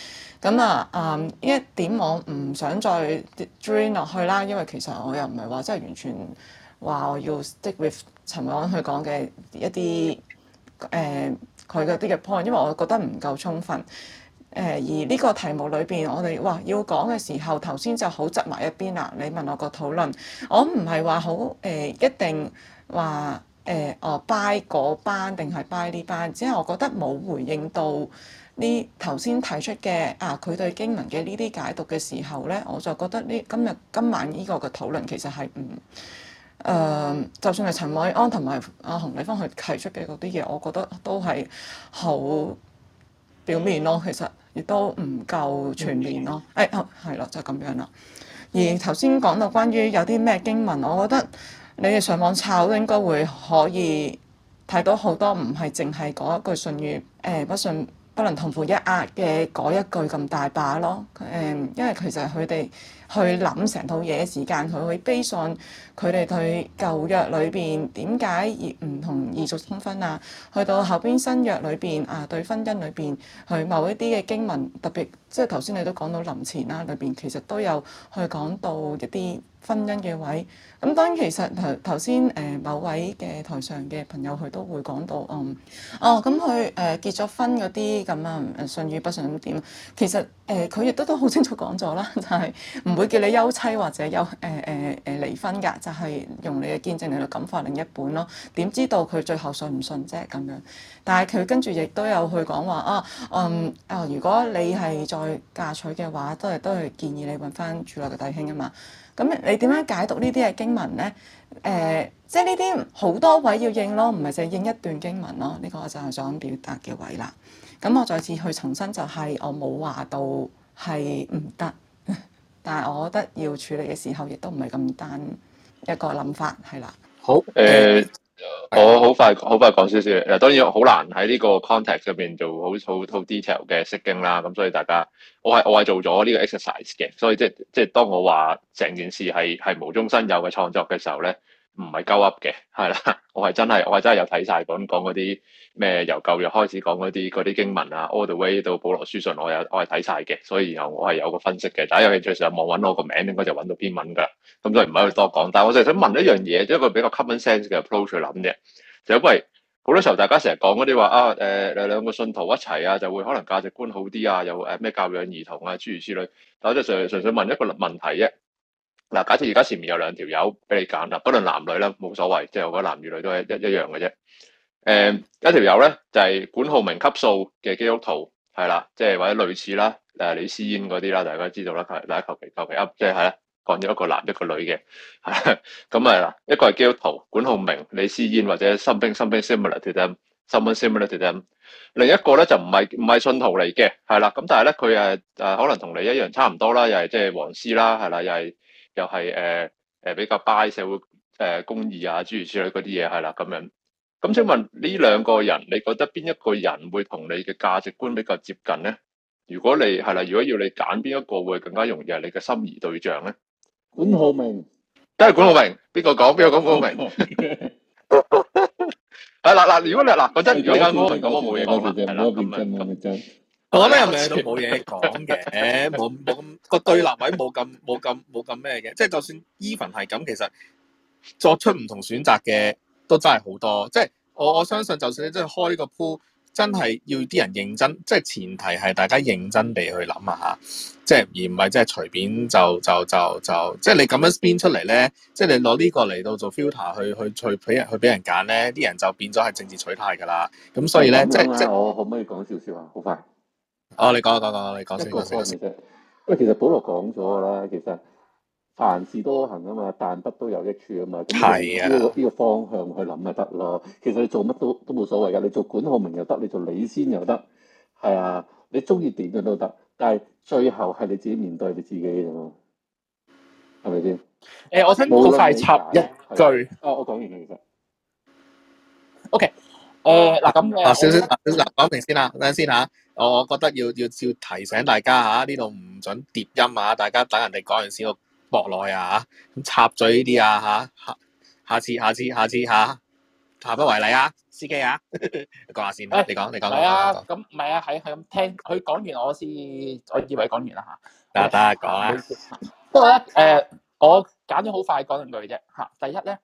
咁啊，嗯，一點我唔想再 dream 落去啦，因為其實我又唔係話真係完全話我要 stick with 陳韋安佢講嘅一啲。誒佢嘅啲嘅 point，因為我覺得唔夠充分。誒、呃、而呢個題目裏邊，我哋哇要講嘅時候，頭先就好執埋一邊啦。你問我個討論，我唔係話好誒一定話誒、呃、哦 by 嗰班定係 by 呢班，band, band, 只係我覺得冇回應到呢頭先提出嘅啊佢對經文嘅呢啲解讀嘅時候咧，我就覺得呢今日今晚呢個嘅討論其實係唔。嗯誒，uh, 就算係陳韋安同埋阿熊偉峯佢提出嘅嗰啲嘢，我覺得都係好表面咯，其實亦都唔夠全面咯。誒、嗯，係咯、哎哦，就咁樣啦。而頭先講到關於有啲咩經文，我覺得你哋上網抄都應該會可以睇到好多，唔係淨係講一句信與，誒、呃、不信不能同負一軛嘅嗰一句咁大把咯。誒、呃，因為其實佢哋。去諗成套嘢嘅時間，佢會悲喪佢哋對舊約裏邊點解唔同異族通婚啊？去到後邊新約裏邊啊，對婚姻裏邊去某一啲嘅經文，特別即係頭先你都講到臨前啦，裏邊其實都有去講到一啲婚姻嘅位。咁當然其實頭頭先誒某位嘅台上嘅朋友佢都會講到嗯哦，咁佢誒結咗婚嗰啲咁啊，信與不信咁點，其實。誒佢亦都都好清楚講咗啦，就係、是、唔會叫你休妻或者休誒誒誒離婚㗎，就係、是、用你嘅見證嚟到感化另一半咯。點知道佢最後信唔信啫咁樣？但係佢跟住亦都有去講話啊，嗯啊、呃，如果你係再嫁娶嘅話，都係都係建議你揾翻主內嘅弟兄啊嘛。咁你點樣解讀呢啲嘅經文咧？誒、呃，即係呢啲好多位要應咯，唔係凈係應一段經文咯。呢、這個就係想表達嘅位啦。咁我再次去重申，就係，我冇話到係唔得，但係我覺得要處理嘅時候，亦都唔係咁單一個諗法，係啦。好，誒、呃，嗯、我好快好快講少少。誒，當然好難喺呢個 context 入邊做好好 detail 嘅釋經啦。咁所以大家，我係我係做咗呢個 exercise 嘅，所以即即係當我話成件事係係無中生有嘅創作嘅時候咧，唔係鳩噏嘅，係啦。我係真係我係真係有睇晒講講嗰啲。咩由舊約開始講嗰啲嗰啲經文啊 all the way 到保羅書信，我有我係睇晒嘅，所以然後我係有個分析嘅。大家有興趣嘅時候望揾我,我名個名，應該就揾到篇文噶啦。咁所以唔係去多講，但係我就係想問一樣嘢，即係一個比較 common sense 嘅 approach 去諗啫。就因為，好多時候大家成日講嗰啲話啊，誒、呃、誒，兩個信徒一齊啊，就會可能價值觀好啲啊，又誒咩教養兒童啊，諸如此類。但我就係純純粹問一個問題啫。嗱、啊，假設而家前面有兩條友俾你揀，嗱，不論男女啦，冇所謂，即、就、係、是、我覺得男與女,女都一一一樣嘅啫。誒、嗯、一條友咧就係、是、管浩鳴級數嘅基督徒，係啦，即係或者類似啦，誒、啊、李思煙嗰啲啦，大家都知道啦，大家求其求其噏，即係啦，講、就、咗、是、一個男一個女嘅，咁啊、嗯嗯，一個係基督徒，管浩鳴、李思煙或者 something、something similar to them、something similar to them，另一個咧就唔係唔係信徒嚟嘅，係啦，咁、嗯、但係咧佢誒誒可能同你一樣差唔多啦，又係即係黃絲啦，係啦，又係又係誒誒比較拜社會誒、呃、公義啊諸如此類嗰啲嘢，係啦，咁樣。咁請問呢兩個人，你覺得邊一個人會同你嘅價值觀比較接近咧？如果你係啦，如果要你揀邊一個會更加容易係你嘅心儀對象咧？管浩明，梗係管浩明，邊個講邊個講管浩明？啊嗱嗱，如果你嗱講真，如果我唔講，我冇嘢講嘅，係啦咁啊，講得又唔似到冇嘢講嘅，冇冇咁個對立位，冇咁冇咁冇咁咩嘅，即係就算 even 係咁，其實作出唔同選擇嘅。都真係好多，即係我我相信，就算你真係開呢個 pool 真係要啲人認真，即係前提係大家認真地去諗下。嚇，即係而唔係即係隨便就就就就，就，即係你咁樣 spin 出嚟咧，即係你攞呢個嚟到做 filter 去去去俾人去俾人揀咧，啲人就變咗係政治取態㗎啦。咁所以咧，啊、即係即係我可唔可以講少少啊？好快，哦，你講講講，你講先，講先，因為其實保羅講咗啦，其實。凡事都行啊嘛，但不都有益處啊嘛。咁呢個呢個方向去諗咪得咯。對啊、其實你做乜都都冇所謂噶，你做管好明又得，你做你先又得，係啊，你中意點樣都得。但係最後係你自己面對你自己，係咪先？誒、欸，我想好快插一句。哦、okay，呃，我講完嘅其實。O K，誒嗱咁，啊，少少嗱講明先啦啊，等陣先吓。我、啊、我覺得要要要提醒大家吓，呢度唔准疊音啊！大家等人哋講完先博內啊咁插嘴呢啲啊吓，下下次下次下次吓，下不為例啊，司機啊，講下先，你講你講。係啊，咁唔係啊，係係咁聽佢講完，我先我以為講完啦吓。得得，講啊。不過咧，誒，我揀咗好快講兩句啫吓。第一咧，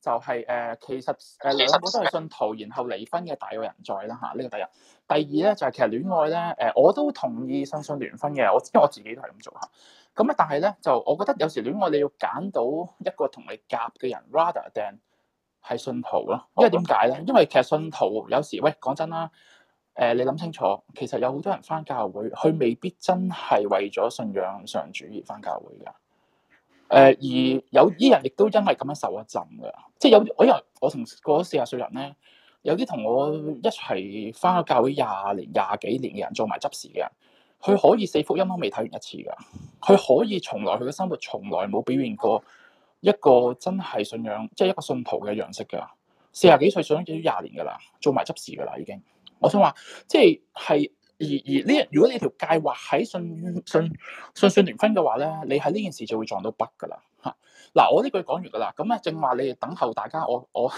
就係誒，其實誒，兩個都係信徒然後離婚嘅大有人在啦吓，呢個第一。第二咧就係其實戀愛咧，誒，我都同意相信聯婚嘅，我因為我自己都係咁做吓。咁啊！但係咧，就我覺得有時戀愛你要揀到一個同你夾嘅人，rather than 係信徒咯。因為點解咧？因為其實信徒有時喂講真啦，誒、呃、你諗清楚，其實有好多人翻教會，佢未必真係為咗信仰上主而翻教會㗎。誒、呃、而有啲人亦都因為咁樣受一浸㗎，即係有我有我同過咗四廿歲人咧，有啲同我一齊翻咗教會廿年、廿幾年嘅人，做埋執事嘅人。佢可以四福音都未睇完一次噶，佢可以從來佢嘅生活從來冇表現過一個真係信仰，即、就、係、是、一個信徒嘅樣式噶。四廿幾歲信基督廿年噶啦，做埋執事噶啦已經。我想話即係係而而呢，如果你條界劃喺信信信信，信聯婚嘅話咧，你喺呢件事就會撞到北噶啦吓。嗱、啊，我呢句講完噶啦，咁咧正話你哋等候大家，我我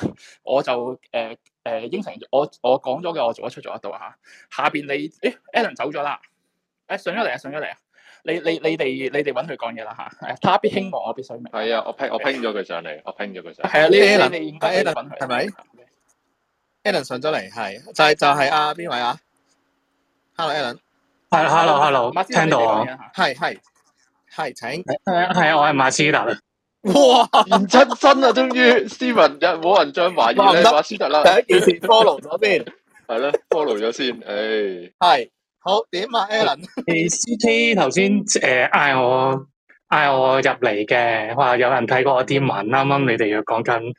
我就誒誒、呃呃、應承我我講咗嘅，我做得出做得到吓。下邊你誒 Alan 走咗啦。啊啊啊啊啊誒，上咗嚟啊，上咗嚟啊！你你你哋你哋搵佢講嘢啦吓。他必興亡，我必須明。係啊，我拼我拼咗佢上嚟，我拼咗佢上嚟。係啊，呢啲阿 Allen 係咪？Allen 上咗嚟係，就係就係啊邊位啊？Hello，Allen。係，Hello，Hello。聽到我係係係請係啊係啊，我係馬斯達。哇！唔出身啊，終於 Steven 一冇人再懷疑。唔得，斯達啦。第一件事 follow 咗先。係咯，follow 咗先。唉，係。好點啊，Alan。 CK 頭先誒嗌我嗌我入嚟嘅，話有人睇過我啲文，啱啱你哋要講緊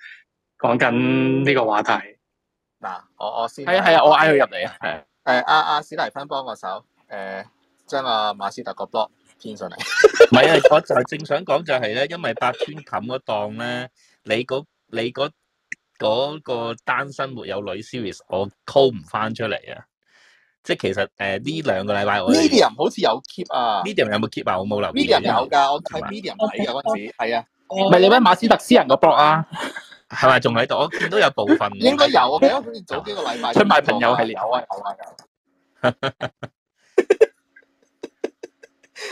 講緊呢個話題。嗱，我我先係啊係啊，我嗌佢入嚟啊。誒誒阿阿史提芬幫個手，誒將阿馬斯特嗰 block 編上嚟。唔係啊，我就正想講就係、是、咧，因為八村冚嗰檔咧，你嗰你嗰、那個那個單身沒有女 series，我 call 唔翻出嚟啊。即係其實誒呢兩個禮拜我 medium 好似有 keep 啊 medium 有冇 keep 啊我冇留意 medium 有噶我睇 medium 睇噶嗰陣時係啊唔係你咩馬斯德私人個 blog 啊係咪仲喺度我見到有部分應該有我記得好似早幾個禮拜出賣朋友係有啊有啊有。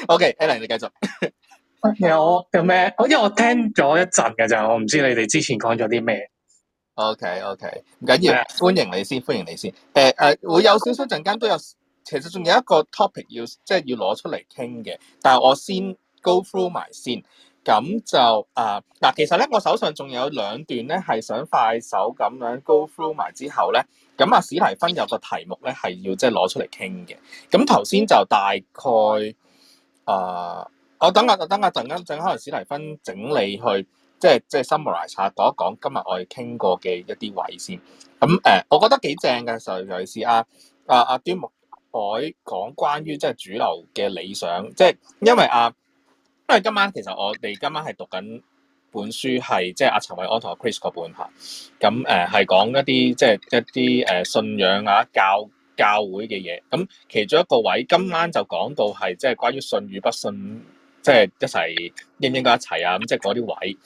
O K，睇嚟你繼續。係我有咩？因為我聽咗一陣嘅就，我唔知你哋之前講咗啲咩。OK OK，唔緊要，Yeah. 歡迎你先，歡迎你先。誒、呃、誒，會有少少陣間都有，其實仲有一個 topic 要即係要攞出嚟傾嘅，但係我先 go through 埋先。咁就啊，嗱、呃，其實咧，我手上仲有兩段咧，係想快手咁樣 go through 埋之後咧，咁啊史提芬有個題目咧係要即係攞出嚟傾嘅。咁頭先就大概啊、呃，我等下等下陣間可能史提芬整理去。即係即係 summarize 下，講一講今日我哋傾過嘅一啲位先。咁、嗯、誒，我覺得幾正嘅，時候，尤其是啊啊啊，端、啊啊、木海、啊、講關於即係主流嘅理想，即、就、係、是、因為啊，因為今晚其實我哋今晚係讀緊本書，係即係阿陳韋安同阿、啊、Chris 嗰本吓。咁誒係講一啲即係一啲誒信仰啊、教教會嘅嘢。咁、嗯、其中一個位，今晚就講到係即係關於信與不信。即係一齊應唔應該一齊啊？咁即係嗰啲位。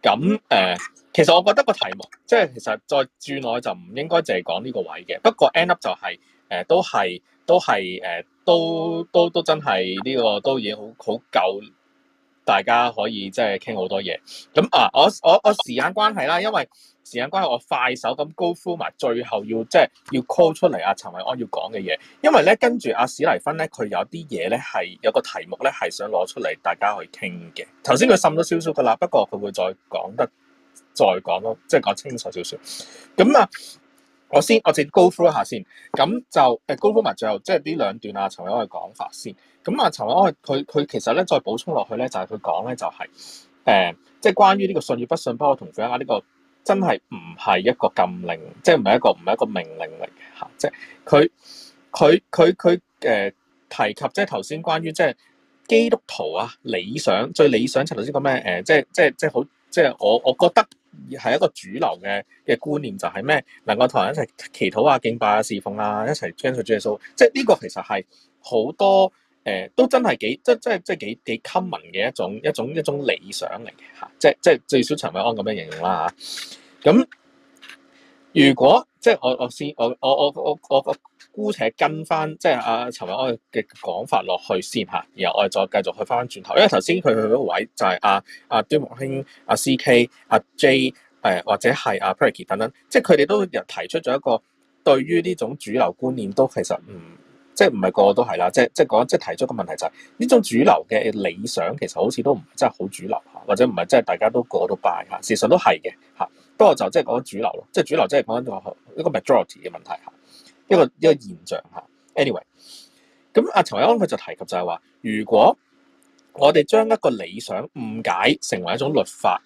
咁誒、呃，其實我覺得個題目即係其實再轉落去就唔應該淨係講呢個位嘅。不過 end up 就係、是、誒、呃，都係都係誒，都、呃、都都，都真係呢、這個都已經好好夠大家可以即係傾好多嘢。咁啊，我我我時間關係啦，因為。時間關係，我快手咁 go through 埋，最後要即係要 call 出嚟阿、啊、陳韋安要講嘅嘢，因為咧跟住阿、啊、史黎芬咧，佢有啲嘢咧係有個題目咧係想攞出嚟大家去傾嘅。頭先佢滲咗少少噶啦，不過佢會再講得再講咯，即係講清楚少少。咁啊，我先我直接 go through 一下先。咁就誒、欸、go through 埋最後即係呢兩段啊，陳韋安嘅講法先。咁啊，陳韋安佢佢其實咧再補充落去咧，就係佢講咧就係、是、誒、呃，即係關於呢個信與不信，包括同佢阿呢個。真係唔係一個禁令，即係唔係一個唔係一個命令嚟嘅吓，即係佢佢佢佢誒提及，即係頭先關於即係基督徒啊，理想最理想，就頭先講咩誒？即係即係即係好，即係我我覺得係一個主流嘅嘅觀念，就，就係咩能夠同人一齊祈禱啊、敬拜啊、侍奉啊，一齊 join 住主耶穌。即係呢個其實係好多。誒，都真係幾，即係即係即係幾幾 common 嘅一種一種一種理想嚟嘅吓，即係即係最少陳韋安咁樣形容啦吓。咁、嗯、如果即係我我先我我我我我我姑且跟翻即係阿陳韋安嘅講法落去先吓，然後我哋再繼續去翻翻轉頭，因為頭先佢去嗰個位就係阿阿端木興、阿 C K、阿 J 誒或者係阿 Pricky 等等，即係佢哋都又提出咗一個對於呢種主流觀念都其實唔。即係唔係個個都係啦，即係即係講即係提出個問題就係、是、呢種主流嘅理想其實好似都唔真係好主流嚇，或者唔係真係大家都個個都拜嚇，事實上都係嘅嚇，不過就即係講主流咯，即係主流即係講緊一個 majority 嘅問題嚇，一個一個現象嚇。anyway，咁阿陳韋安佢就提及就係、是、話，如果我哋將一個理想誤解成為一種律法，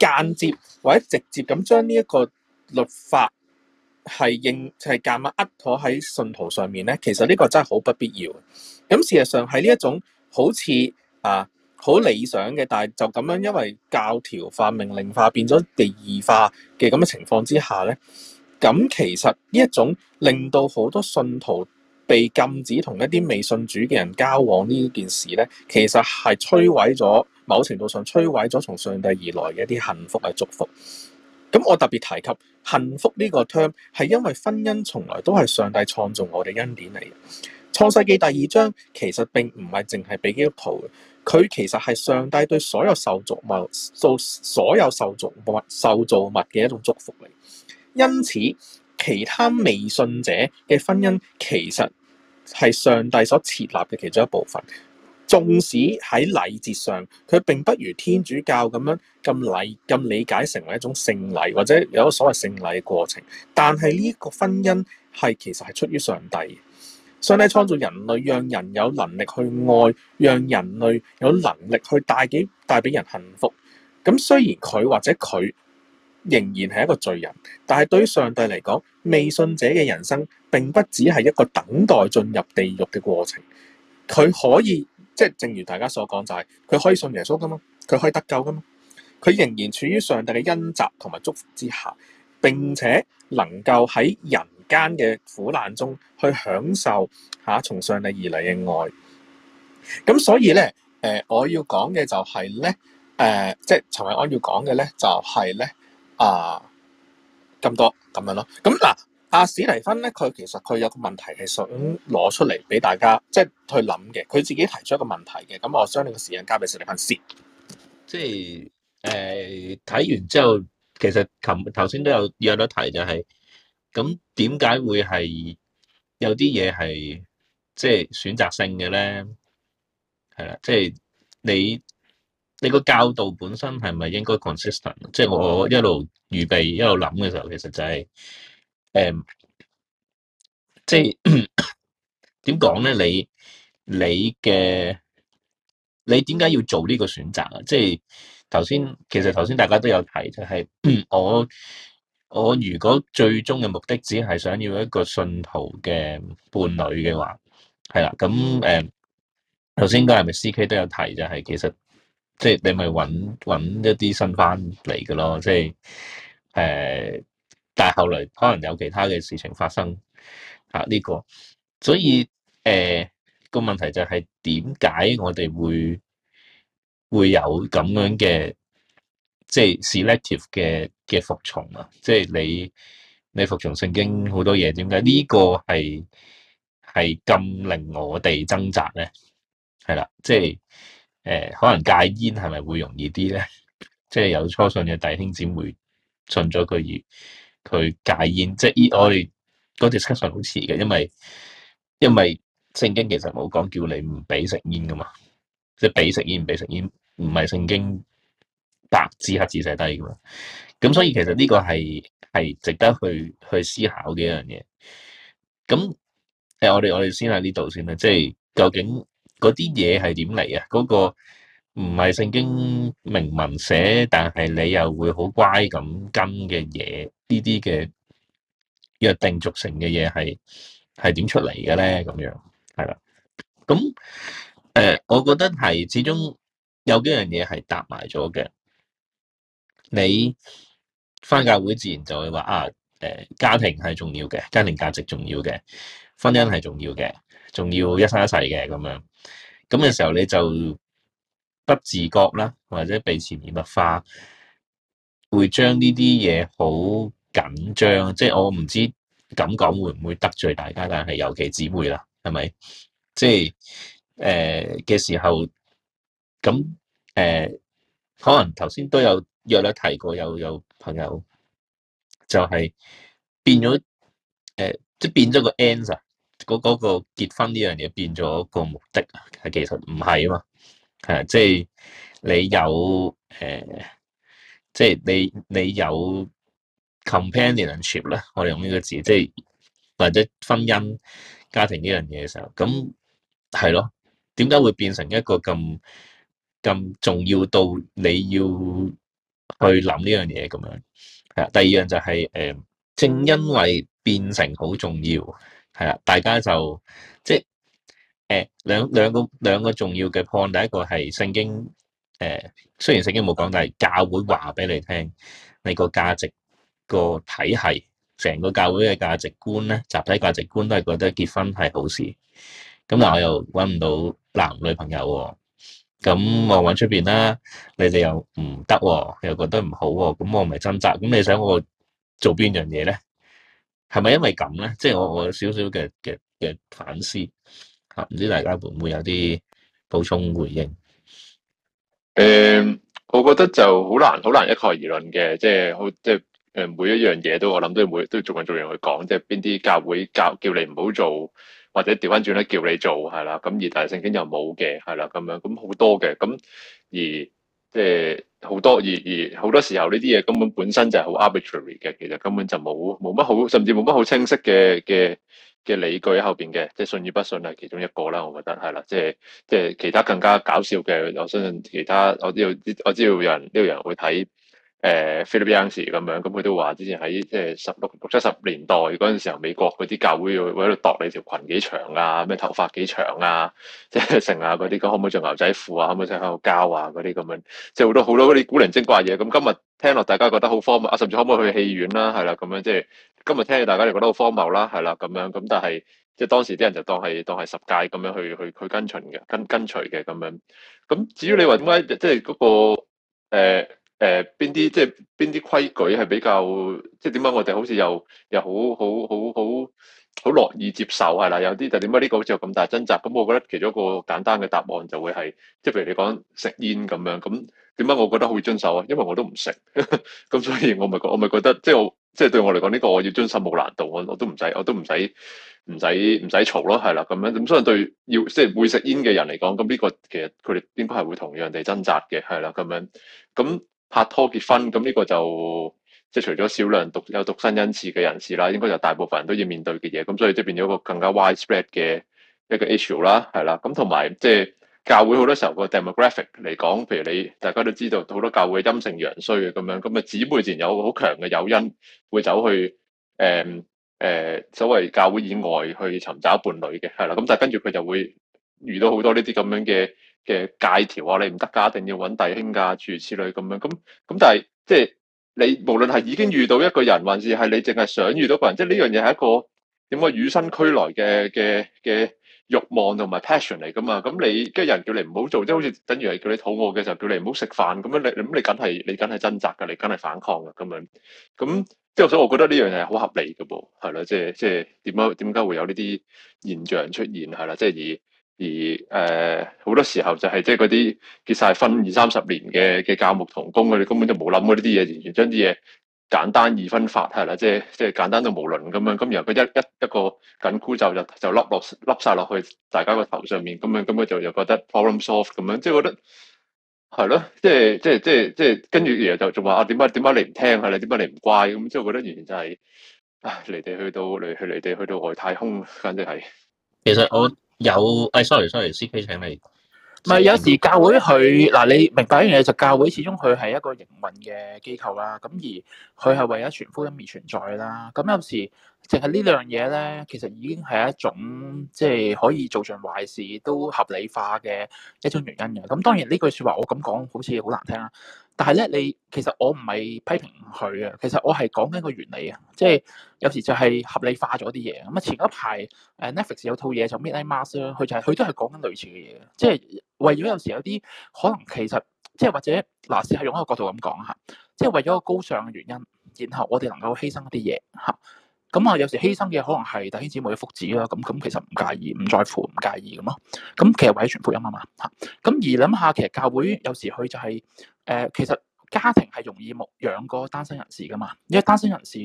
間接或者直接咁將呢一個律法。係認係夾硬扼妥喺信徒上面咧，其實呢個真係好不必要。咁事實上喺呢一種好似啊好理想嘅，但係就咁樣因為教條化、命令化變咗第二化嘅咁嘅情況之下咧，咁其實呢一種令到好多信徒被禁止同一啲未信主嘅人交往呢件事咧，其實係摧毀咗某程度上摧毀咗從上帝而來嘅一啲幸福嘅祝福。咁我特別提及幸福呢個 term，係因為婚姻從來都係上帝創造我哋恩典嚟。創世紀第二章其實並唔係淨係俾基督徒嘅，佢其實係上帝對所有受造物做所有受造物受造物嘅一種祝福嚟。因此，其他未信者嘅婚姻，其實係上帝所設立嘅其中一部分。縱使喺禮節上，佢並不如天主教咁樣咁禮咁理解成為一種聖禮，或者有所謂聖禮嘅過程。但係呢個婚姻係其實係出於上帝，上帝創造人類，讓人有能力去愛，讓人類有能力去帶幾帶俾人幸福。咁雖然佢或者佢仍然係一個罪人，但係對於上帝嚟講，未信者嘅人生並不只係一個等待進入地獄嘅過程，佢可以。即係正如大家所講，就係佢可以信耶穌噶嘛，佢可以得救噶嘛，佢仍然處於上帝嘅恩澤同埋祝福之下，並且能夠喺人間嘅苦難中去享受吓從上帝而嚟嘅愛。咁所以咧，誒、呃，我要講嘅就係、是、咧，誒、呃，即係陳韋安要講嘅咧、就是，就係咧，啊，咁多咁樣咯。咁嗱。阿、啊、史蒂芬咧，佢其實佢有個問題係想攞出嚟俾大家，即係去諗嘅。佢自己提出一個問題嘅，咁我將呢個時間交俾史蒂芬先。即係誒，睇、呃、完之後，其實琴頭先都有約咗提、就是，就係咁點解會係有啲嘢係即係選擇性嘅咧？係啦，即係你你個教導本身係咪應該 consistent？即係我一路預備一路諗嘅時候，其實就係、是。誒、嗯，即係點講咧？你你嘅你點解要做呢個選擇啊？即係頭先，其實頭先大家都有提、就係，就係我我如果最終嘅目的只係想要一個信徒嘅伴侶嘅話，係啦。咁誒，頭先應該係咪 CK 都有提、就係？就係其實即係你咪搵搵一啲新返嚟嘅咯，即係誒。呃但係後嚟可能有其他嘅事情發生。嚇呢個，所以誒個問題就係點解我哋會會有咁樣嘅即係 selective 嘅嘅服從啊？即係你你服從聖經好多嘢，點解呢個係係咁令我哋掙扎咧？係啦，即係誒可能戒煙係咪會容易啲咧？即 係有初信嘅弟兄姊妹信咗佢而。佢戒煙，即係依我哋嗰隻 script 上好似嘅，因為因為聖經其實冇講叫你唔俾食煙噶嘛，即係俾食煙唔俾食煙，唔係聖經白字黑字寫低噶嘛，咁所以其實呢個係係值得去去思考嘅一樣嘢。咁誒，我哋我哋先喺呢度先啦，即係究竟嗰啲嘢係點嚟啊？嗰個唔係聖經明文寫，但係你又會好乖咁跟嘅嘢。呢啲嘅約定俗成嘅嘢係係點出嚟嘅咧？咁樣係啦，咁誒、呃，我覺得係始終有幾樣嘢係搭埋咗嘅。你返教會自然就會話啊，誒、呃，家庭係重要嘅，家庭價值重要嘅，婚姻係重要嘅，仲要一生一世嘅咁樣。咁嘅時候你就不自覺啦，或者被潛移默化，會將呢啲嘢好。緊張，即係我唔知咁講會唔會得罪大家，但係尤其姊妹啦，係咪？即係誒嘅時候，咁誒、呃、可能頭先都有約咗提過，有有朋友就係、是、變咗誒、呃，即係變咗個 ends 啊！嗰、那、嗰個結婚呢樣嘢變咗個目的，係其實唔係啊嘛，係即係你有誒，即係你你有。呃 companionship 咧，我哋用呢個字，即係或者婚姻、家庭呢樣嘢嘅時候，咁係咯？點解會變成一個咁咁重要到你要去諗呢樣嘢咁樣？係啊的，第二樣就係、是、誒、呃，正因為變成好重要，係啦，大家就即係誒、呃、兩兩個兩個重要嘅 point，第一個係聖經誒、呃，雖然聖經冇講，但係教會話俾你聽，你個價值。個體系成個教會嘅價值觀咧，集體價值觀都係覺得結婚係好事。咁但我又搵唔到男女朋友喎，哦，咁我搵出面啦。你哋又唔得，哦，又覺得唔好喎，哦，咁我咪掙扎。咁你想我做邊樣嘢咧？係咪因為咁咧？即係我我少少嘅嘅嘅反思吓，唔知大家會唔會有啲補充回應？誒、嗯，我覺得就好難好難一概而論嘅，即係好即係。就是誒每一樣嘢都我諗都每都逐個逐樣去講，即係邊啲教會教叫你唔好做，或者調翻轉咧叫你做係啦。咁而但係聖經又冇嘅係啦咁樣，咁好多嘅咁而即係好多而而好多時候呢啲嘢根本本身就係好 arbitrary 嘅，其實根本就冇冇乜好，甚至冇乜好清晰嘅嘅嘅理據喺後邊嘅，即係信與不信係其中一個啦。我覺得係啦，即係即係其他更加搞笑嘅，我相信其他我知道我知道有人呢個人會睇。誒 Philip Yancey 咁樣，咁佢都話之前喺即係十六六七十年代嗰陣時候，美國嗰啲教會會喺度度你條裙幾長啊，咩頭髮幾長啊，即係成啊嗰啲，可唔可以着牛仔褲啊，可唔可以喺度交啊嗰啲咁樣，即係好多好多嗰啲古靈精怪嘢。咁、嗯、今日聽落，大家覺得好荒謬，甚至可唔可以去戲院啦？係啦、啊，咁樣即係今日聽起大家又覺得好荒謬啦，係啦咁樣。咁但係即係當時啲人就當係當係十戒咁樣去去去跟從嘅跟跟隨嘅咁樣。咁至於你話點解即係、那、嗰個、欸誒，邊啲、呃、即係邊啲規矩係比較即係，點解我哋好似又又好好好好好樂意接受係啦？有啲就點解呢個好似有咁大掙扎？咁我覺得其中一個簡單嘅答案就會係，即係譬如你講食煙咁樣，咁點解我覺得好會遵守啊？因為我都唔食，咁 所以我咪我咪覺得，即係我即係對我嚟講呢個我要遵守冇難度，我我都唔使，我都唔使唔使唔使嘈咯，係啦咁樣。咁所以對要即係會食煙嘅人嚟講，咁呢個其實佢哋應該係會同樣地掙扎嘅，係啦咁樣咁。拍拖結婚咁呢個就即係除咗少量獨有獨身恩賜嘅人士啦，應該就大部分人都要面對嘅嘢，咁所以即係變咗一個更加 widespread 嘅一個 issue 啦，係啦，咁同埋即係教會好多時候個 demographic 嚟講，譬如你大家都知道好多教會陰盛陽衰嘅咁樣，咁咪姊妹前有好強嘅誘因會走去誒誒、呃呃、所謂教會以外去尋找伴侶嘅，係啦，咁但係跟住佢就會遇到好多呢啲咁樣嘅嘅戒條啊，你唔得噶，一定要揾弟兄噶，諸如此類咁樣咁咁，但係即係你無論係已經遇到一個人，還是係你淨係想遇到個人，即係呢樣嘢係一個點解與生俱來嘅嘅嘅慾望同埋 passion 嚟噶嘛？咁你跟人叫你唔好做，即係好似等於係叫你肚餓嘅時候叫你唔好食飯咁樣，你你咁你梗係你梗係掙扎噶，你梗係反抗噶咁樣。咁即係所以，我覺得呢樣嘢係好合理嘅噃，係啦，即係即係點解點解會有呢啲現象出現係啦，即係以。而誒，好、呃、多時候就係即係嗰啲結晒婚二三十年嘅嘅教牧同工，佢哋根本就冇諗過呢啲嘢，完全將啲嘢簡單二分法係啦，即係即係簡單到無論咁樣。咁然後佢一一一,一個緊箍咒就就笠落笠晒落去大家個頭上面咁樣，咁佢就就覺得 problem solved 咁樣，即係覺得係咯，即係即係即係即係跟住然後就仲話啊，點解點解你唔聽係啦？點解你唔乖咁？即係我覺得完全就係嚟嚟去到嚟去嚟嚟去，去，去到外太空，簡直係。其實我有，誒、哎、sorry，sorry，C.K. 請你，唔係是你有時教會佢，嗱，你明白一樣嘢，就教會始終佢係一個營運嘅機構啦，咁而佢係為咗傳福音而存在啦，咁有時淨係呢兩樣嘢咧，其實已經係一種即係、就是、可以做盡壞事都合理化嘅一種原因嘅，咁當然呢句說話我咁講好似好難聽啦。但係咧，你其實我唔係批評佢啊，其實我係講緊個原理啊，即係有時就係合理化咗啲嘢。咁啊前一排誒 Netflix 有套嘢 Mid 就 Midnight Mass 咯，佢就係佢都係講緊類似嘅嘢，即係為咗有時有啲可能其實即係或者嗱，試係用一個角度咁講下，即係為咗一個高尚嘅原因，然後我哋能夠犧牲一啲嘢吓。咁啊、嗯，有時犧牲嘅可能係弟兄姊，姊妹嘅福祉啦，咁咁其實唔介意，唔在乎，唔介意咁咯。咁其實為傳福音啊嘛，嚇、嗯。咁、嗯、而諗下，其實教會有時佢就係、是、誒、呃，其實。家庭係容易牧養過單身人士噶嘛，因為單身人士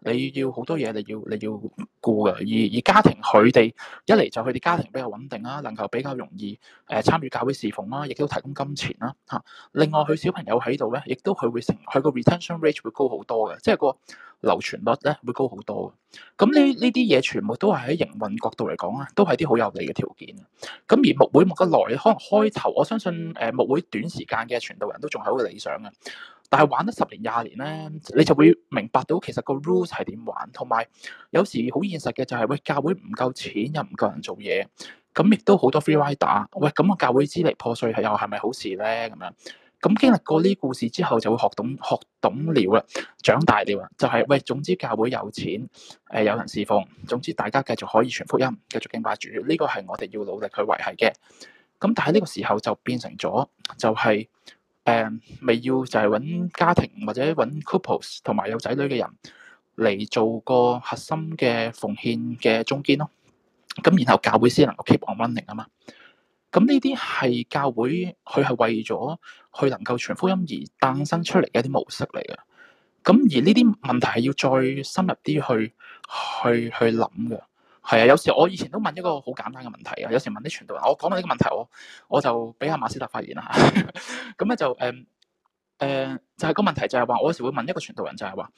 你要好多嘢，你要你要，你要顧嘅。而而家庭佢哋一嚟就佢哋家庭比較穩定啦、啊，能夠比較容易誒、呃、參與教會侍奉啦、啊，亦都提供金錢啦、啊、嚇。另外佢小朋友喺度咧，亦都佢會成佢個 retention rate 會高好多嘅，即係個流傳率咧會高好多嘅。咁呢呢啲嘢全部都係喺營運角度嚟講咧，都係啲好有利嘅條件。咁而牧會牧嘅來，可能開頭我相信誒牧會短時間嘅傳道人都仲係好理想嘅。但係玩得十年廿年咧，你就會明白到其實個 rules 係點玩，同埋有，有時好現實嘅就係、是、喂教會唔夠錢又唔夠人做嘢，咁亦都好多 free rider。喂，咁個教會支離破碎又係咪好事咧？咁樣咁經歷過呢故事之後，就會學懂學懂了啦，長大了啦，就係、是、喂，總之教會有錢誒、呃、有人侍奉，總之大家繼續可以傳福音，繼續敬拜主，呢、這個係我哋要努力去維係嘅。咁但係呢個時候就變成咗就係、是。誒、未、嗯、要就係揾家庭或者揾 couples 同埋有仔女嘅人嚟做個核心嘅奉獻嘅中間咯，咁然後教會先能夠 keep on running 啊、嗯、嘛，咁呢啲係教會佢係為咗去能夠傳福音而誕生出嚟嘅一啲模式嚟嘅，咁而呢啲問題係要再深入啲去去去諗嘅。係啊，有時我以前都問一個好簡單嘅問題啊。有時問啲傳道人，我講到呢個問題，我我就俾阿馬斯特發現啦。咁 咧就誒誒、嗯嗯，就係、是、個問題就係話，我有時會問一個傳道人就，就係話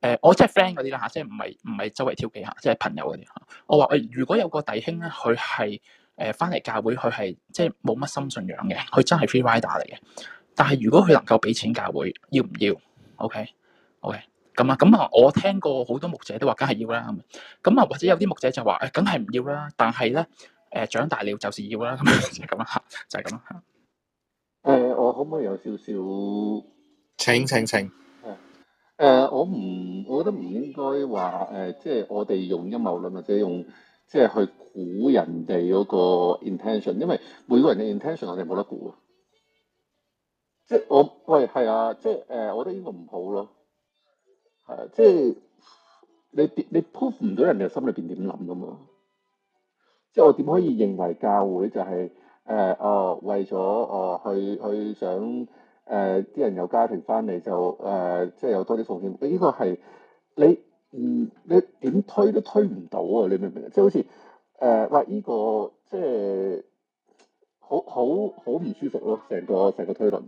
誒，我即係 friend 嗰啲啦嚇，即係唔係唔係周圍挑幾下，即係朋友嗰啲嚇。我話、欸、如果有個弟兄咧，佢係誒翻嚟教會，佢係即係冇乜心信仰嘅，佢真係 free rider 嚟嘅。但係如果佢能夠俾錢教會，要唔要？OK OK。咁啊，咁啊、嗯，我聽過好多牧者都話，梗係要啦。咁、嗯、啊，或者有啲牧者就話，誒、哎，梗係唔要啦。但係咧，誒、呃，長大了就是要啦。咁 就係咁啦，就係咁啦。誒、呃，我可唔可以有少少？請請請。誒、呃，我唔，我覺得唔應該話誒、呃，即係我哋用陰謀論或者用即係去估人哋嗰個 intention，因為每個人嘅 intention，我哋冇得估。即係我，喂，係啊，即係誒、呃，我覺得呢個唔好咯。係、呃，即係你你 prove 唔到人哋心裏邊點諗啊嘛！即係我點可以認為教會就係誒哦，為咗哦、呃、去去想誒啲、呃、人有家庭翻嚟就誒、呃，即係有多啲奉獻？呢、這個係你唔你點推都推唔到啊！你明唔明？即係好似誒，話、呃、依、呃這個即係好好好唔舒服咯，成個成個推論。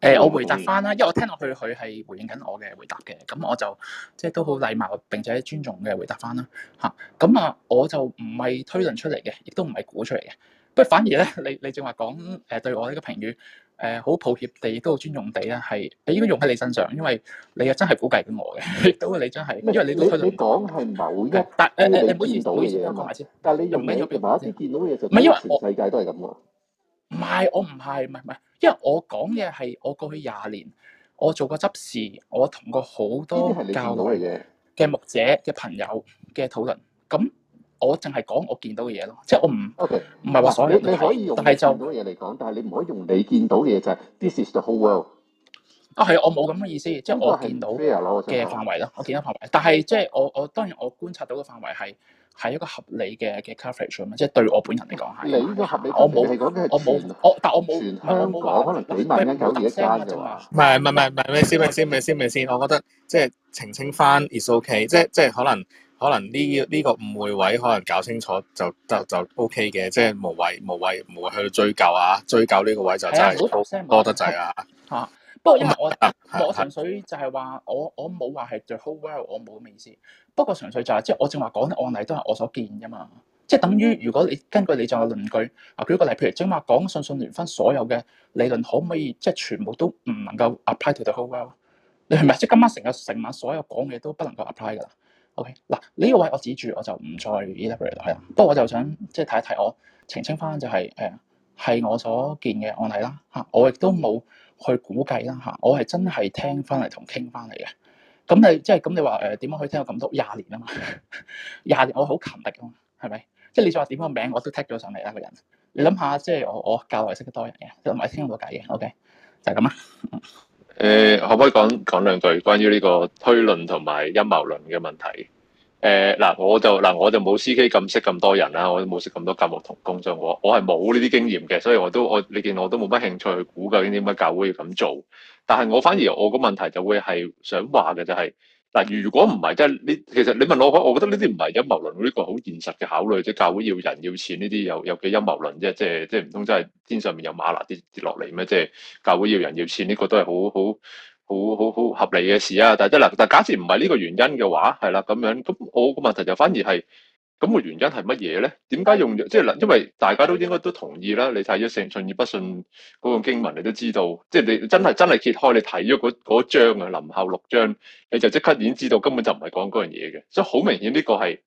誒、嗯，我回答翻啦，因為我聽落去佢係回應緊我嘅回答嘅，咁我就即係都好禮貌並且尊重嘅回答翻啦。嚇，咁啊，我就唔係推論出嚟嘅，亦都唔係估出嚟嘅。不過，反而咧，你你正話講誒對我呢個評語，誒、呃、好抱歉地都好尊重地咧，係你應該用喺你身上，因為你又真係估計緊我嘅，都係你真係，因為你都推論、呃呃。你你講係某但誒你唔好意思啲嘢講埋先。但係你用一啲啲嘢就唔係因為全世界都係咁，我。唔係，我唔係唔係唔係。因為我講嘅係我過去廿年我做過執事，我同過好多教到嘅嘅牧者嘅朋友嘅討論，咁我淨係講我見到嘅嘢咯，即係我唔 OK 唔係話所有嘅，但係就用到嘢嚟講，但係你唔可以用你見到嘅嘢就係、就是、This is the whole world。啊，係我冇咁嘅意思，即係我見到嘅範圍咯，我見到範圍，但係即係我我當然我觀察到嘅範圍係。係一個合理嘅嘅 coverage 即係對我本人嚟講係。你應該合理，我冇我冇，icky um, 我,我但我冇，係啊，我可能幾萬蚊狗一家嘅。唔係唔係唔係唔係先唔係先唔係先，simply, note, 我覺得即係澄清翻，is ok，即係即係可能可能呢呢個誤會位可能搞清楚就就就 ok 嘅，即係無謂無謂無去追究啊，追究呢個位就真係多得滯啊。voorbeeld ÜNDNIS dissip ated 不過，因為我我純粹就係話我我冇話係 The whole world 我冇咁嘅意思。不過，純粹就係即係我正話講嘅案例都係我所見噶嘛，即係等於如果你根據你嘅論據啊舉個例，譬如正話講信信聯婚所有嘅理論，可唔可以即係全部都唔能夠 apply to the whole world？你係咪即係今晚成日成晚所有講嘅嘢都不能夠 apply 噶啦？OK 嗱呢個位我指住我就唔再 elaborate 啦。係啊，不過我就想即係提一提我澄清翻就係誒係我所見嘅案例啦嚇，啊，我亦都冇。去估計啦嚇，我係真係聽翻嚟同傾翻嚟嘅。咁你即係咁你話誒點樣可以聽到咁多廿年啊嘛？廿 年我好勤力啊，係咪？即係你再話點個名，我都 tick 咗上嚟啦個人。你諗下，即係我我較為識得多人嘅，同埋聽到講嘅。OK，就係咁啦。誒、 呃，可唔可以講講兩句關於呢個推論同埋陰謀論嘅問題？誒嗱、呃，我就嗱、呃、我就冇 C.K. 咁識咁多人啦，我都冇識咁多教牧同工，所以我我係冇呢啲經驗嘅，所以我都我你見我都冇乜興趣去估究，究竟點解教會要咁做。但係我反而我個問題就會係想話嘅就係、係、嗱、呃，如果唔係即係你其實你問我我我覺得呢啲唔係陰謀論，呢、呢個好現實嘅考慮，即係教會要人要錢呢啲有有幾陰謀論啫？即係即係唔通真係天上面有嗎哪跌跌落嚟咩？即係教會要人要錢呢、呢個都係好好。好好好合理嘅事啊！但係即嗱，但係假設唔係呢個原因嘅話，係啦咁樣，咁我個問題就反而係咁個原因係乜嘢咧？點解用即係嗱？因為大家都應該都同意啦。你睇咗《信與不信》嗰個經文，你都知道，即係你真係真係揭開你睇咗嗰嗰章啊，林後六章，你就即刻已經知道根本就唔係講嗰樣嘢嘅。所以好明顯呢個係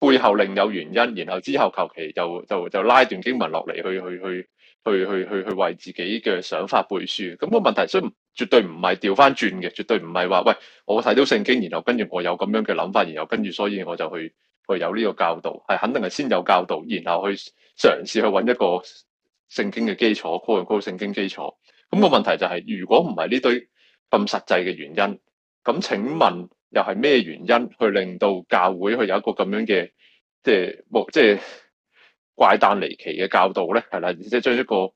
背後另有原因，然後之後求其就就就就拉段經文落嚟去去去去去去去為自己嘅想法背書。咁個問題所以。絕對唔係調翻轉嘅，絕對唔係話喂，我睇到聖經，然後跟住我有咁樣嘅諗法，然後跟住所以我就去去有呢個教導，係肯定係先有教導，然後去嘗試去揾一個聖經嘅基礎，call on call 聖經基礎。咁個問題就係，如果唔係呢堆咁實際嘅原因，咁請問又係咩原因去令到教會去有一個咁樣嘅即係冇即係怪誕離奇嘅教導咧？係啦，即係將一個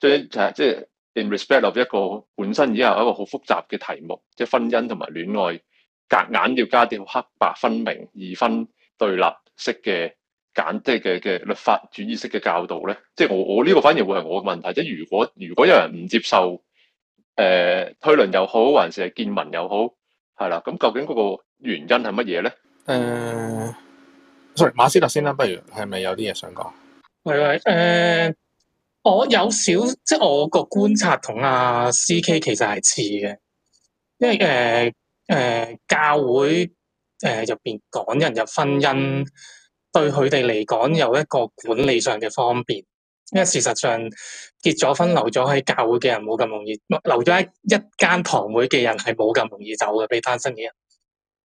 將即係 in respect of 一個本身已經係一個好複雜嘅題目，即係婚姻同埋戀愛，隔硬要加啲黑白分明、二分對立式嘅簡即係嘅嘅律法主義式嘅教導咧，即係我我呢個反而會係我嘅問題。即係如果如果有人唔接受，誒、呃、推論又好，還是係見聞又好，係啦，咁究竟嗰個原因係乜嘢咧？誒、呃、sorry，馬斯特先啦，不如係咪有啲嘢想講？喂喂誒。呃我有少即係我個觀察同阿 C K 其實係似嘅，因為誒誒、呃呃、教會誒入邊趕人入婚姻，對佢哋嚟講有一個管理上嘅方便。因為事實上結咗婚留咗喺教會嘅人冇咁容易，留咗喺一間堂會嘅人係冇咁容易走嘅，比單身嘅人。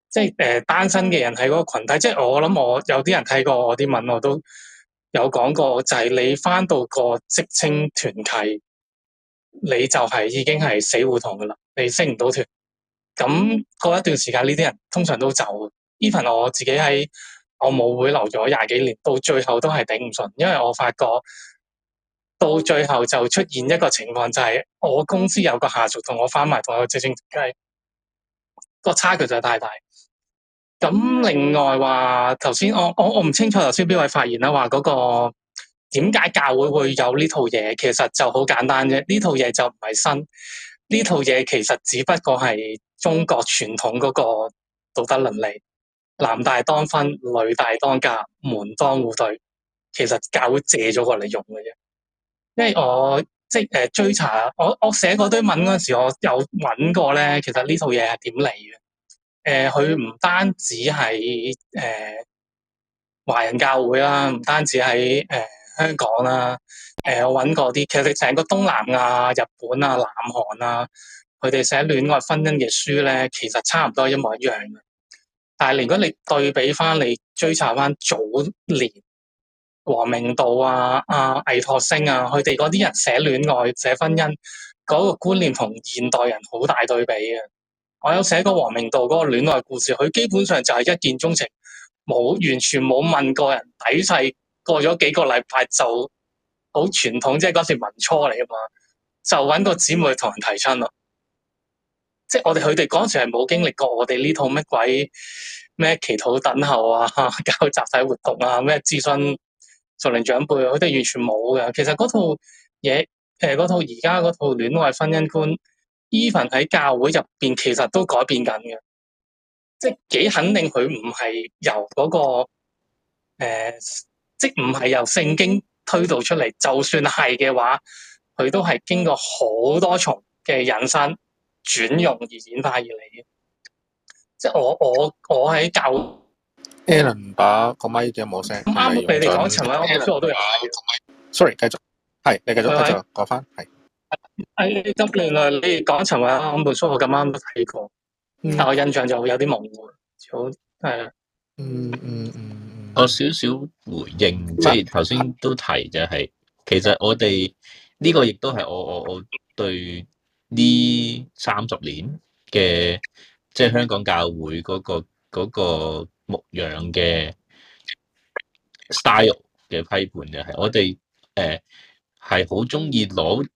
即係誒、呃、單身嘅人喺嗰個群體，即係我諗我有啲人睇過我啲文，我都。有講過就係你返到個職青團契，你就係已經係死胡同㗎喇，你升唔到團。咁過一段時間，呢啲人通常都走。Even 我自己喺我母會留咗廿幾年，到最後都係頂唔順，因為我發覺到最後就出現一個情況，就係我公司有個下屬同我返埋同一個職青團契，個差距就係太大。咁另外話，頭先我我我唔清楚頭先邊位發言啦，話嗰、那個點解教會會有呢套嘢？其實就好簡單啫。呢套嘢就唔係新，呢套嘢其實只不過係中國傳統嗰個道德倫理，男大當婚，女大當嫁，門當戶對，其實教會借咗過嚟用嘅啫。因為我即係誒、呃、追查，我我寫嗰堆文嗰陣時，我有揾過咧。其實呢套嘢係點嚟嘅？誒，佢唔、呃、單止係誒華人教會啦，啊，唔單止喺誒、呃、香港啦，啊，誒我揾過啲，其實成個東南亞，啊、日本啊，南韓啦，啊，佢哋寫戀愛、婚姻嘅書咧，其實差唔多一模一樣嘅。但係，如果你對比翻你追查翻早年王明道啊，阿，啊、倪柝聲啊，佢哋嗰啲人寫戀愛、寫婚姻嗰，嗰個觀念，同現代人好大對比嘅。我有寫過黃明道嗰個戀愛故事，佢基本上就係一見鍾情，冇完全冇問過人底細，過咗幾個禮拜就好傳統，即係嗰時民初嚟啊嘛，就揾個姊妹同人提親咯。即係我哋佢哋嗰時係冇經歷過我哋呢套乜鬼咩祈禱等候啊，搞集體活動啊，咩諮詢族鄰長輩，佢哋完全冇嘅。其實嗰套嘢，誒嗰套而家嗰套戀愛婚姻觀。even 喺教會入邊，其實都改變緊嘅，即係幾肯定佢唔係由嗰個，呃，即唔係由聖經推導出嚟。就算係嘅話，佢都係經過好多重嘅引申、轉用而演化而嚟嘅。即係我我我喺教會，Alan 把個咪有冇聲？啱啱，你哋講尋日，我我都有。Sorry，繼續，係你繼續繼續講翻，係。誒，執亂啦！你講陳韋安，我部書我咁啱都睇過，但係我印象就會有啲模糊，好係啦，嗯嗯嗯，我少少回應，即係頭先都提就係，其實我哋呢個亦都係我我我對呢三十年嘅即係香港教會嗰個嗰個牧養嘅 style 嘅批判就係我哋誒係好中意攞。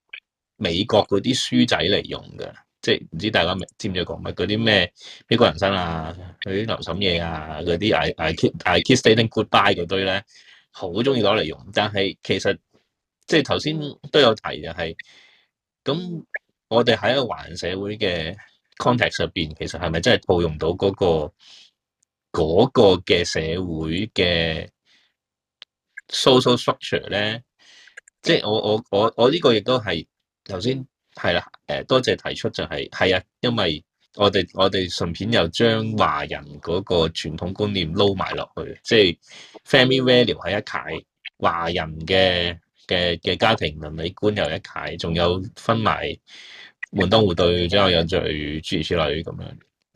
美國嗰啲書仔嚟用㗎，即係唔知大家明知唔知講乜嗰啲咩美國人生啊，嗰啲流審嘢啊，嗰啲 i i keep i keep stating goodbye 嗰堆咧，好中意攞嚟用。但係其實即係頭先都有提就係，咁我哋喺一個華人社會嘅 context 入邊，其實係咪真係套用到嗰個嗰個嘅社會嘅 social structure 咧？即係我我我我呢個亦都係。頭先係啦，誒多謝提出，就是，就係係啊，因為我哋我哋順便又將華人嗰個傳統觀念撈埋落去，即係 family value 係一解華人嘅嘅嘅家庭倫理觀又一解，仲有分埋門當戶對，之後有諸如此類咁樣。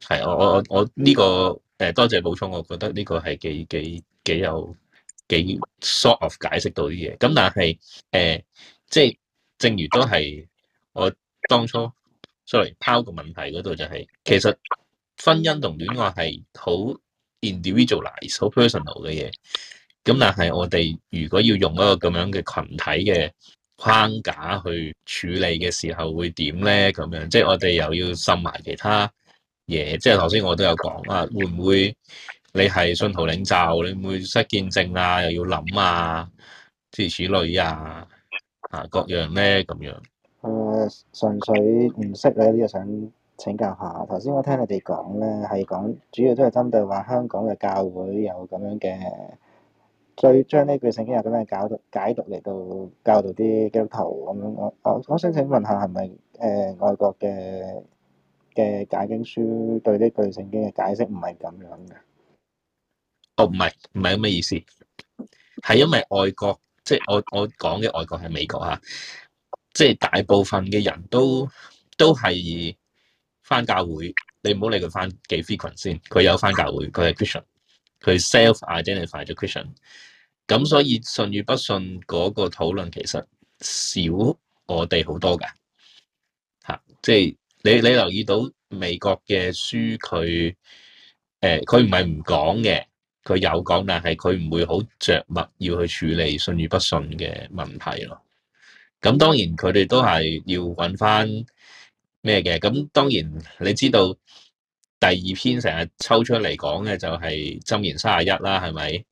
係我我我我呢個誒多謝補充，我覺得呢個係幾幾幾有幾 sort of 解釋到啲嘢。咁但係誒、呃、即係。正如都係我當初 sorry 拋個問題嗰度就係、是，其實婚姻同戀愛係好 individualise、好 personal 嘅嘢。咁但係我哋如果要用一個咁樣嘅群體嘅框架去處理嘅時候，會點咧？咁樣即係我哋又要滲埋其他嘢。即係頭先我都有講啊，會唔會你係信徒領袖，你唔會失見證啊，又要諗啊，諸如此類，類啊。啊，各樣咧咁樣。誒，純粹唔識咧，就想請教下。頭先我聽你哋講咧，係講主要都係針對話香港嘅教會有咁樣嘅，再將呢句聖經有咁嘅解讀解讀嚟到教導啲基督徒咁樣。我我我想請問下，係咪誒外國嘅嘅解經書對呢句聖經嘅解釋唔係咁樣嘅？哦，唔係唔係咩意思，係因為外國。即係我我講嘅外國係美國嚇，即係大部分嘅人都都係返教會，你唔好理佢返幾頻繁先，佢有返教會，佢係 Christian，佢 self identify 咗 Christian，咁所以信與不信嗰個討論其實少我哋好多噶嚇，即係你你留意到美國嘅書，佢誒佢唔係唔講嘅。佢有講，但係佢唔會好着墨要去處理信與不信嘅問題咯。咁當然佢哋都係要揾翻咩嘅。咁當然你知道第二篇成日抽出嚟講嘅就係箴言三十一啦，係咪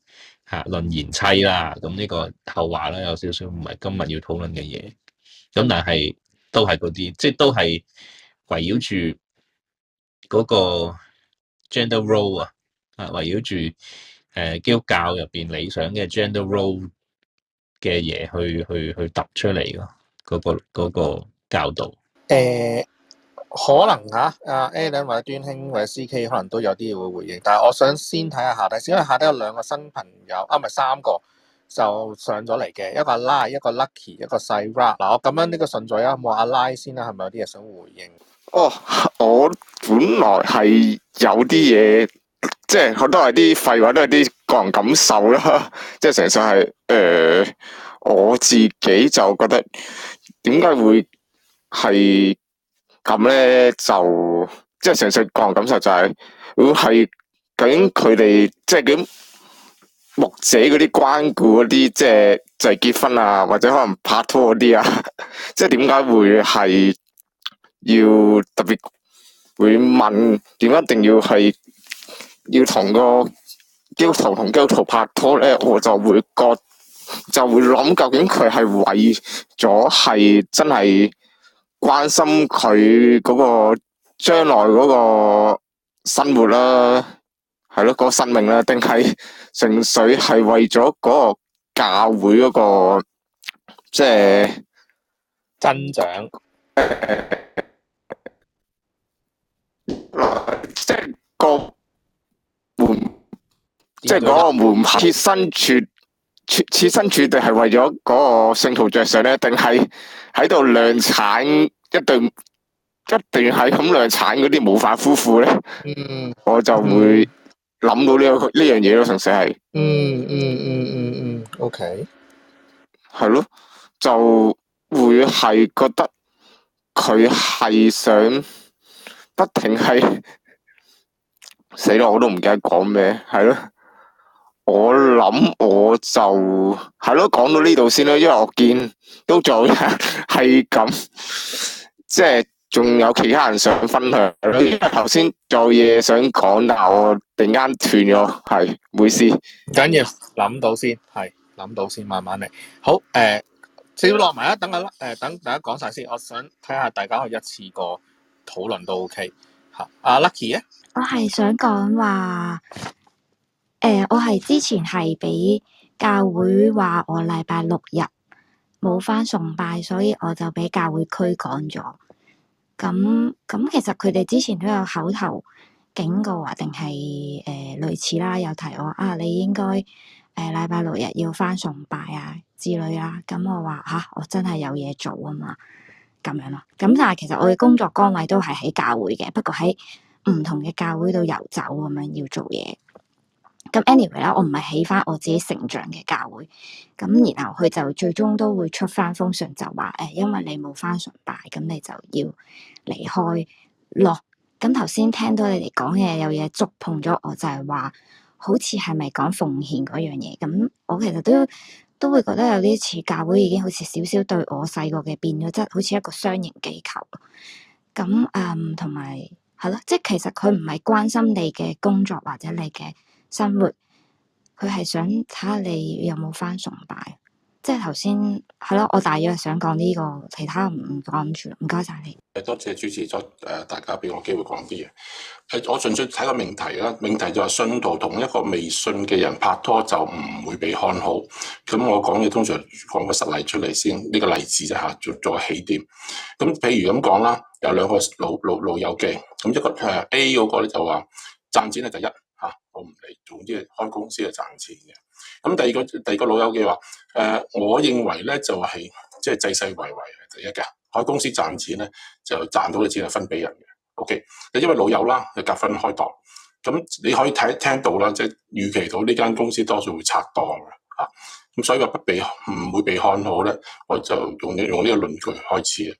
吓論賢妻啦？咁呢個後話啦，有少少唔係今日要討論嘅嘢。咁但係都係嗰啲，即係都係圍繞住嗰個 gender role 啊。啊！圍繞住誒基督教入邊理想嘅 gender role 嘅嘢去去去揼出嚟咯。嗰、嗰個、嗰個教導誒、欸、可能嚇啊 Aaron 或者端兄或者 C K 可能都有啲嘢會回應，但係我想先睇下下，夏德，因為夏德有兩個新朋友啊，唔係三個就上咗嚟嘅，一個拉一個 Lucky 一個細 Rub 嗱。我咁樣呢個順序啊，冇阿拉先啦、啊，係咪有啲嘢想回應？哦，我本來係有啲嘢，即係好多係啲廢話，都係啲個人感受啦。即係成世係誒，我自己就覺得點解會係咁咧？就即係成世個人感受就係、是、會係點？佢哋即係點木姐嗰啲關顧嗰啲，即係就係結婚啊，或者可能拍拖嗰啲啊，即係點解會係要特別會問點解一定要係？要同個基督徒同基督徒拍拖咧，我就會覺就會諗，究竟佢係為咗係真係關心佢嗰個將來嗰個生活啦、啊，係咯，個生命啦、啊，定係純粹係為咗嗰個教會嗰、個即係、就是、增長。成功。即係嗰個門派，切身處，切切身處地係為咗嗰個聖徒着想咧？定係喺度量產一隊，一定係咁量產嗰啲模範夫婦咧？Mm, mm. 我就會諗到呢、這個呢樣嘢咯，純、這個這個、粹係。嗯嗯嗯嗯嗯。OK。係咯，就會係覺得佢係想不停係死咯，我都唔記得講咩，係咯。我諗我就係咯，講到呢度先啦，因為我見都做係咁，即係仲有其他人想分享。因為頭先做嘢想講，但我突然間斷咗，係，唔好意思。緊要諗到先，係諗到先，慢慢嚟。好，誒、呃，先落埋啊，等下啦，誒、呃，等大家講晒先，我想睇下大家可以一次過討論都 OK。吓、啊，阿 Lucky 咧，我係想講話。誒、呃，我係之前係俾教會話我禮拜六日冇返崇拜，所以我就俾教會驅趕咗。咁咁，其實佢哋之前都有口頭警告啊，定係誒類似啦，有提我啊，你應該誒禮拜六日要返崇拜啊之類啦。咁、嗯、我話吓、啊，我真係有嘢做啊嘛，咁樣咯。咁但係其實我嘅工作崗位都係喺教會嘅，不過喺唔同嘅教會度遊走咁樣要做嘢。咁 anyway 啦，Any way，我唔係起翻我自己成長嘅教會，咁然後佢就最終都會出翻封信就，就話誒，因為你冇翻崇拜，咁你就要離開咯。咁頭先聽到你哋講嘢，有嘢觸碰咗我，就係、是、話好似係咪講奉獻嗰樣嘢？咁我其實都都會覺得有啲似教會已經好似少少對我細個嘅變咗質，好似一個商營機構。咁嗯，同埋係咯，即係其實佢唔係關心你嘅工作或者你嘅。生活，佢係想睇下你有冇返崇拜，即係頭先係咯。我大約想講呢個，其他唔講住。唔該晒你。誒，多謝主持咗誒，大家俾我機會講啲嘢。誒，我純粹睇個命題啦。命題就係信徒同一個未信嘅人拍拖就唔會被看好。咁我講嘅通常講個實例出嚟先，呢個例子就嚇做做起點。咁譬如咁講啦，有兩個老老老友記，咁一個誒 A 嗰個咧就話賺錢咧就第一。我唔理，總之開公司係賺錢嘅。咁第二個第二個老友嘅話，誒、呃，我認為咧就係即係濟世為懷係第一嘅。開公司賺錢咧就賺到嘅錢係分俾人嘅。O、okay, K，因為老友啦，你夾分開檔。咁你可以睇聽到啦，即係預期到呢間公司多數會拆檔嘅吓。咁、啊、所以話不被唔會被看好咧，我就用呢用呢個論據開始啊。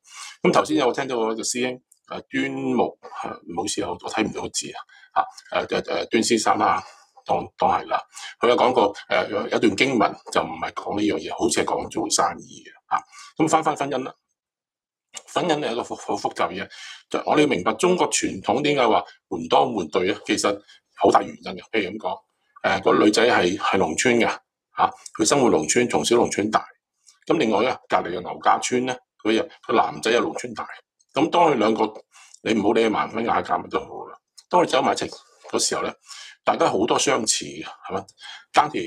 咁頭先有聽到個個師兄，誒，端木係冇事啊，事多我睇唔到字啊。啊！誒誒誒，端先生啦，當當係啦。佢有講過誒，有、啊、一段經文就，就唔係講呢樣嘢，好似係講做生意嘅嚇。咁翻翻婚姻啦，婚姻係一個好複雜嘢。就是、我哋要明白中國傳統點解話門當門對咧，其實好大原因嘅。譬如咁講，誒、啊，那個女仔係係農村嘅嚇，佢、啊、生活農村，從小農村大。咁、啊、另外咧，隔離嘅牛家村咧，佢又個男仔又農村大。咁、啊、當佢兩個，你唔好理盲婚啞嫁乜都好。當我走埋埕嗰時候咧，大家好多相似嘅，係嘛？耕田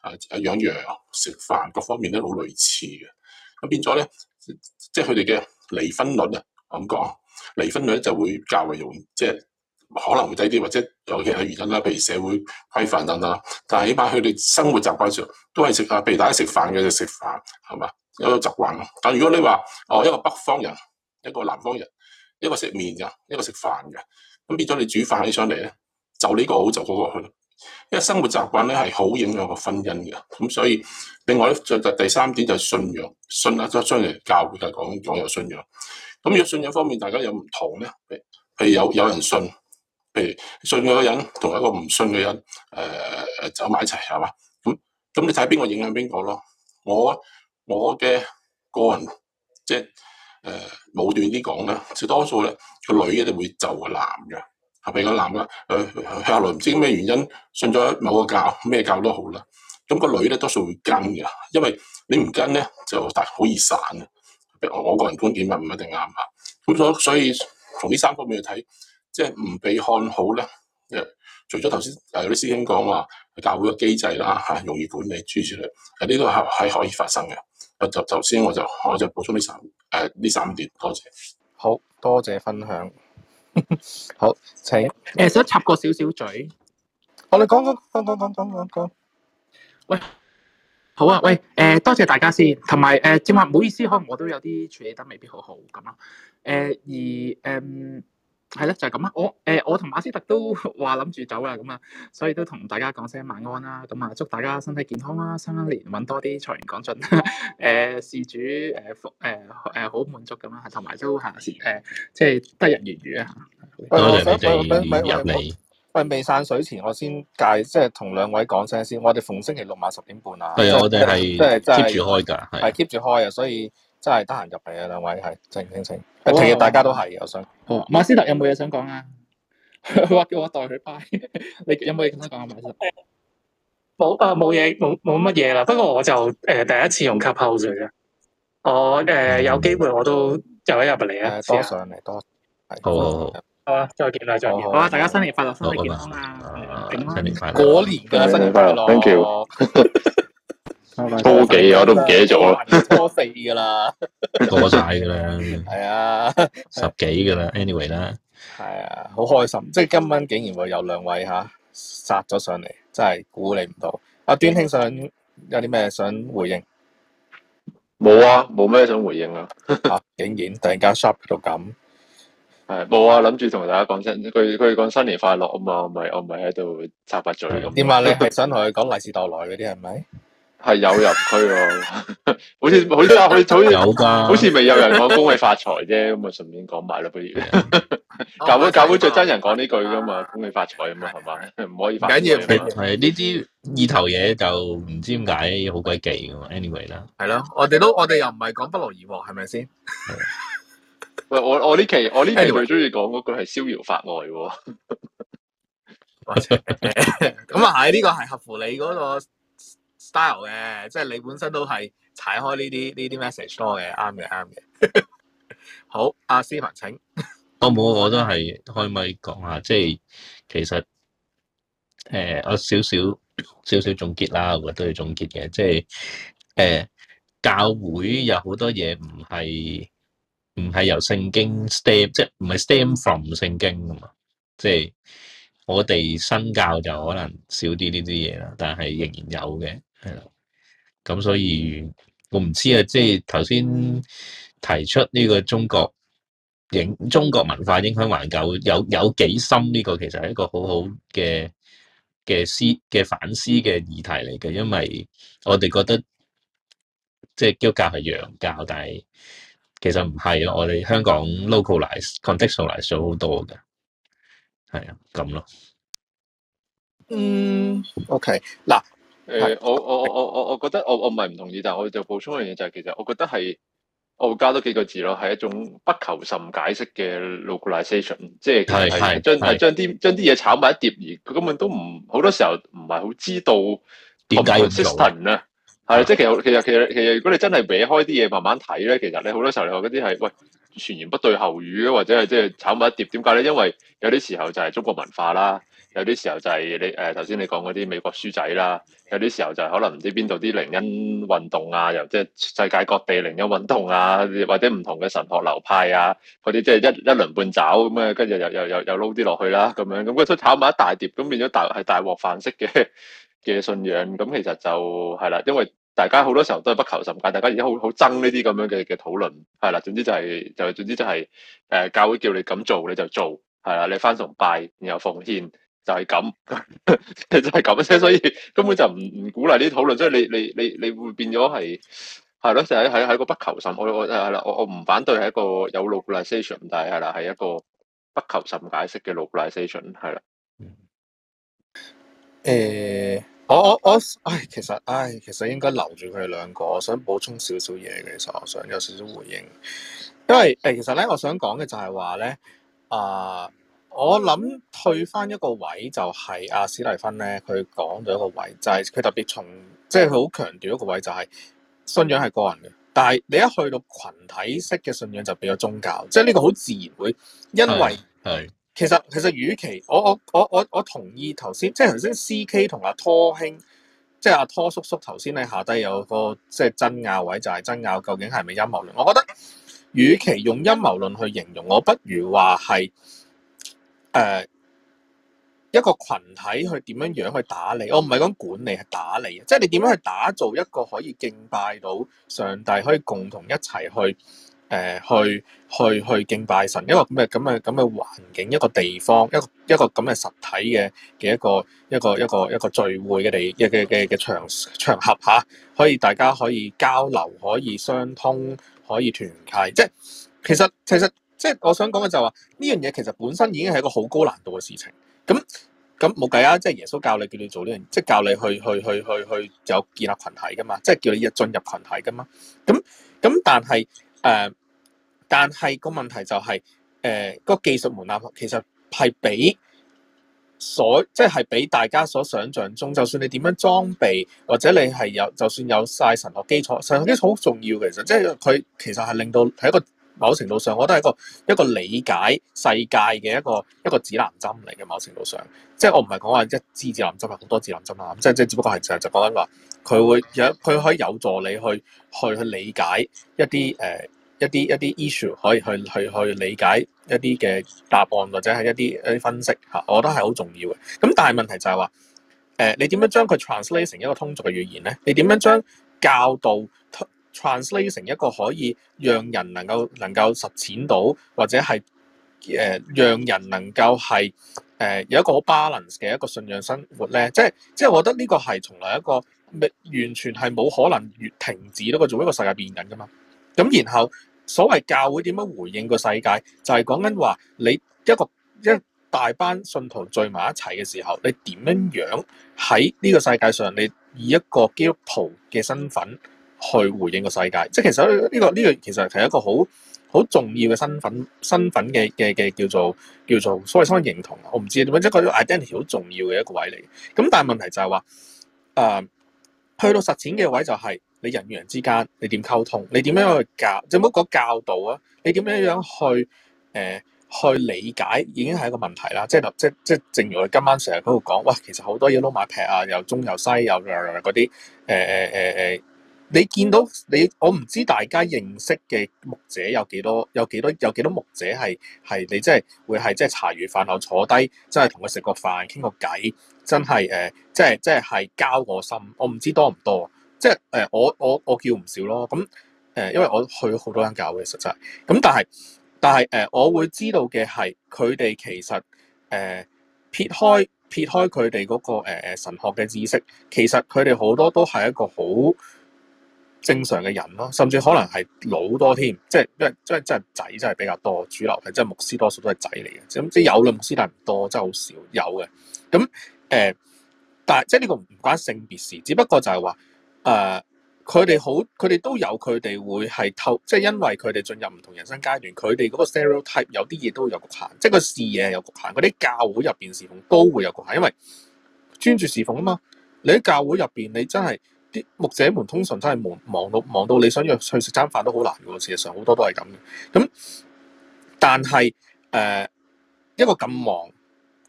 啊，阿養羊，食飯各方面都好類似嘅。咁變咗咧，即係佢哋嘅離婚率啊，咁講，離婚率就會較為容易，即係可能會低啲，或者有其他原因啦，譬如社會規範等等啦。但係起碼佢哋生活習慣上都係食啊，譬如大家食飯嘅就食飯，係嘛？有個習慣咯。但如果你話哦，一個北方人，一個南方人，一個食麵嘅，一個食飯嘅。咁變咗你煮飯起上嚟咧，就呢個好就嗰個去，因為生活習慣咧係好影響個婚姻嘅，咁所以另外咧再第第三點就係信仰，信啊都相對教會就講咗有信仰，咁有信仰方面大家有唔同咧，譬如有有人信，譬如信嘅人同一個唔信嘅人，誒、呃、走埋一齊係嘛，咁咁你睇邊個影響邊個咯，我我嘅個人即係。就是誒，武斷啲講咧，就多數咧個女一定會就個男嘅，係比較男啦。誒、呃，後來唔知咩原因信咗某個教，咩教都好啦。咁、那個女咧多數會跟嘅，因為你唔跟咧就大好易散嘅。我我個人觀點咪唔一定啱啊。咁、嗯、所所以從呢三個方面睇，即係唔被看好咧。誒、呃，除咗頭先誒有啲師兄講話教會嘅機制啦吓、呃，容易管理諸如此類，係呢個係係可以發生嘅。就頭先我就我就補充呢層。誒，呢、啊、三點多謝，好多謝分享， 好，請誒、呃、想插個少少嘴，好，你講講講講講講講，講講講講講喂，好啊，喂，誒、呃，多謝大家先，同埋誒，正話唔好意思，可能我都有啲處理得未必好好咁啊，誒、呃，而誒。呃係咧，就係咁啦！我誒我同馬斯特都話諗住走啦，咁啊，所以都同大家講聲晚安啦，咁啊，祝大家身體健康啦，新一年揾多啲財源，講盡誒、 euh, 事主誒服誒好滿足咁啊，同埋都係誒即係得日言語啊！多謝，歡迎入嚟。喂，未散水前，我先介即係同兩位講聲先。我哋逢星期六晚十點半啊。係啊，我哋係 keep 住開㗎，係 keep 住開啊，所以真係得閒入嚟啊，兩位係，請請。其實大家都係，我想。好，馬斯特有冇嘢想講啊？佢話叫我代佢拜。你有冇嘢想講啊？馬斯特？冇啊，冇嘢，冇冇乜嘢啦。不過我就誒、呃、第一次用 Clubhouse 我誒、呃嗯、有機會我都就一入嚟啊。多上嚟，多。Oh. 好。好。好。啊，再見啦，再見。好啊，大家新年快樂，身體健康啊！新年快樂。過年嘅新年快樂。快樂快樂快樂 Thank you。初幾我都唔記得咗啦，初四噶啦，過晒噶啦，係啊，十幾噶啦，anyway 啦，係啊，好開心，即係今晚竟然會有兩位吓殺咗上嚟，真係估你唔到。阿端兄想有啲咩想回應？冇啊，冇咩想回應啊，竟然突然間 shock 到咁，係冇啊，諗住同大家講聲，佢佢講新年快樂啊嘛，我咪我咪喺度插嘴咁。點啊？你係想同佢講利是逗來嗰啲係咪？係有入區喎，好似好似有噶，好似未有，的、啊、有人講恭喜發財啫，咁啊順便講埋啦，不如 教會教會最憎人講呢句噶嘛，恭喜發財吖嘛，係嘛唉？唔吧可以發緊要係呢啲意頭嘢，就唔知點解好鬼忌嘅嘛。Anyway 啦，係咯，我哋都我哋又唔係講不勞而獲，係咪先？喂的， 我我呢期我呢期最中意講嗰句係逍遙法外喎。咁啊係，呢個係合乎你嗰、嗰個。style 嘅，即係你本身都係踩開呢啲呢啲 message 多嘅，啱嘅，啱嘅。 好，阿、啊、思文請。我冇，我都係開咪講下，即係其實誒、呃，我少少少少總結啦，我都要總結嘅，即係誒、呃，教會有好多嘢唔係唔係由聖經 stem，即係唔係 stem from 聖經噶嘛，即係我哋新教就可能少啲呢啲嘢啦，但係仍然有嘅。係啦，咁所以我唔知啊，即係頭先提出呢個中國影中國文化影響環球有有幾深呢個，其實係一個好好嘅嘅思嘅反思嘅議題嚟嘅，因為我哋覺得即係基督教係洋教，但係其實唔係啊咯，我哋香港 localize、contextualize 咗好多嘅，係啊，咁咯。嗯，OK，嗱。誒、呃，我我我我我我覺得我我唔係唔同意，但係我就補充一樣嘢就係，其實我覺得係我會加多幾個字咯，係一種不求甚解釋嘅 localization 是即係將是將是將啲是將啲嘢炒埋一碟，而佢根本都唔好多時候唔係好知道點解要咁做。係啊，即係其實其實其實其實，如果你真係搲開啲嘢慢慢睇咧，其實你好多時候你話嗰啲係，喂，前言不對後語啊，或者係即係炒埋一碟點解咧？因為有啲時候就係中國文化啦。有啲時候就係你誒頭先你講嗰啲美國書仔啦，有啲時候就係可能唔知邊度啲靈恩運動啊，又即係世界各地靈恩運動啊，或者唔同嘅神學流派啊，嗰啲即係一一輪半爪咁啊，跟住又又又又撈啲落去啦，咁樣咁佢都炒埋一大碟，咁變咗大係大鑊飯式嘅嘅信仰，咁其實就係啦，因為大家好多時候都係不求甚解，大家而家好好憎呢啲咁樣嘅嘅討論，係啦，總之就係、是、就總之就係、是、誒、嗯嗯、教會叫你咁做你就做，係啦，你翻崇拜然後奉獻。就係咁， 就係咁啫，所以根本就唔唔鼓勵呢啲討論，即係你你你你會變咗係係咯，就喺喺喺個不求甚。我我係啦，我我唔反對係一個有 localization，但係係啦，係一個不求甚解釋嘅 localization，係啦。誒、嗯欸，我我我，唉，其實唉，其實應該留住佢哋兩個。我想補充少少嘢嘅，其實我想有少少回應，因為誒，其實咧，我想講嘅就係話咧，啊、呃。我諗退翻一個位就係阿、啊、史麗芬咧，佢講咗一個位就係佢特別從即係佢好強調一個位就係信仰係個人嘅，但係你一去到群體式嘅信仰就變咗宗教，即係呢個好自然會，因為係其實其實，與其，與其我我我我我同意頭先，即係頭先 C K 同阿拖兄，即係阿拖叔叔頭先你下低有、那個即係爭拗位就爭，就係爭拗究竟係咪陰謀論？我覺得與其用陰謀論去形容，我不如話係。誒，uh, 一個群體去點樣樣去打理？我唔係講管理，係打理啊！即係你點樣去打造一個可以敬拜到上帝，可以共同一齊去誒、uh,，去去去敬拜神一個咁嘅咁嘅咁嘅環境，一個地方，一個一個咁嘅實體嘅嘅一個一個一個一個聚會嘅地嘅嘅嘅場場合吓，可以大家可以交流，可以相通，可以團契。即係其實其實。其實即係我想講嘅就係話呢樣嘢其實本身已經係一個好高難度嘅事情。咁咁冇計啊！即係耶穌教你叫你做呢樣，即係教你去去去去去有建立群體噶嘛，即係叫你入進入群體噶嘛。咁咁但係誒，但係個、呃、問題就係誒個技術門檻其實係比所即係、就係、比大家所想象中，就算你點樣裝備或者你係有，就算有晒神學基礎，神學基礎好重要嘅。其實即係佢其實係令到係一個。某程度上，我都係一個一個理解世界嘅一個一個指南針嚟嘅。某程度上，即係我唔係講話一支指南針啊，係好多指南針啦。即係即係，只不過係就就覺得話佢會有佢可以有助你去去去理解一啲誒、呃、一啲一啲 issue，可以去去去理解一啲嘅答案，或者係一啲一啲分析吓。我覺得係好重要嘅。咁但係問題就係話誒，你點樣將佢 translate 成一個通俗嘅語言咧？你點樣將教導 translate 成一個可以讓人能夠能夠實踐到，或者係誒、呃，讓人能夠係誒有一個好 balance 嘅一個信仰生活咧。即係即係，我覺得呢個係從來一個咩完全係冇可能越停止到去做一個世界變人噶嘛。咁然後所謂教會點樣回應個世界，就係講緊話你一個一大班信徒聚埋一齊嘅時候，你點樣樣喺呢個世界上，你以一個基督徒嘅身份。去回應個世界，即係其實呢個呢個其實係一個好好重要嘅身份身份嘅嘅嘅叫做叫做所謂身份認同，我唔知點解，即係個 identity 好重要嘅一個位嚟。咁但係問題就係話誒去到實踐嘅位就係、是、你人與人之間你點溝通，你點樣去教就唔好講教導啊，你點樣樣去誒、呃、去理解已經係一個問題啦。即係即即正如我哋今晚成日嗰度講，哇，其實好多嘢撈埋劈啊，又中又西又嗰啲誒誒誒誒。你見到你我唔知大家認識嘅牧者有幾多？有幾多？有幾多牧者係係你真係會係即係茶餘飯後坐低，真係同佢食個飯傾個偈，真係誒，即係即係係交我心。我唔知多唔多，即係誒、呃，我我我叫唔少咯。咁、呃、誒，因為我去咗好多人教嘅，實際咁，但係但係誒、呃，我會知道嘅係佢哋其實誒、呃、撇開撇開佢哋嗰個誒、呃、神學嘅知識，其實佢哋好多都係一個好。正常嘅人咯，甚至可能係老多添，即係因為即係即係仔，真係比較多主流係即係牧師多數都係仔嚟嘅，咁即係有啦，牧師但係唔多，即係好少有嘅。咁、嗯、誒、呃，但係即係呢個唔關性別事，只不過就係話誒，佢、呃、哋好，佢哋都有佢哋會係透，即係因為佢哋進入唔同人生階段，佢哋嗰個 stereotype 有啲嘢都有局限，即係個視野有局限，嗰啲教會入邊侍奉都會有局限，因為專注侍奉啊嘛。你喺教會入邊，你真係～啲牧者們通常都係忙忙到忙到你想約去食餐飯都好難嘅喎，事實上好多都係咁嘅。咁但係誒、呃、一個咁忙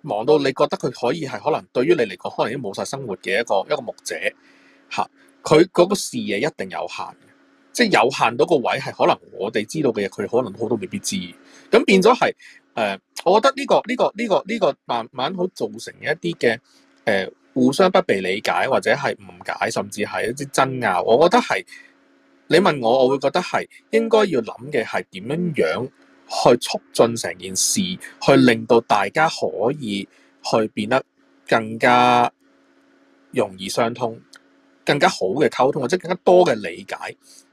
忙到你覺得佢可以係可能對於你嚟講可能已經冇晒生活嘅一個一個,一個牧者吓，佢、啊、嗰個視野一定有限即係、就是、有限到個位係可能我哋知道嘅嘢，佢可能好多未必知。咁變咗係誒，我覺得呢、呢個呢、呢個呢、呢個呢、呢個慢慢好造成一啲嘅誒。呃互相不被理解，或者係誤解，甚至係一啲爭拗，我覺得係你問我，我會覺得係應該要諗嘅係點樣樣去促進成件事，去令到大家可以去變得更加容易相通，更加好嘅溝通，或者更加多嘅理解。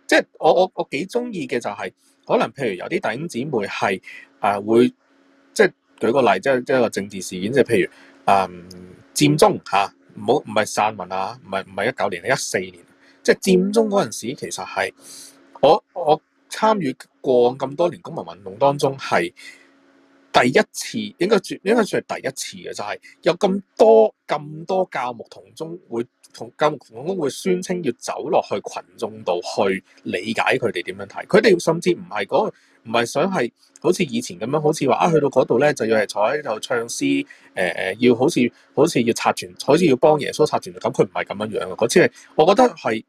即係我我我幾鍾意嘅就係、是、可能譬如有啲弟兄姊妹係誒、呃、會，即係舉個例，即係即係一個政治事件，即係譬如嗯。佔中吓，唔好唔係散文啊，唔係唔係一九年，係一四年。即係佔中嗰陣時，其實係我我參與過咁多年公民運動當中，係第一次應該絕應該算係第一次嘅，就係、是、有咁多咁多教牧同中會教同教牧同工會宣稱要走落去群眾度去理解佢哋點樣睇，佢哋甚至唔係嗰。唔係想係好似以前咁樣，好似話啊去到嗰度咧就要係坐喺度唱詩，誒、呃、誒要好似好似要差傳，好似要，要，要，要，要，要幫耶穌差傳咁。佢唔係咁樣樣啊！嗰次係我覺得係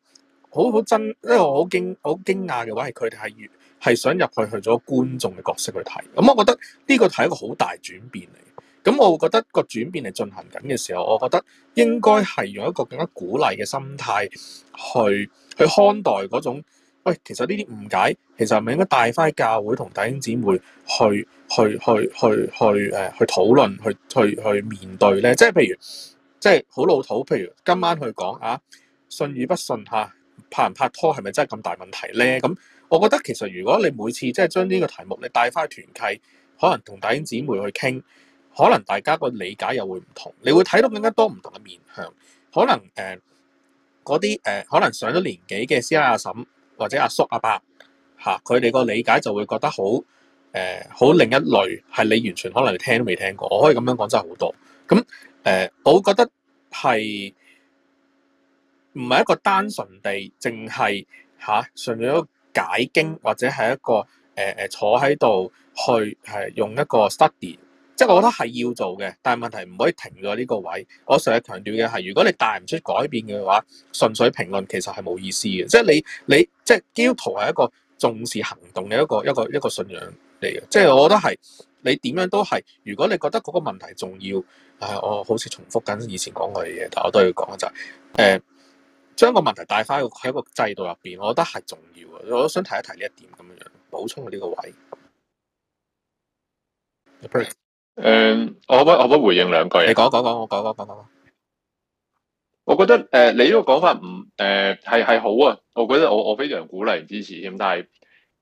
好好真，因為我好驚好驚訝嘅話係佢哋係係想入去去咗觀眾嘅角色去睇。咁、嗯、我覺得呢個係一個好大轉變嚟。咁、嗯、我會覺得個轉變嚟進行緊嘅時候，我覺得應該係用一個更加鼓勵嘅心態去去，去看待嗰種。喂，其實呢啲誤解，其實係咪應該帶翻教會同弟兄姊妹去去去去去誒、啊、去討論去去去面對咧？即係譬如，即係好老土，譬如今晚去講啊，信與不信吓，拍唔拍拖係咪真係咁大問題咧？咁我覺得其實如果你每次即係將呢個題目你帶翻去團契，可能同弟兄姊妹去傾，可能大家個理解又會唔同，你會睇到更加多唔同嘅面向。可能誒嗰啲誒可能上咗年紀嘅師奶阿嬸，或者阿叔阿伯吓，佢哋個理解就會覺得好誒好另一類，係你完全可能你聽都未聽過。我可以咁樣講，真係好多。咁誒、呃、我覺得係唔係一個單純地淨係嚇順咗解經，或者係一個誒誒、呃、坐喺度去係、呃、用一個 study。即係我覺得係要做嘅，但係問題唔可以停咗呢個位。我成日強調嘅係，如果你帶唔出改變嘅話，純粹評論其實係冇意思嘅。即係你你即係基督徒係一個重視行動嘅一個一個一個信仰嚟嘅。即係我覺得係你點樣都係。如果你覺得嗰個問題重要，唉、啊，我好似重複緊以前講過嘅嘢，但係我都要講嘅就係、是、誒、呃，將個問題帶翻喺一個制度入邊，我覺得係重要嘅。我都想提一提呢一點咁樣樣，補充呢個位。誒、嗯，我可不我可不回應兩句。你講講講，我講講講講。我覺得誒、呃，你呢個講法唔，誒係係好啊。我覺得我我非常鼓勵支持添。但係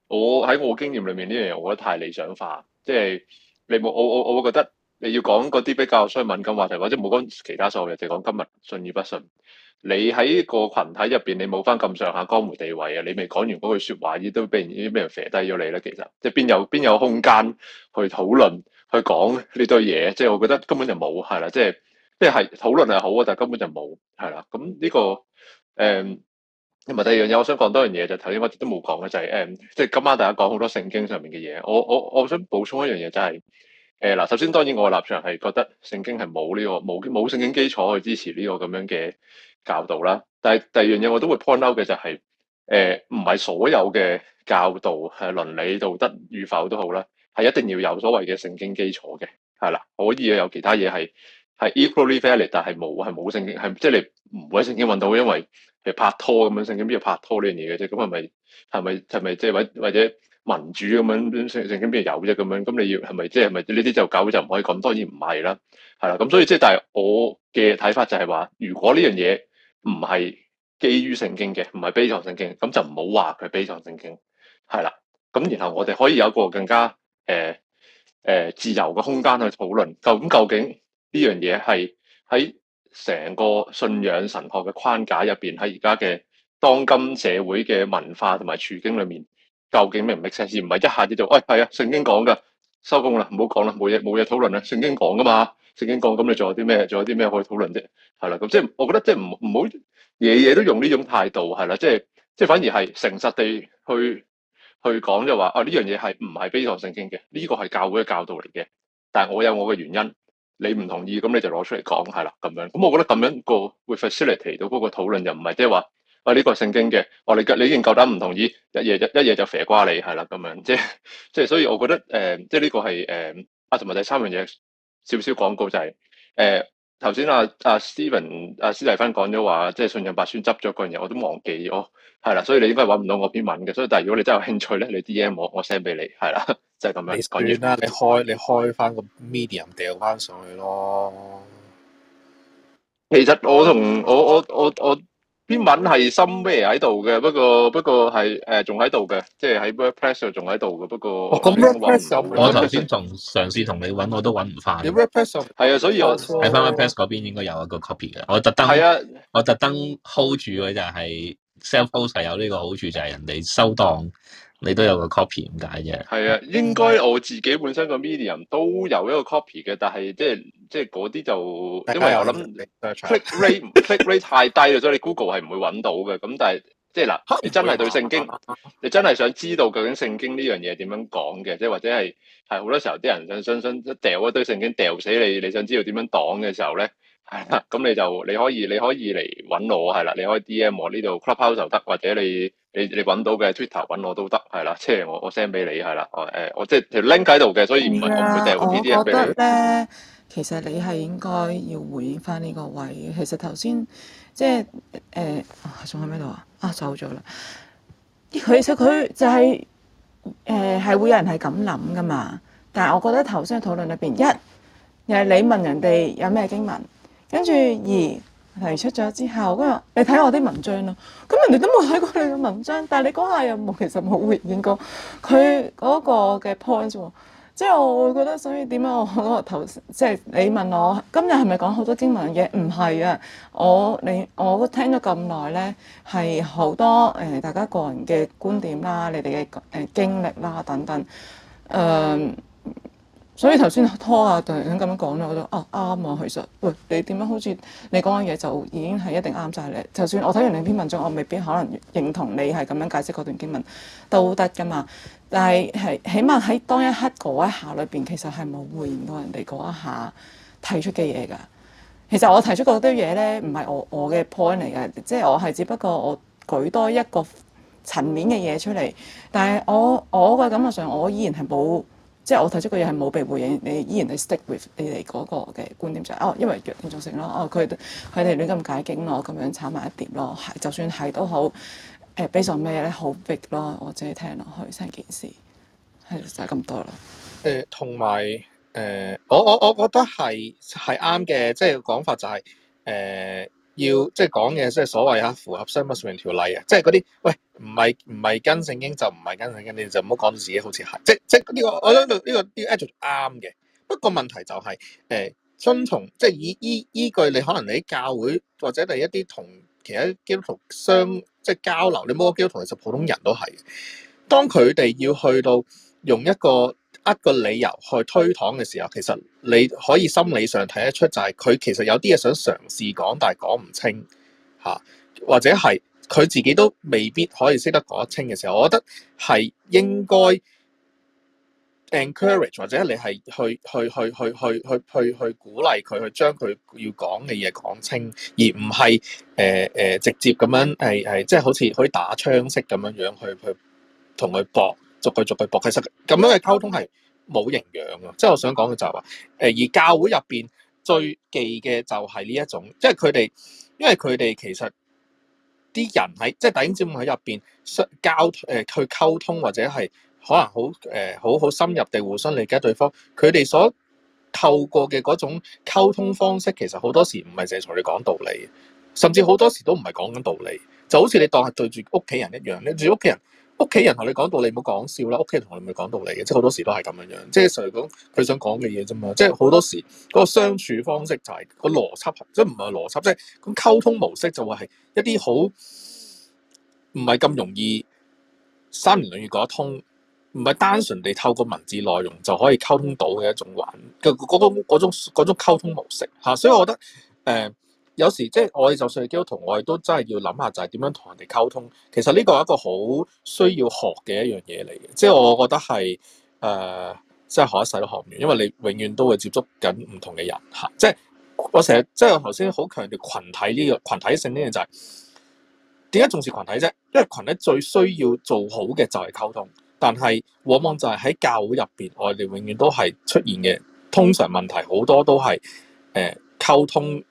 我喺我經驗裏面呢樣嘢，我覺得太理想化。即係你冇我我我覺得你要講嗰啲比較需敏感話題，或者冇講其他所謂，就講今日信與不信。你喺個群體入邊，你冇返咁上下江湖地位啊，你未講完嗰句說話，亦都俾人已經俾人肥低咗你咧。其實即係邊有邊有空間去討論。去講呢堆嘢，即係我覺得根本就冇，係啦，即係即係討論係好啊，但係根本就冇，係啦。咁呢個誒，同埋第二樣嘢，我想講多樣嘢就係頭先我都冇講嘅就係誒，即係今晚大家講好多聖經上面嘅嘢，我我我想補充一樣嘢就係誒嗱，首先當然我立場係覺得聖經係冇呢個冇冇聖經基礎去支持呢個咁樣嘅教導啦。但係第二樣嘢我都會 point out 嘅就係誒，唔係所有嘅教導係倫理道德與否都好啦。係一定要有所謂嘅聖經基礎嘅，係啦，可以有其他嘢係係 equally valid，但係冇係冇聖經，係即係你唔會喺聖經揾到，因為係拍拖咁樣，聖經邊有拍拖呢樣嘢嘅啫？咁係咪係咪係咪即係或或者民主咁樣聖聖經邊有啫？咁樣咁你要係咪即係咪呢啲就教會就唔可以咁？當然唔係啦，係啦，咁所以即係但係我嘅睇法就係話，如果呢樣嘢唔係基於聖經嘅，唔係悲傷聖經，咁就唔好話佢悲傷聖經，係啦，咁然後我哋可以有一個更加。誒誒、呃呃，自由嘅空間去討論，咁究竟呢樣嘢係喺成個信仰神學嘅框架入邊，喺而家嘅當今社會嘅文化同埋處境裏面，究竟明唔明先？唔係一下子就，喂係啊，聖經講噶，收工啦，唔好講啦，冇嘢冇嘢討論啦，聖經講噶嘛，聖經講，咁你仲有啲咩？仲有啲咩可以討論啫？係啦，咁即係，我覺得即係唔唔好，嘢嘢都用呢種態度，係啦，即係即係反而係誠實地去。去講就話啊，呢樣嘢係唔係非常聖經嘅，呢個係教會嘅教導嚟嘅。但係我有我嘅原因，你唔同意咁你就攞出嚟講，係啦咁樣。咁我覺得咁樣個會 facilitate 到嗰個討論，又唔係即係話啊，呢個聖經嘅，我、啊、你你已經夠膽唔同意，一夜一一夜就肥瓜你係啦咁樣，即係即係。所以我覺得誒、呃，即係呢個係誒啊，同、呃、埋第三樣嘢少少廣告就係、是、誒。呃頭先阿阿 Steven 阿、啊、斯麗芬講咗話，即係信任白酸執咗嗰樣嘢，我都忘記咗，係啦，所以你應該揾唔到我篇文嘅，所以但係如果你真係有興趣咧，你 D M 我，我 send 俾你，係啦，就係、是、咁樣講完啦。你開你開翻個 medium 掉翻上去咯。其實我同我我我我。我我我啲文係 s 咩喺度嘅，不過不過係誒仲喺度嘅，即係喺 WordPress 仲喺度嘅。不過、呃不過哦、我講 WordPress，我頭先仲嘗試同你揾，我都揾唔翻。你 WordPress、啊、s 係啊，所以我喺翻 WordPress 嗰邊應該有一個 copy 嘅。我特登，uh, 我特登 hold 住佢就係 self post 係有呢個好處，就係、是、人哋收檔。你都有個 copy 點解嘅？係啊，應該我自己本身個 medium 都有一個 copy 嘅，但係即係即係嗰啲就因為我諗 click rate click rate 太低咗， 所以你 Google 係唔會揾到嘅。咁但係即係嗱，你真係對聖經， 你真係想知道究竟聖經呢樣嘢點樣講嘅，即係或者係係好多時候啲人想想想掉一堆聖經掉死你，你想知道點樣擋嘅時候咧，係啦，咁你就你可以你可以嚟揾我係啦，你可以 D M 我呢度 Clubhouse 就得，或者你。你你揾到嘅 Twitter 揾我都得，係啦，即係我我 send 俾你係啦，哦誒，我即係條 link 喺度嘅，所以唔係我唔會掟呢啲嘢俾你。我覺得咧，其實你係應該要回應翻呢個位嘅。其實頭先即係誒，仲喺咩度啊？啊走咗啦！佢實佢就係誒係會有人係咁諗噶嘛？但係我覺得頭先嘅討論裏邊一又係、就是、你問人哋有咩經文，跟住二。提出咗之後，咁你睇我啲文章啦，咁人哋都冇睇過你嘅文章，但係你嗰下又冇，其實冇回應過佢嗰個嘅 point，即係我會覺得，所以點解我嗰個頭先，即係你問我今日係咪講好多經文嘅？唔係啊，我你我聽咗咁耐咧，係好多誒、呃、大家個人嘅觀點啦，你哋嘅誒經歷啦等等，誒、呃。所以頭先拖啊對咁樣講咧，我都啊啱啊，其實喂你點樣好似你講嘅嘢就已經係一定啱晒你。就算我睇完兩篇文章，我未必可能認同你係咁樣解釋嗰段經文都得噶嘛。但係係起碼喺當一刻嗰一下裏邊，其實係冇迴應到人哋嗰一下提出嘅嘢㗎。其實我提出嗰堆嘢咧，唔係我我嘅 point 嚟嘅，即係我係只不過我舉多一個層面嘅嘢出嚟。但係我我嘅感覺上，我依然係冇。即係我提出個嘢係冇被回應，你依然係 stick with 你哋嗰個嘅觀點就係、是、哦，因為弱天作性咯，哦，佢佢哋亂咁解經我咁樣炒埋一碟咯，係就算係都好誒，俾上咩咧好逼 i g 咯，我自己聽落去成件事係就係咁多啦。誒同埋誒，我我我覺得係係啱嘅，即係講法就係、是、誒。呃要即係講嘅，即係所謂啊，符合《西馬聖經》條例啊，即係嗰啲喂，唔係唔係跟聖經就唔係跟聖經，你就唔好講到自己好似係，即即係、這、呢個，我諗到呢、這個啲 Action 啱嘅。不過問題就係、是、誒、欸，遵從即係依依依據，你可能你喺教會或者你一啲同其他基督徒相即係交流，你冇個基督徒同其實普通人都係。當佢哋要去到用一個。一個理由去推搪嘅時候，其實你可以心理上睇得出，就係佢其實有啲嘢想嘗試講，但係講唔清吓，或者係佢自己都未必可以識得講得清嘅時候，我覺得係應該 encourage 或者你係去去去去去去去鼓勵佢去將佢要講嘅嘢講清，而唔係誒誒直接咁樣誒誒，即係好似可以打槍式咁樣樣去去同佢搏。逐句逐句博，其實咁樣嘅溝通係冇營養㗎，即係我想講嘅就係、是、話，誒而教會入邊最忌嘅就係呢一種，即係佢哋，因為佢哋其實啲人喺即係頂尖喺入邊相交誒、呃、去溝通，或者係可能好誒好好深入地互相理解對方，佢哋所透過嘅嗰種溝通方式，其實好多時唔係淨係同你講道理，甚至好多時都唔係講緊道理，就好似你當係對住屋企人一樣，你對住屋企人。屋企人同你講道理，唔好講笑啦。屋企人同你唔會講道理嘅，即係好多時都係咁樣樣。即係純係講佢想講嘅嘢啫嘛。即係好多時嗰個相處方式就係個邏輯，即係唔係邏輯，即係咁溝通模式就會係一啲好唔係咁容易三年兩月講得通，唔係單純地透過文字內容就可以溝通到嘅一種玩嘅嗰種嗰溝通模式嚇、啊。所以我覺得誒。呃有時即係我哋就算係基督徒，我哋都真係要諗下，就係點樣同人哋溝通。其實呢個係一個好需要學嘅一樣嘢嚟嘅，即係我覺得係誒，即、呃、係學一世都學唔完，因為你永遠都會接觸緊唔同嘅人嚇。即係我成日即係頭先好強調群體呢、呢個群體性呢樣就係點解重視群體啫？因為群體最需要做好嘅就係溝通，但係往往就係喺教會入邊，我哋永遠都係出現嘅通常問題好多都係誒、呃、溝通。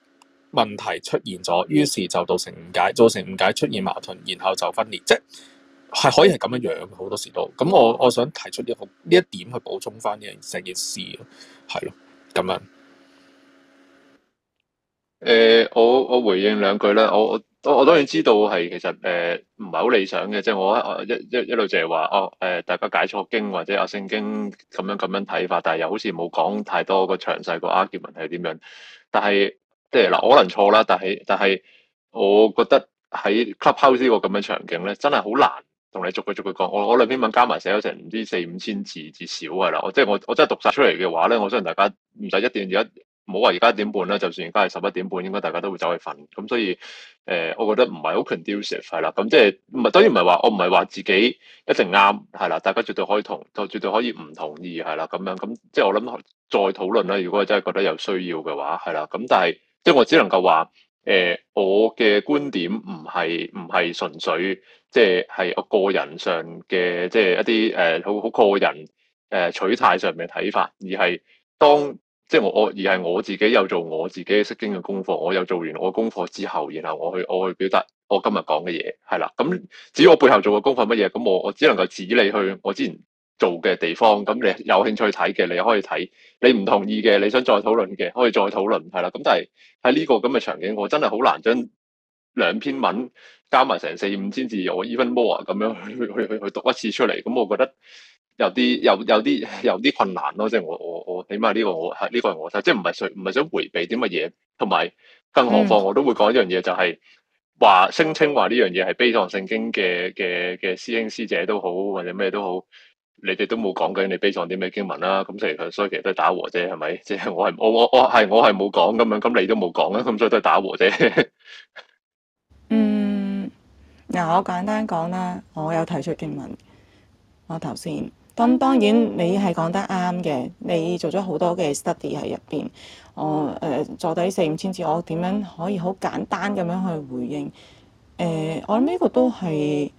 問題出現咗，於是就造成誤解，造成誤解出現矛盾，然後就分裂，即係可以係咁樣樣。好多時都咁，我我想提出一個呢一點去補充返呢成件事咯，係咯，咁樣。誒、呃，我我回應兩句啦。我我我當然知道係其實誒唔係好理想嘅，即係我一一一路就係話哦誒、呃，大家解錯經或者阿聖經咁樣咁樣睇法，但係又好似冇講太多詳細個詳細個 argument 係點樣，但係。即係嗱，可能錯啦，但係但係，我覺得喺 clubhouse 呢個咁嘅場景咧，真係好難同你逐句逐句講。我我兩篇文加埋寫咗成唔知四五千字至少係啦。我即係我我真係讀晒出嚟嘅話咧，我相信大家唔使一點，而家冇話而家一點半啦，就算而家係十一點半，應該大家都會走去瞓。咁所以誒、呃，我覺得唔係好 conducive 係啦。咁即係唔係，當然唔係話我唔係話自己一定啱係啦。大家絕對可以同，就絕對可以唔同意係啦咁樣。咁即係我諗再討論啦。如果真係覺得有需要嘅話係啦。咁但係。即係我只能夠話，誒、呃，我嘅觀點唔係唔係純粹，即係係我個人上嘅，即、就、係、是、一啲誒好好個人誒、呃、取態上面嘅睇法，而係當即係我我而係我自己有做我自己釋經嘅功課，我有做完我功課之後，然後我去我去表達我今日講嘅嘢，係啦。咁至於我背後做嘅功課係乜嘢，咁我我只能夠指你去我之前做嘅地方，咁你有興趣睇嘅，你可以睇；你唔同意嘅，你想再討論嘅，可以再討論，係啦。咁但係喺呢個咁嘅場景，我真係好難將兩篇文加埋成四五千字，由 even more 咁樣去去去去去讀一次出嚟。咁我覺得有啲有有啲有啲困難咯。即係我我我起碼呢個我係呢個係我，即係唔係想唔係想迴避啲乜嘢，同埋更，更何況，嗯，我都會講一樣嘢，就係話聲稱話呢樣嘢係悲壯聖經嘅嘅嘅師兄師姐都好，或者咩都好。你哋都冇講嘅，你背誦啲咩經文啦？咁所以佢，所以其實都係打和啫，係咪？即係我係我我我係我係冇講咁樣，咁你都冇講啊，咁所以都係打和啫。 嗯，嗱，我簡單講啦，我有提出經文，我頭先，當當然你係講得啱嘅，你做咗好多嘅 study 喺入邊，我誒、呃、坐底四五千字，我點樣可以好簡單咁樣去回應？誒、呃，我諗呢個都係。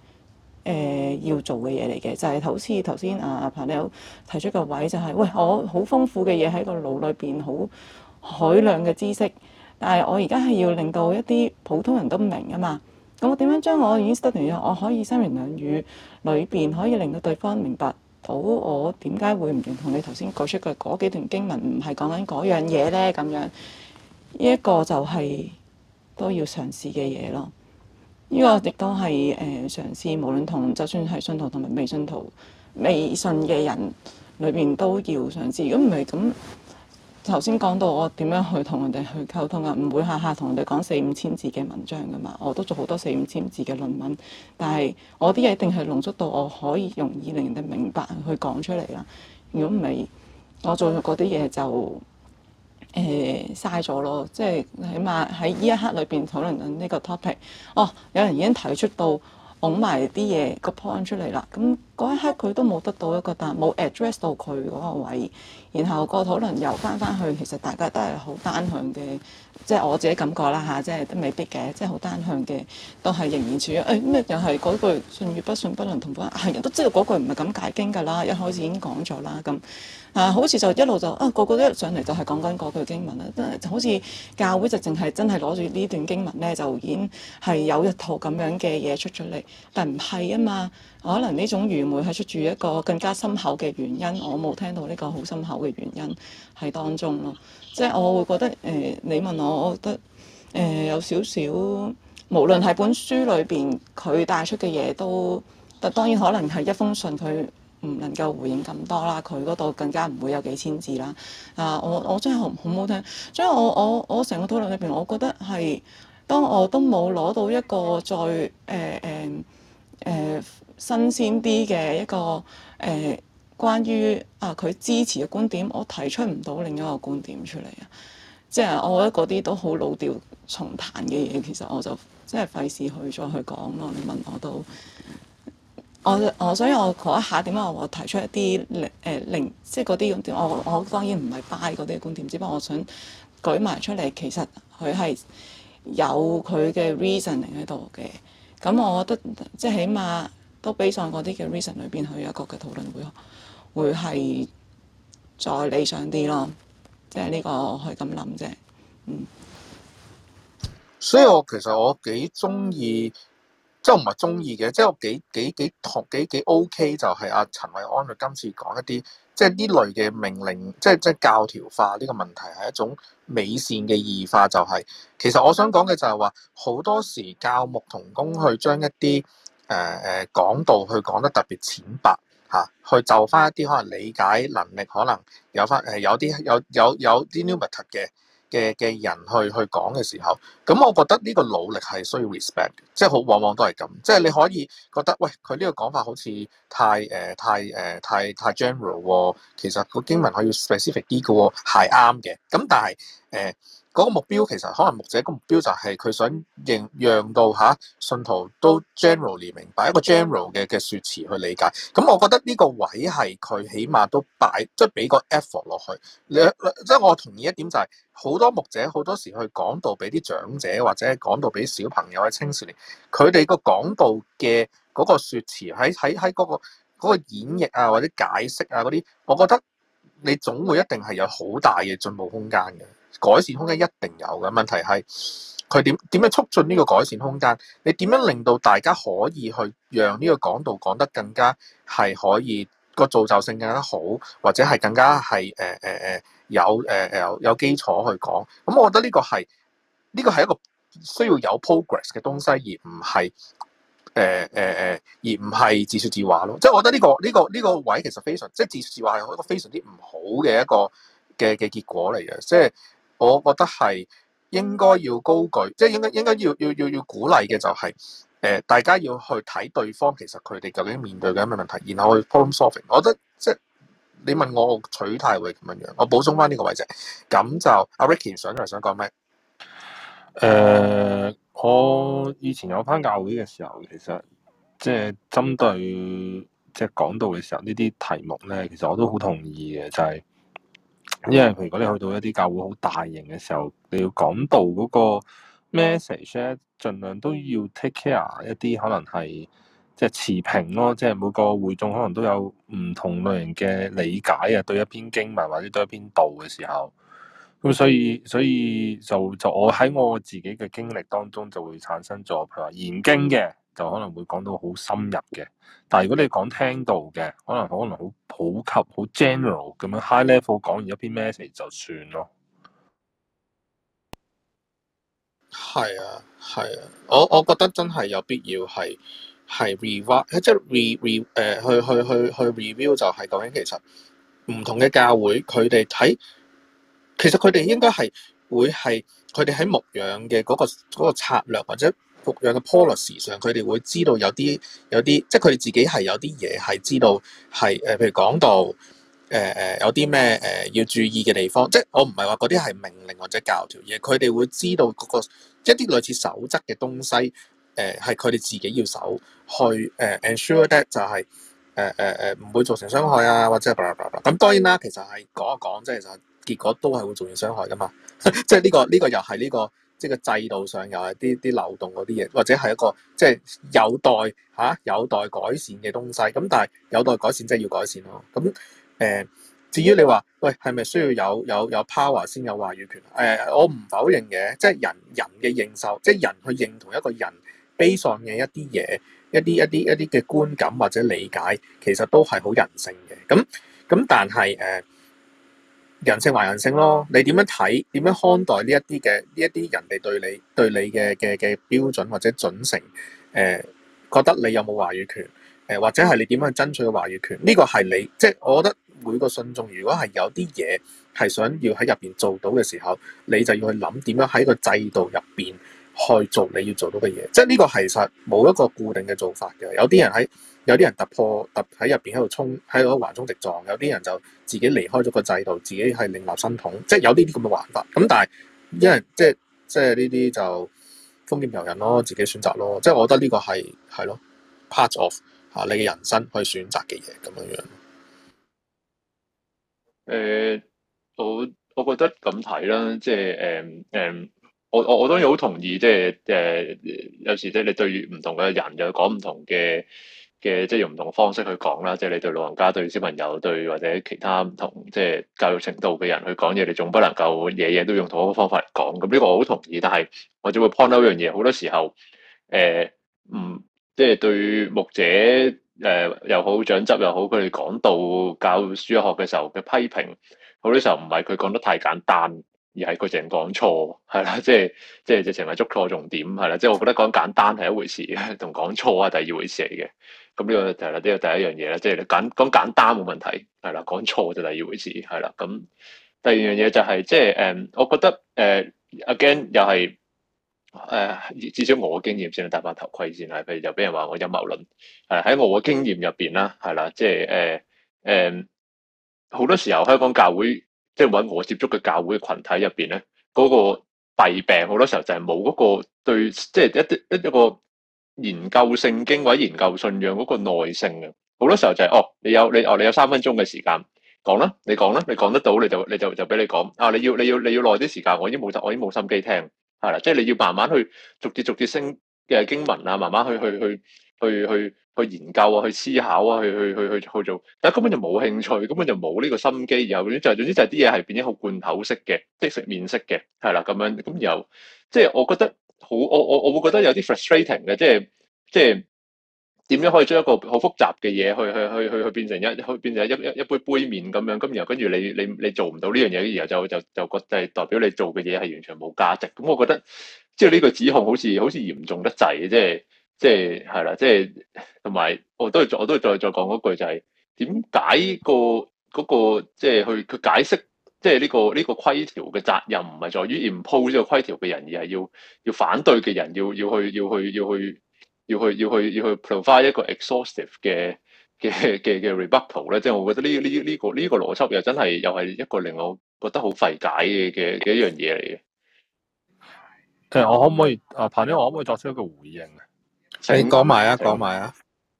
誒、呃、要做嘅嘢嚟嘅，就係好似頭先啊阿彭友提出個位、就是，就係喂我好豐富嘅嘢喺個腦裏邊，好海量嘅知識，但係我而家係要令到一啲普通人都唔明啊嘛。咁我點樣將我已經 study 咗，我可以三言兩語裏邊可以令到對方明白到我點解會唔認同你頭先講出句嗰幾段經文唔係講緊嗰樣嘢咧？咁樣一個就係、是、都要嘗試嘅嘢咯。呢個亦都係誒嘗試，無論同就算係信徒同埋未信徒、未信嘅人裏邊都要嘗試。如果唔係咁，頭先講到我點樣去同人哋去溝通啊，唔會下下同人哋講四五千字嘅文章噶嘛。我都做好多四五千字嘅論文，但係我啲嘢一定係濃縮到我可以容易令人哋明白去講出嚟啦。如果唔係，我做嗰啲嘢就～誒嘥咗咯，即係起碼喺呢一刻裏邊討論緊呢個 topic。哦，有人已經提出到拱埋啲嘢個 point 出嚟啦，咁、嗯、嗰一刻佢都冇得到一個答案，冇 address 到佢嗰個位，然後個討論又翻翻去，其實大家都係好單向嘅。即係我自己感覺啦嚇、啊，即係都未必嘅，即係好單向嘅，都係仍然處於誒咩、哎、又係嗰句信與不信不能同判，人都知道嗰句唔係咁解經㗎啦，一開始已經講咗啦咁。啊，好似就一路就啊個個都一上嚟就係講緊嗰句經文啦，真、啊、係好似教會就淨係真係攞住呢段經文咧就已經係有一套咁樣嘅嘢出咗嚟，但唔係啊嘛，可能呢種愚昧係出住一個更加深厚嘅原因，我冇聽到呢個好深厚嘅原因喺當中咯。即係我會覺得誒、呃，你問我，我覺得誒、呃、有少少，無論係本書裏邊佢帶出嘅嘢，都但當然可能係一封信，佢唔能夠回應咁多啦，佢嗰度更加唔會有幾千字啦。啊，我我真係好唔好聽。所以我我我成個討論裏邊，我覺得係當我都冇攞到一個再誒誒誒新鮮啲嘅一個誒。呃關於啊，佢支持嘅觀點，我提出唔到另一個觀點出嚟啊。即係我覺得嗰啲都好老調重彈嘅嘢，其實我就即係費事去再去講咯。你問我都我我，所以我嗰一下點解我提出一啲誒、呃、零即係嗰啲咁點？我我當然唔係 buy 嗰啲嘅觀點，只不過我想舉埋出嚟。其實佢係有佢嘅 reasoning 喺度嘅。咁我覺得即係起碼都比上嗰啲嘅 reason 裏邊去有一個嘅討論會會係再理想啲咯，即係呢個去咁諗啫。嗯，所以我其實我幾中意，即係唔係中意嘅，即係我幾幾幾同幾幾 OK 就係阿、啊、陳偉安佢今次講一啲，即係呢類嘅命令，即係即係教條化呢個問題係一種美善嘅異化，就是，就係其實我想講嘅就係話，好多時教牧同工去將一啲誒誒講道去講得特別淺白。嚇、啊，去就翻一啲可能理解能力可能有翻誒有啲有有有啲 new 嘅嘅嘅人去去講嘅時候，咁、嗯、我覺得呢個努力係需要 respect 即係好往往都係咁，即係你可以覺得喂佢呢個講法好似太誒、呃、太誒、呃、太太 general、哦、其實個經文可以 specific 啲嘅喎，係啱嘅，咁、嗯、但係誒。呃嗰個目標其實可能牧者個目標就係佢想讓讓到吓信徒都 generally 明白一個 general 嘅嘅説詞去理解。咁我覺得呢個位係佢起碼都擺，即係俾個 effort 落去。你即係我同意一點就係，好多牧者好多時去講道俾啲長者，或者講道俾小朋友或者青少年，佢哋個講道嘅嗰個説詞喺喺喺嗰個演繹啊或者解釋啊嗰啲，我覺得你總會一定係有好大嘅進步空間嘅。改善空間一定有嘅，問題係佢點點樣促進呢個改善空間？你點樣令到大家可以去讓呢個講道講得更加係可以、個造就性更加好，或者係更加係誒誒誒有誒誒、呃、有、有基礎去講？咁、嗯、我覺得呢個係呢、呢個係一個需要有 progress 嘅東西，而唔係誒誒誒而唔係自説自話咯。即係我覺得呢、呢個呢、呢個呢、呢個位其實非常即係自説自話係一個非常之唔好嘅一個嘅嘅結果嚟嘅，即係。我覺得係應該要高舉，即係應該應該要要要要鼓勵嘅就係、是，誒、呃、大家要去睇對方，其實佢哋究竟面對緊咩問題，然後去 problem solving。我覺得即係你問我取態會咁樣樣，我補充返呢個位置。咁就阿、啊、Ricky 想嚟想講咩？誒、呃，我以前有返教會嘅時候，其實即係針對即係、就是、講道嘅時候呢啲題目咧，其實我都好同意嘅，就係、是。因為如果你去到一啲教會好大型嘅時候，你要講道嗰個 message 咧，儘量都要 take care 一啲可能係即係持平咯，即係每個會眾可能都有唔同類型嘅理解啊，對一篇經文或者對一篇道嘅時候，咁所以所以就就我喺我自己嘅經歷當中就會產生咗譬如話研經嘅。就可能會講到好深入嘅，但係如果你講聽到嘅，可能可能好普及、好 general 咁樣 high level 講完一篇 message 就算咯。係啊，係啊，我我覺得真係有必要係係 review 即係 re re、呃、去去去去 review 就係究竟其實唔同嘅教會佢哋睇，其實佢哋應該係會係佢哋喺牧養嘅嗰個嗰、嗰個策略或者。服藥嘅 policy 上，佢哋會知道有啲有啲，即係佢哋自己係有啲嘢係知道係誒，譬如講到誒誒有啲咩誒要注意嘅地方，即係我唔係話嗰啲係命令或者教條嘢，佢哋會知道嗰、嗰個一啲類似守則嘅東西誒，係佢哋自己要守去誒、呃、ensure that 就係誒誒誒唔會造成傷害啊，或者咁當然啦，其實係講一講即係，就係結果都係會造成傷害噶嘛， 即係、呢、呢個呢、呢個又係呢、呢個。即係個制度上又係啲啲漏洞嗰啲嘢，或者係一個即係有待嚇、啊、有待改善嘅東西。咁但係有待改善即係要改善咯。咁、嗯、誒，至於你話喂係咪需要有有有 power 先有話語權？誒、嗯，我唔否認嘅，即係人人嘅認受，即係人去認同一個人悲喪嘅一啲嘢，一啲一啲一啲嘅觀感或者理解，其實都係好人性嘅。咁、嗯、咁、嗯、但係誒。嗯人性還人性咯，你點樣睇？點樣看待呢一啲嘅呢一啲人哋對你對你嘅嘅嘅標準或者準成？誒、呃、覺得你有冇話語權？誒、呃、或者係你點樣去爭取個話語權？呢個係你即係我覺得每個信眾，如果係有啲嘢係想要喺入邊做到嘅時候，你就要去諗點樣喺個制度入邊去做你要做到嘅嘢。即係呢個其實冇一個固定嘅做法嘅。有啲人喺。有啲人突破，突喺入邊喺度衝，喺個橫衝直撞；有啲人就自己離開咗個制度，自己係另立新統，即係有呢啲咁嘅玩法。咁但係，因為即係即係呢啲就豐儉由人咯，自己選擇咯。即係我覺得呢個係係咯，part of 吓、啊、你嘅人生去選擇嘅嘢咁樣樣。誒、呃，我我覺得咁睇啦，即係誒誒，我我我當然好同意，即係誒、呃、有時即係你對唔同嘅人又講唔同嘅。嘅即係用唔同嘅方式去講啦，即係你對老人家、對小朋友、對或者其他唔同即係教育程度嘅人去講嘢，你總不能夠嘢嘢都用同一個方法嚟講。咁呢個我好同意，但係我只會 point out 一樣嘢，好多時候誒，唔、呃、即係對牧者誒又好長執又好，佢哋講到教書學嘅時候嘅批評，好多時候唔係佢講得太簡單。而係佢淨係講錯，係啦，即係即係直情係捉錯重點，係啦，即係我覺得講簡單係一回事，同講錯係第二回事嚟嘅。咁呢個係啦，呢個第一樣嘢啦，即係你簡講簡單冇問題，係啦，講錯就第二回事，係啦。咁第，第二樣嘢就係、是、即係誒，我覺得誒、呃、，again 又係誒、呃，至少我嘅經驗先，戴把頭盔先係，譬如就俾人話我陰謀論，係喺我嘅經驗入邊啦，係啦，即係誒誒，好、呃呃、多時候香港教會。即係搵我接觸嘅教會嘅羣體入邊咧，嗰個弊病好多時候就係冇嗰個對，即係一一一個研究聖經或者研究信仰嗰個耐性嘅。好多時候就係，哦，你有你哦，你有三分鐘嘅時間講啦，你講啦，你講得到你就你就就俾你講。啊，你要你要你要耐啲時間，我已經冇我已經冇心機聽，係啦。即係你要慢慢去逐字逐字升嘅經文啊，慢慢去去去。去去去去研究啊，去思考啊，去去去去去做，但係根本就冇興趣，根本就冇呢個心機。然後就，總之就係啲嘢係變咗好罐頭式嘅，即食麵式嘅，係啦咁樣。咁然後，即係我覺得好，我我我會覺得有啲 frustrating 嘅，即係即係點樣可以將一個好複雜嘅嘢，去去去去去變成一，變成一一一杯杯麵咁樣。咁然後跟住你你你做唔到呢樣嘢，然後就就就覺就係代表你做嘅嘢係完全冇價值。咁我覺得即係呢個指控好似好似嚴重得滯，即係。就是即係係啦，即係同埋我都係再我都係再再講嗰句，就係點解個嗰個即係去佢解釋即係呢個呢個規條嘅責任唔係在於 impose 呢個規條嘅人而，而係要要反對嘅人要要去要去要去要去要去要去要去要去要去要去 provide 一個 exhaustive 嘅嘅嘅嘅 rebuttal 咧。Re tal，即係我覺得呢呢呢個呢個邏輯又真係又係一個令我覺得好費解嘅嘅嘅一樣嘢嚟嘅。其實我可唔可以啊頭先，我可唔可以作出一個回應啊？你講埋啊，講埋啊！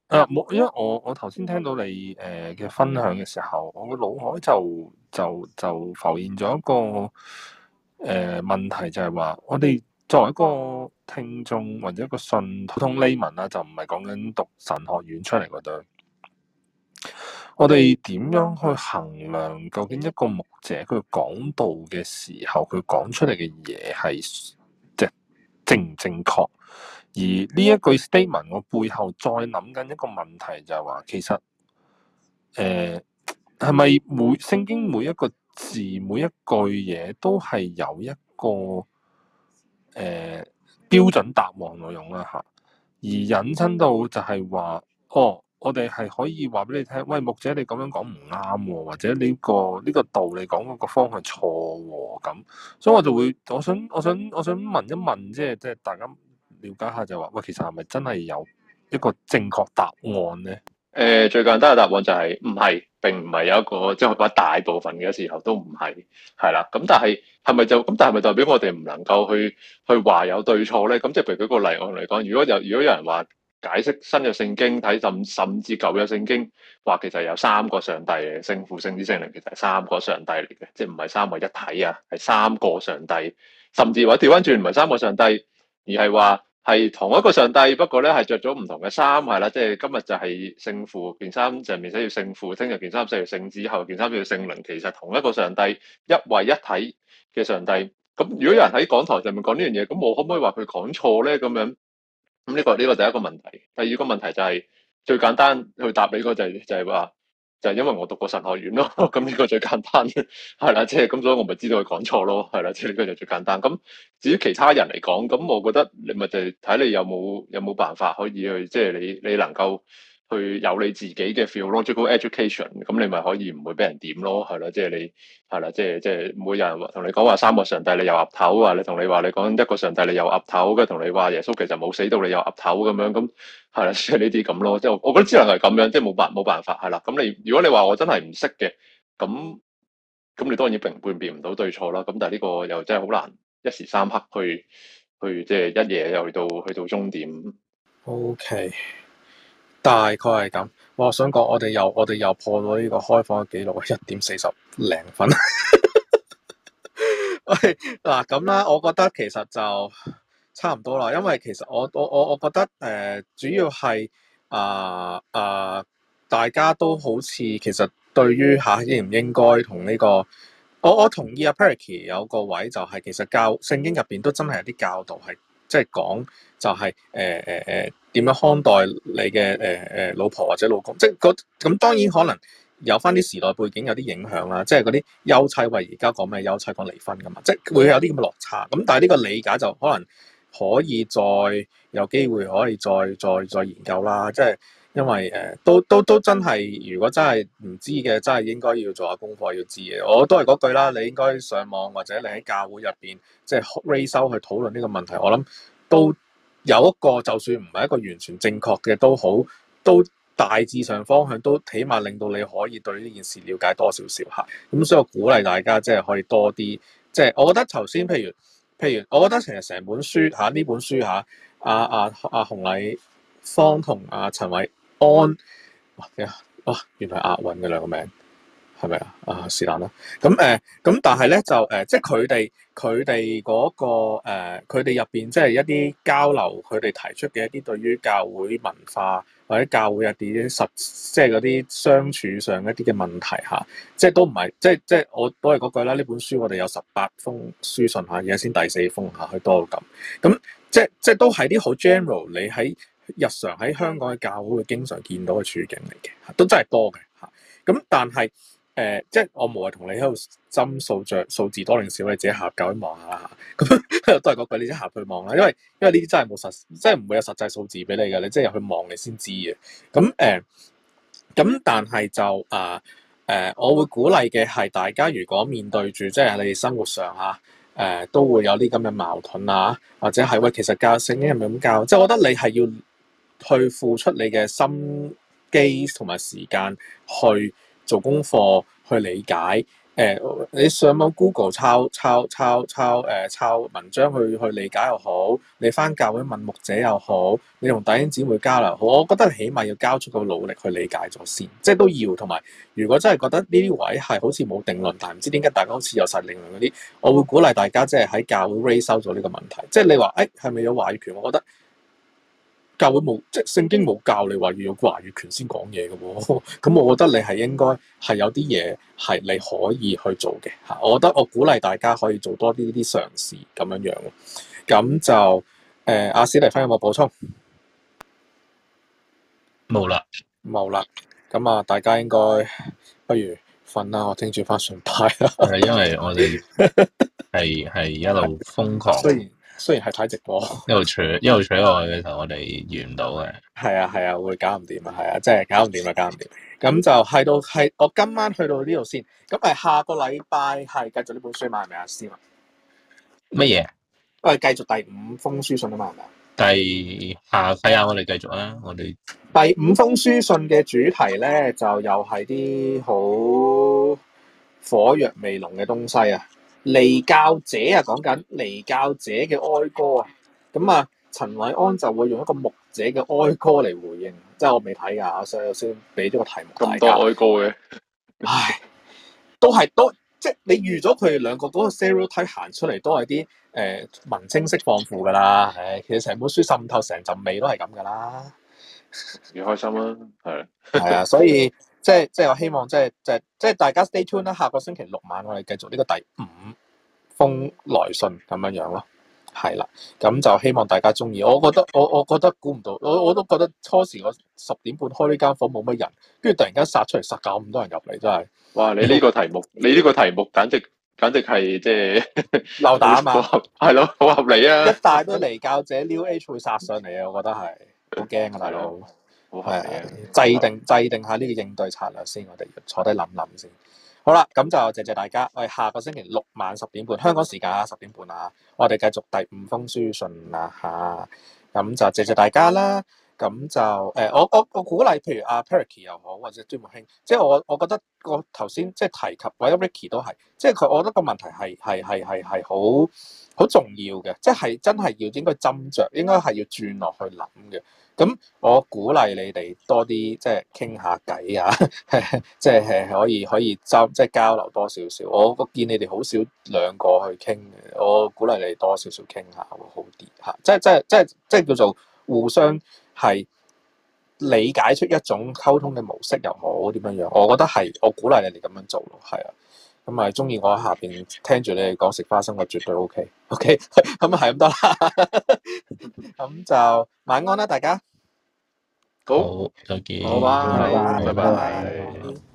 誒，冇，因為我我頭先聽到你誒嘅分享嘅時候，我個腦海就就就浮現咗一個誒、呃、問題就，就係話我哋作為一個聽眾或者一個信普通 layman 啦，啊，就唔係講緊讀神學院出嚟嗰對，我哋點樣去衡量究竟一個牧者佢講道嘅時候，佢講出嚟嘅嘢係即正唔正確？而呢一句 statement，我背後再諗緊一個問題，就係、是、話其實誒係咪每聖經每一個字每一句嘢都係有一個誒、呃、標準答案內容啦？吓而引申到就係話哦，我哋係可以話俾你聽，喂，牧者你咁樣講唔啱，或者呢、這個呢、這個道理講嗰個方向錯咁，所以我就會我想我想我想，我想問一問，即係即係大家。了解下就話喂，其實係咪真係有一個正確答案咧？誒、呃，最簡單嘅答案就係唔係，並唔係有一個，即係話大部分嘅時候都唔係，係啦。咁但係係咪就咁？但係咪代表我哋唔能夠去去話有對錯咧？咁即係譬如舉個例我同你講，如果有如果有人話解釋新約聖經睇甚甚至舊約聖經，話其實有三個上帝嘅聖父、聖子、聖靈，其實係三個上帝嚟嘅，即係唔係三位一體啊，係三個上帝。甚至話調返轉唔係三個上帝，而係話。係同一個上帝，不過咧係着咗唔同嘅衫，係啦，即係今日就係聖父件衫上面寫住聖父，聽日件衫寫住聖子，後件衫寫住聖靈，其實同一個上帝一為一體嘅上帝。咁如果有人喺講台上面講呢樣嘢，咁我可唔可以話佢講錯咧？咁樣咁呢、呢個呢、呢個第一個問題。第二個問題就係、是、最簡單去答你嗰就係、是、就係、是、話。就係因為我讀過神學院咯，咁 呢個最簡單，係 啦，即係咁，所以我咪知道佢講錯咯，係啦，即係呢個就最簡單。咁至於其他人嚟講，咁我覺得你咪就係睇你有冇有冇辦法可以去，即係你你能夠，去有你自己嘅 theological education，咁你咪可以唔會俾人點咯，係咯，即、就、係、是、你係啦，即係即係有人同你講話三個上帝，你又岌頭啊，你同你話你講一個上帝，你又岌頭，跟同你話耶穌其實冇死到，你又岌頭咁樣，咁係啦，即係呢啲咁咯，即係我我覺得只能係咁樣，即係冇辦冇辦法，係啦。咁你如果你話我真係唔識嘅，咁咁你當然要評判別唔到對錯啦。咁但係呢個又真係好難一時三刻去去即係一夜又到去到去到終點。O K。大概係咁，我想講，我哋又我哋又破咗呢個開放嘅記錄，一點四十零分。喂、 嗯，嗱咁啦，我覺得其實就差唔多啦，因為其實我我我我覺得誒、呃，主要係啊啊，大家都好似其實對於下應唔應該同呢個，我我同意阿 Perky 有個位就係其實教聖經入邊都真係有啲教導係即係講，就是講就係誒誒誒點樣看待你嘅誒誒老婆或者老公，即係咁當然可能有返啲時代背景有啲影響啦，即係嗰啲休妻話而家講咩休妻講離婚㗎嘛，即係會有啲咁嘅落差。咁但係呢個理解就可能可以再有機會可以再再再研究啦。即係因為誒、呃、都都都真係如果真係唔知嘅，真係應該要做下功課要知嘅。我都係嗰句啦，你應該上網或者你喺教會入邊即係 research 去討論呢個問題。我諗都～有一個就算唔係一個完全正確嘅都好，都大致上方向都起碼令到你可以對呢件事了解多少少嚇。咁、嗯、所以，我鼓勵大家即係可以多啲，即係我覺得頭先譬如譬如，譬如我覺得成日成本書嚇呢本書嚇，阿阿阿洪禮芳同阿陳韋安，on, 哇哇原來押韻嘅兩個名。係咪啊？啊、呃、是但啦。咁誒，咁但係咧就誒，即係佢哋佢哋嗰個佢哋入邊即係一啲交流，佢哋提出嘅一啲對於教會文化或者教會一啲實，即係嗰啲相處上一啲嘅問題嚇、啊，即係都唔係，即係即係我都係嗰句啦。呢本書我哋有十八封書信嚇，而家先第四封嚇，佢、啊、多到咁。咁、啊、即係即係都係啲好 general，你喺日常喺香港嘅教會會經常見到嘅處境嚟嘅、啊，都真係多嘅嚇。咁、啊、但係，誒、呃，即係我無謂同你喺度針數着數字多定少，你自己下夠去望下啦。咁都係嗰句，你先下去望啦。因為因為呢啲真係冇實，即係唔會有實際數字俾你噶。你即係入去望，你先知嘅。咁、嗯、誒，咁、嗯、但係就啊，誒、呃呃，我會鼓勵嘅係，大家如果面對住即係你哋生活上吓，誒、呃，都會有啲咁嘅矛盾啊，或者係喂，其實教聖經係咪咁教？即係我覺得你係要去付出你嘅心機同埋時間去。做功課去理解，誒、呃、你上網 Google 抄抄抄抄誒、呃、抄文章去去理解又好，你翻教會問牧者又好，你同弟兄姊妹交流，好。我覺得起碼要交出個努力去理解咗先，即係都要。同埋如果真係覺得呢啲位係好似冇定論，但係唔知點解大家好似有實定論嗰啲，我會鼓勵大家即係喺教會 raise 咗呢個問題，即係你話誒係咪有話語權，我覺得。教會冇，即係聖經冇教你話要有華語權先講嘢嘅喎，咁我覺得你係應該係有啲嘢係你可以去做嘅嚇，我覺得我鼓勵大家可以做多啲呢啲嘗試，咁樣樣咯。咁就誒阿史黎芬有冇補充？冇啦了，冇啦。咁啊，大家應該不如瞓啦，我聽住翻崇拜啦。係因為我哋係係一路瘋狂。雖然係睇直播， 一路取一路取落去嘅時候，我哋遇唔到嘅。係啊，係啊，會搞唔掂啊，係啊，即係搞唔掂啊。搞唔掂、啊。咁就係到係我今晚去到呢度先。咁係下個禮拜係繼續呢本書嘛？係咪啊，師文？乜嘢？我哋繼續第五封書信啊嘛，係咪？第下睇下我哋繼續啦，我哋。第五封書信嘅主題咧，就又係啲好火藥味濃嘅東西啊！離教者，教者啊，講緊離教者嘅哀歌啊，咁啊，陳韋安就會用一個牧者嘅哀歌嚟回應，即係我未睇噶，所以我先先俾咗個題目。咁多哀歌嘅，唉，都係多，即係你預咗佢哋兩個嗰、那個 serial 睇行出嚟，都係啲誒文青式放負噶啦，唉，其實成本書滲透成陣味都係咁噶啦，幾開心啊，係，係 啊，所以。即係即係我希望即係即係即係大家 stay tune 啦，下個星期六晚我哋繼續呢個第五封來信咁樣樣咯，係啦，咁就希望大家中意。我覺得我我覺得估唔到，我我都覺得初時我十點半開呢間房冇乜人，跟住突然間殺出嚟殺咁多人入嚟，真係。哇！你呢個題目，你呢個題目簡直簡直係即係鬧大啊嘛，係咯， 好合理啊。一大堆離教者 new age 會殺上嚟啊，我覺得係。好驚啊，大佬！係 制定制定下呢個應對策略先，我哋坐低諗諗先。好啦，咁就謝謝大家。我哋下個星期六晚十點半香港時間啊，十點半啊，我哋繼續第五封書信啊吓。咁就謝謝大家啦。咁就誒、欸，我我我鼓勵，譬如阿 Ricky 又好，或者朱木興，即係我我覺得我頭先即係提及，或者 Ricky 都係，即係佢我覺得個問題係係係係係好好重要嘅，即係真係要應該斟酌，應該係要轉落去諗嘅。咁我鼓勵你哋多啲即係傾下偈啊，即 係可以可以交即係、即係、交流多少少。我見你哋好少兩個去傾嘅，我鼓勵你多少少傾下會好啲吓，即係即係即係即係叫做互相係理解出一種溝通嘅模式又好，點樣樣？我覺得係我鼓勵你哋咁樣做咯，係啊。咁啊，中意我喺下邊聽住你哋講食花生，我絕對 OK。OK，咁啊，係咁多啦。咁就晚安啦，啊，大家。好，再見。好啊，拜拜。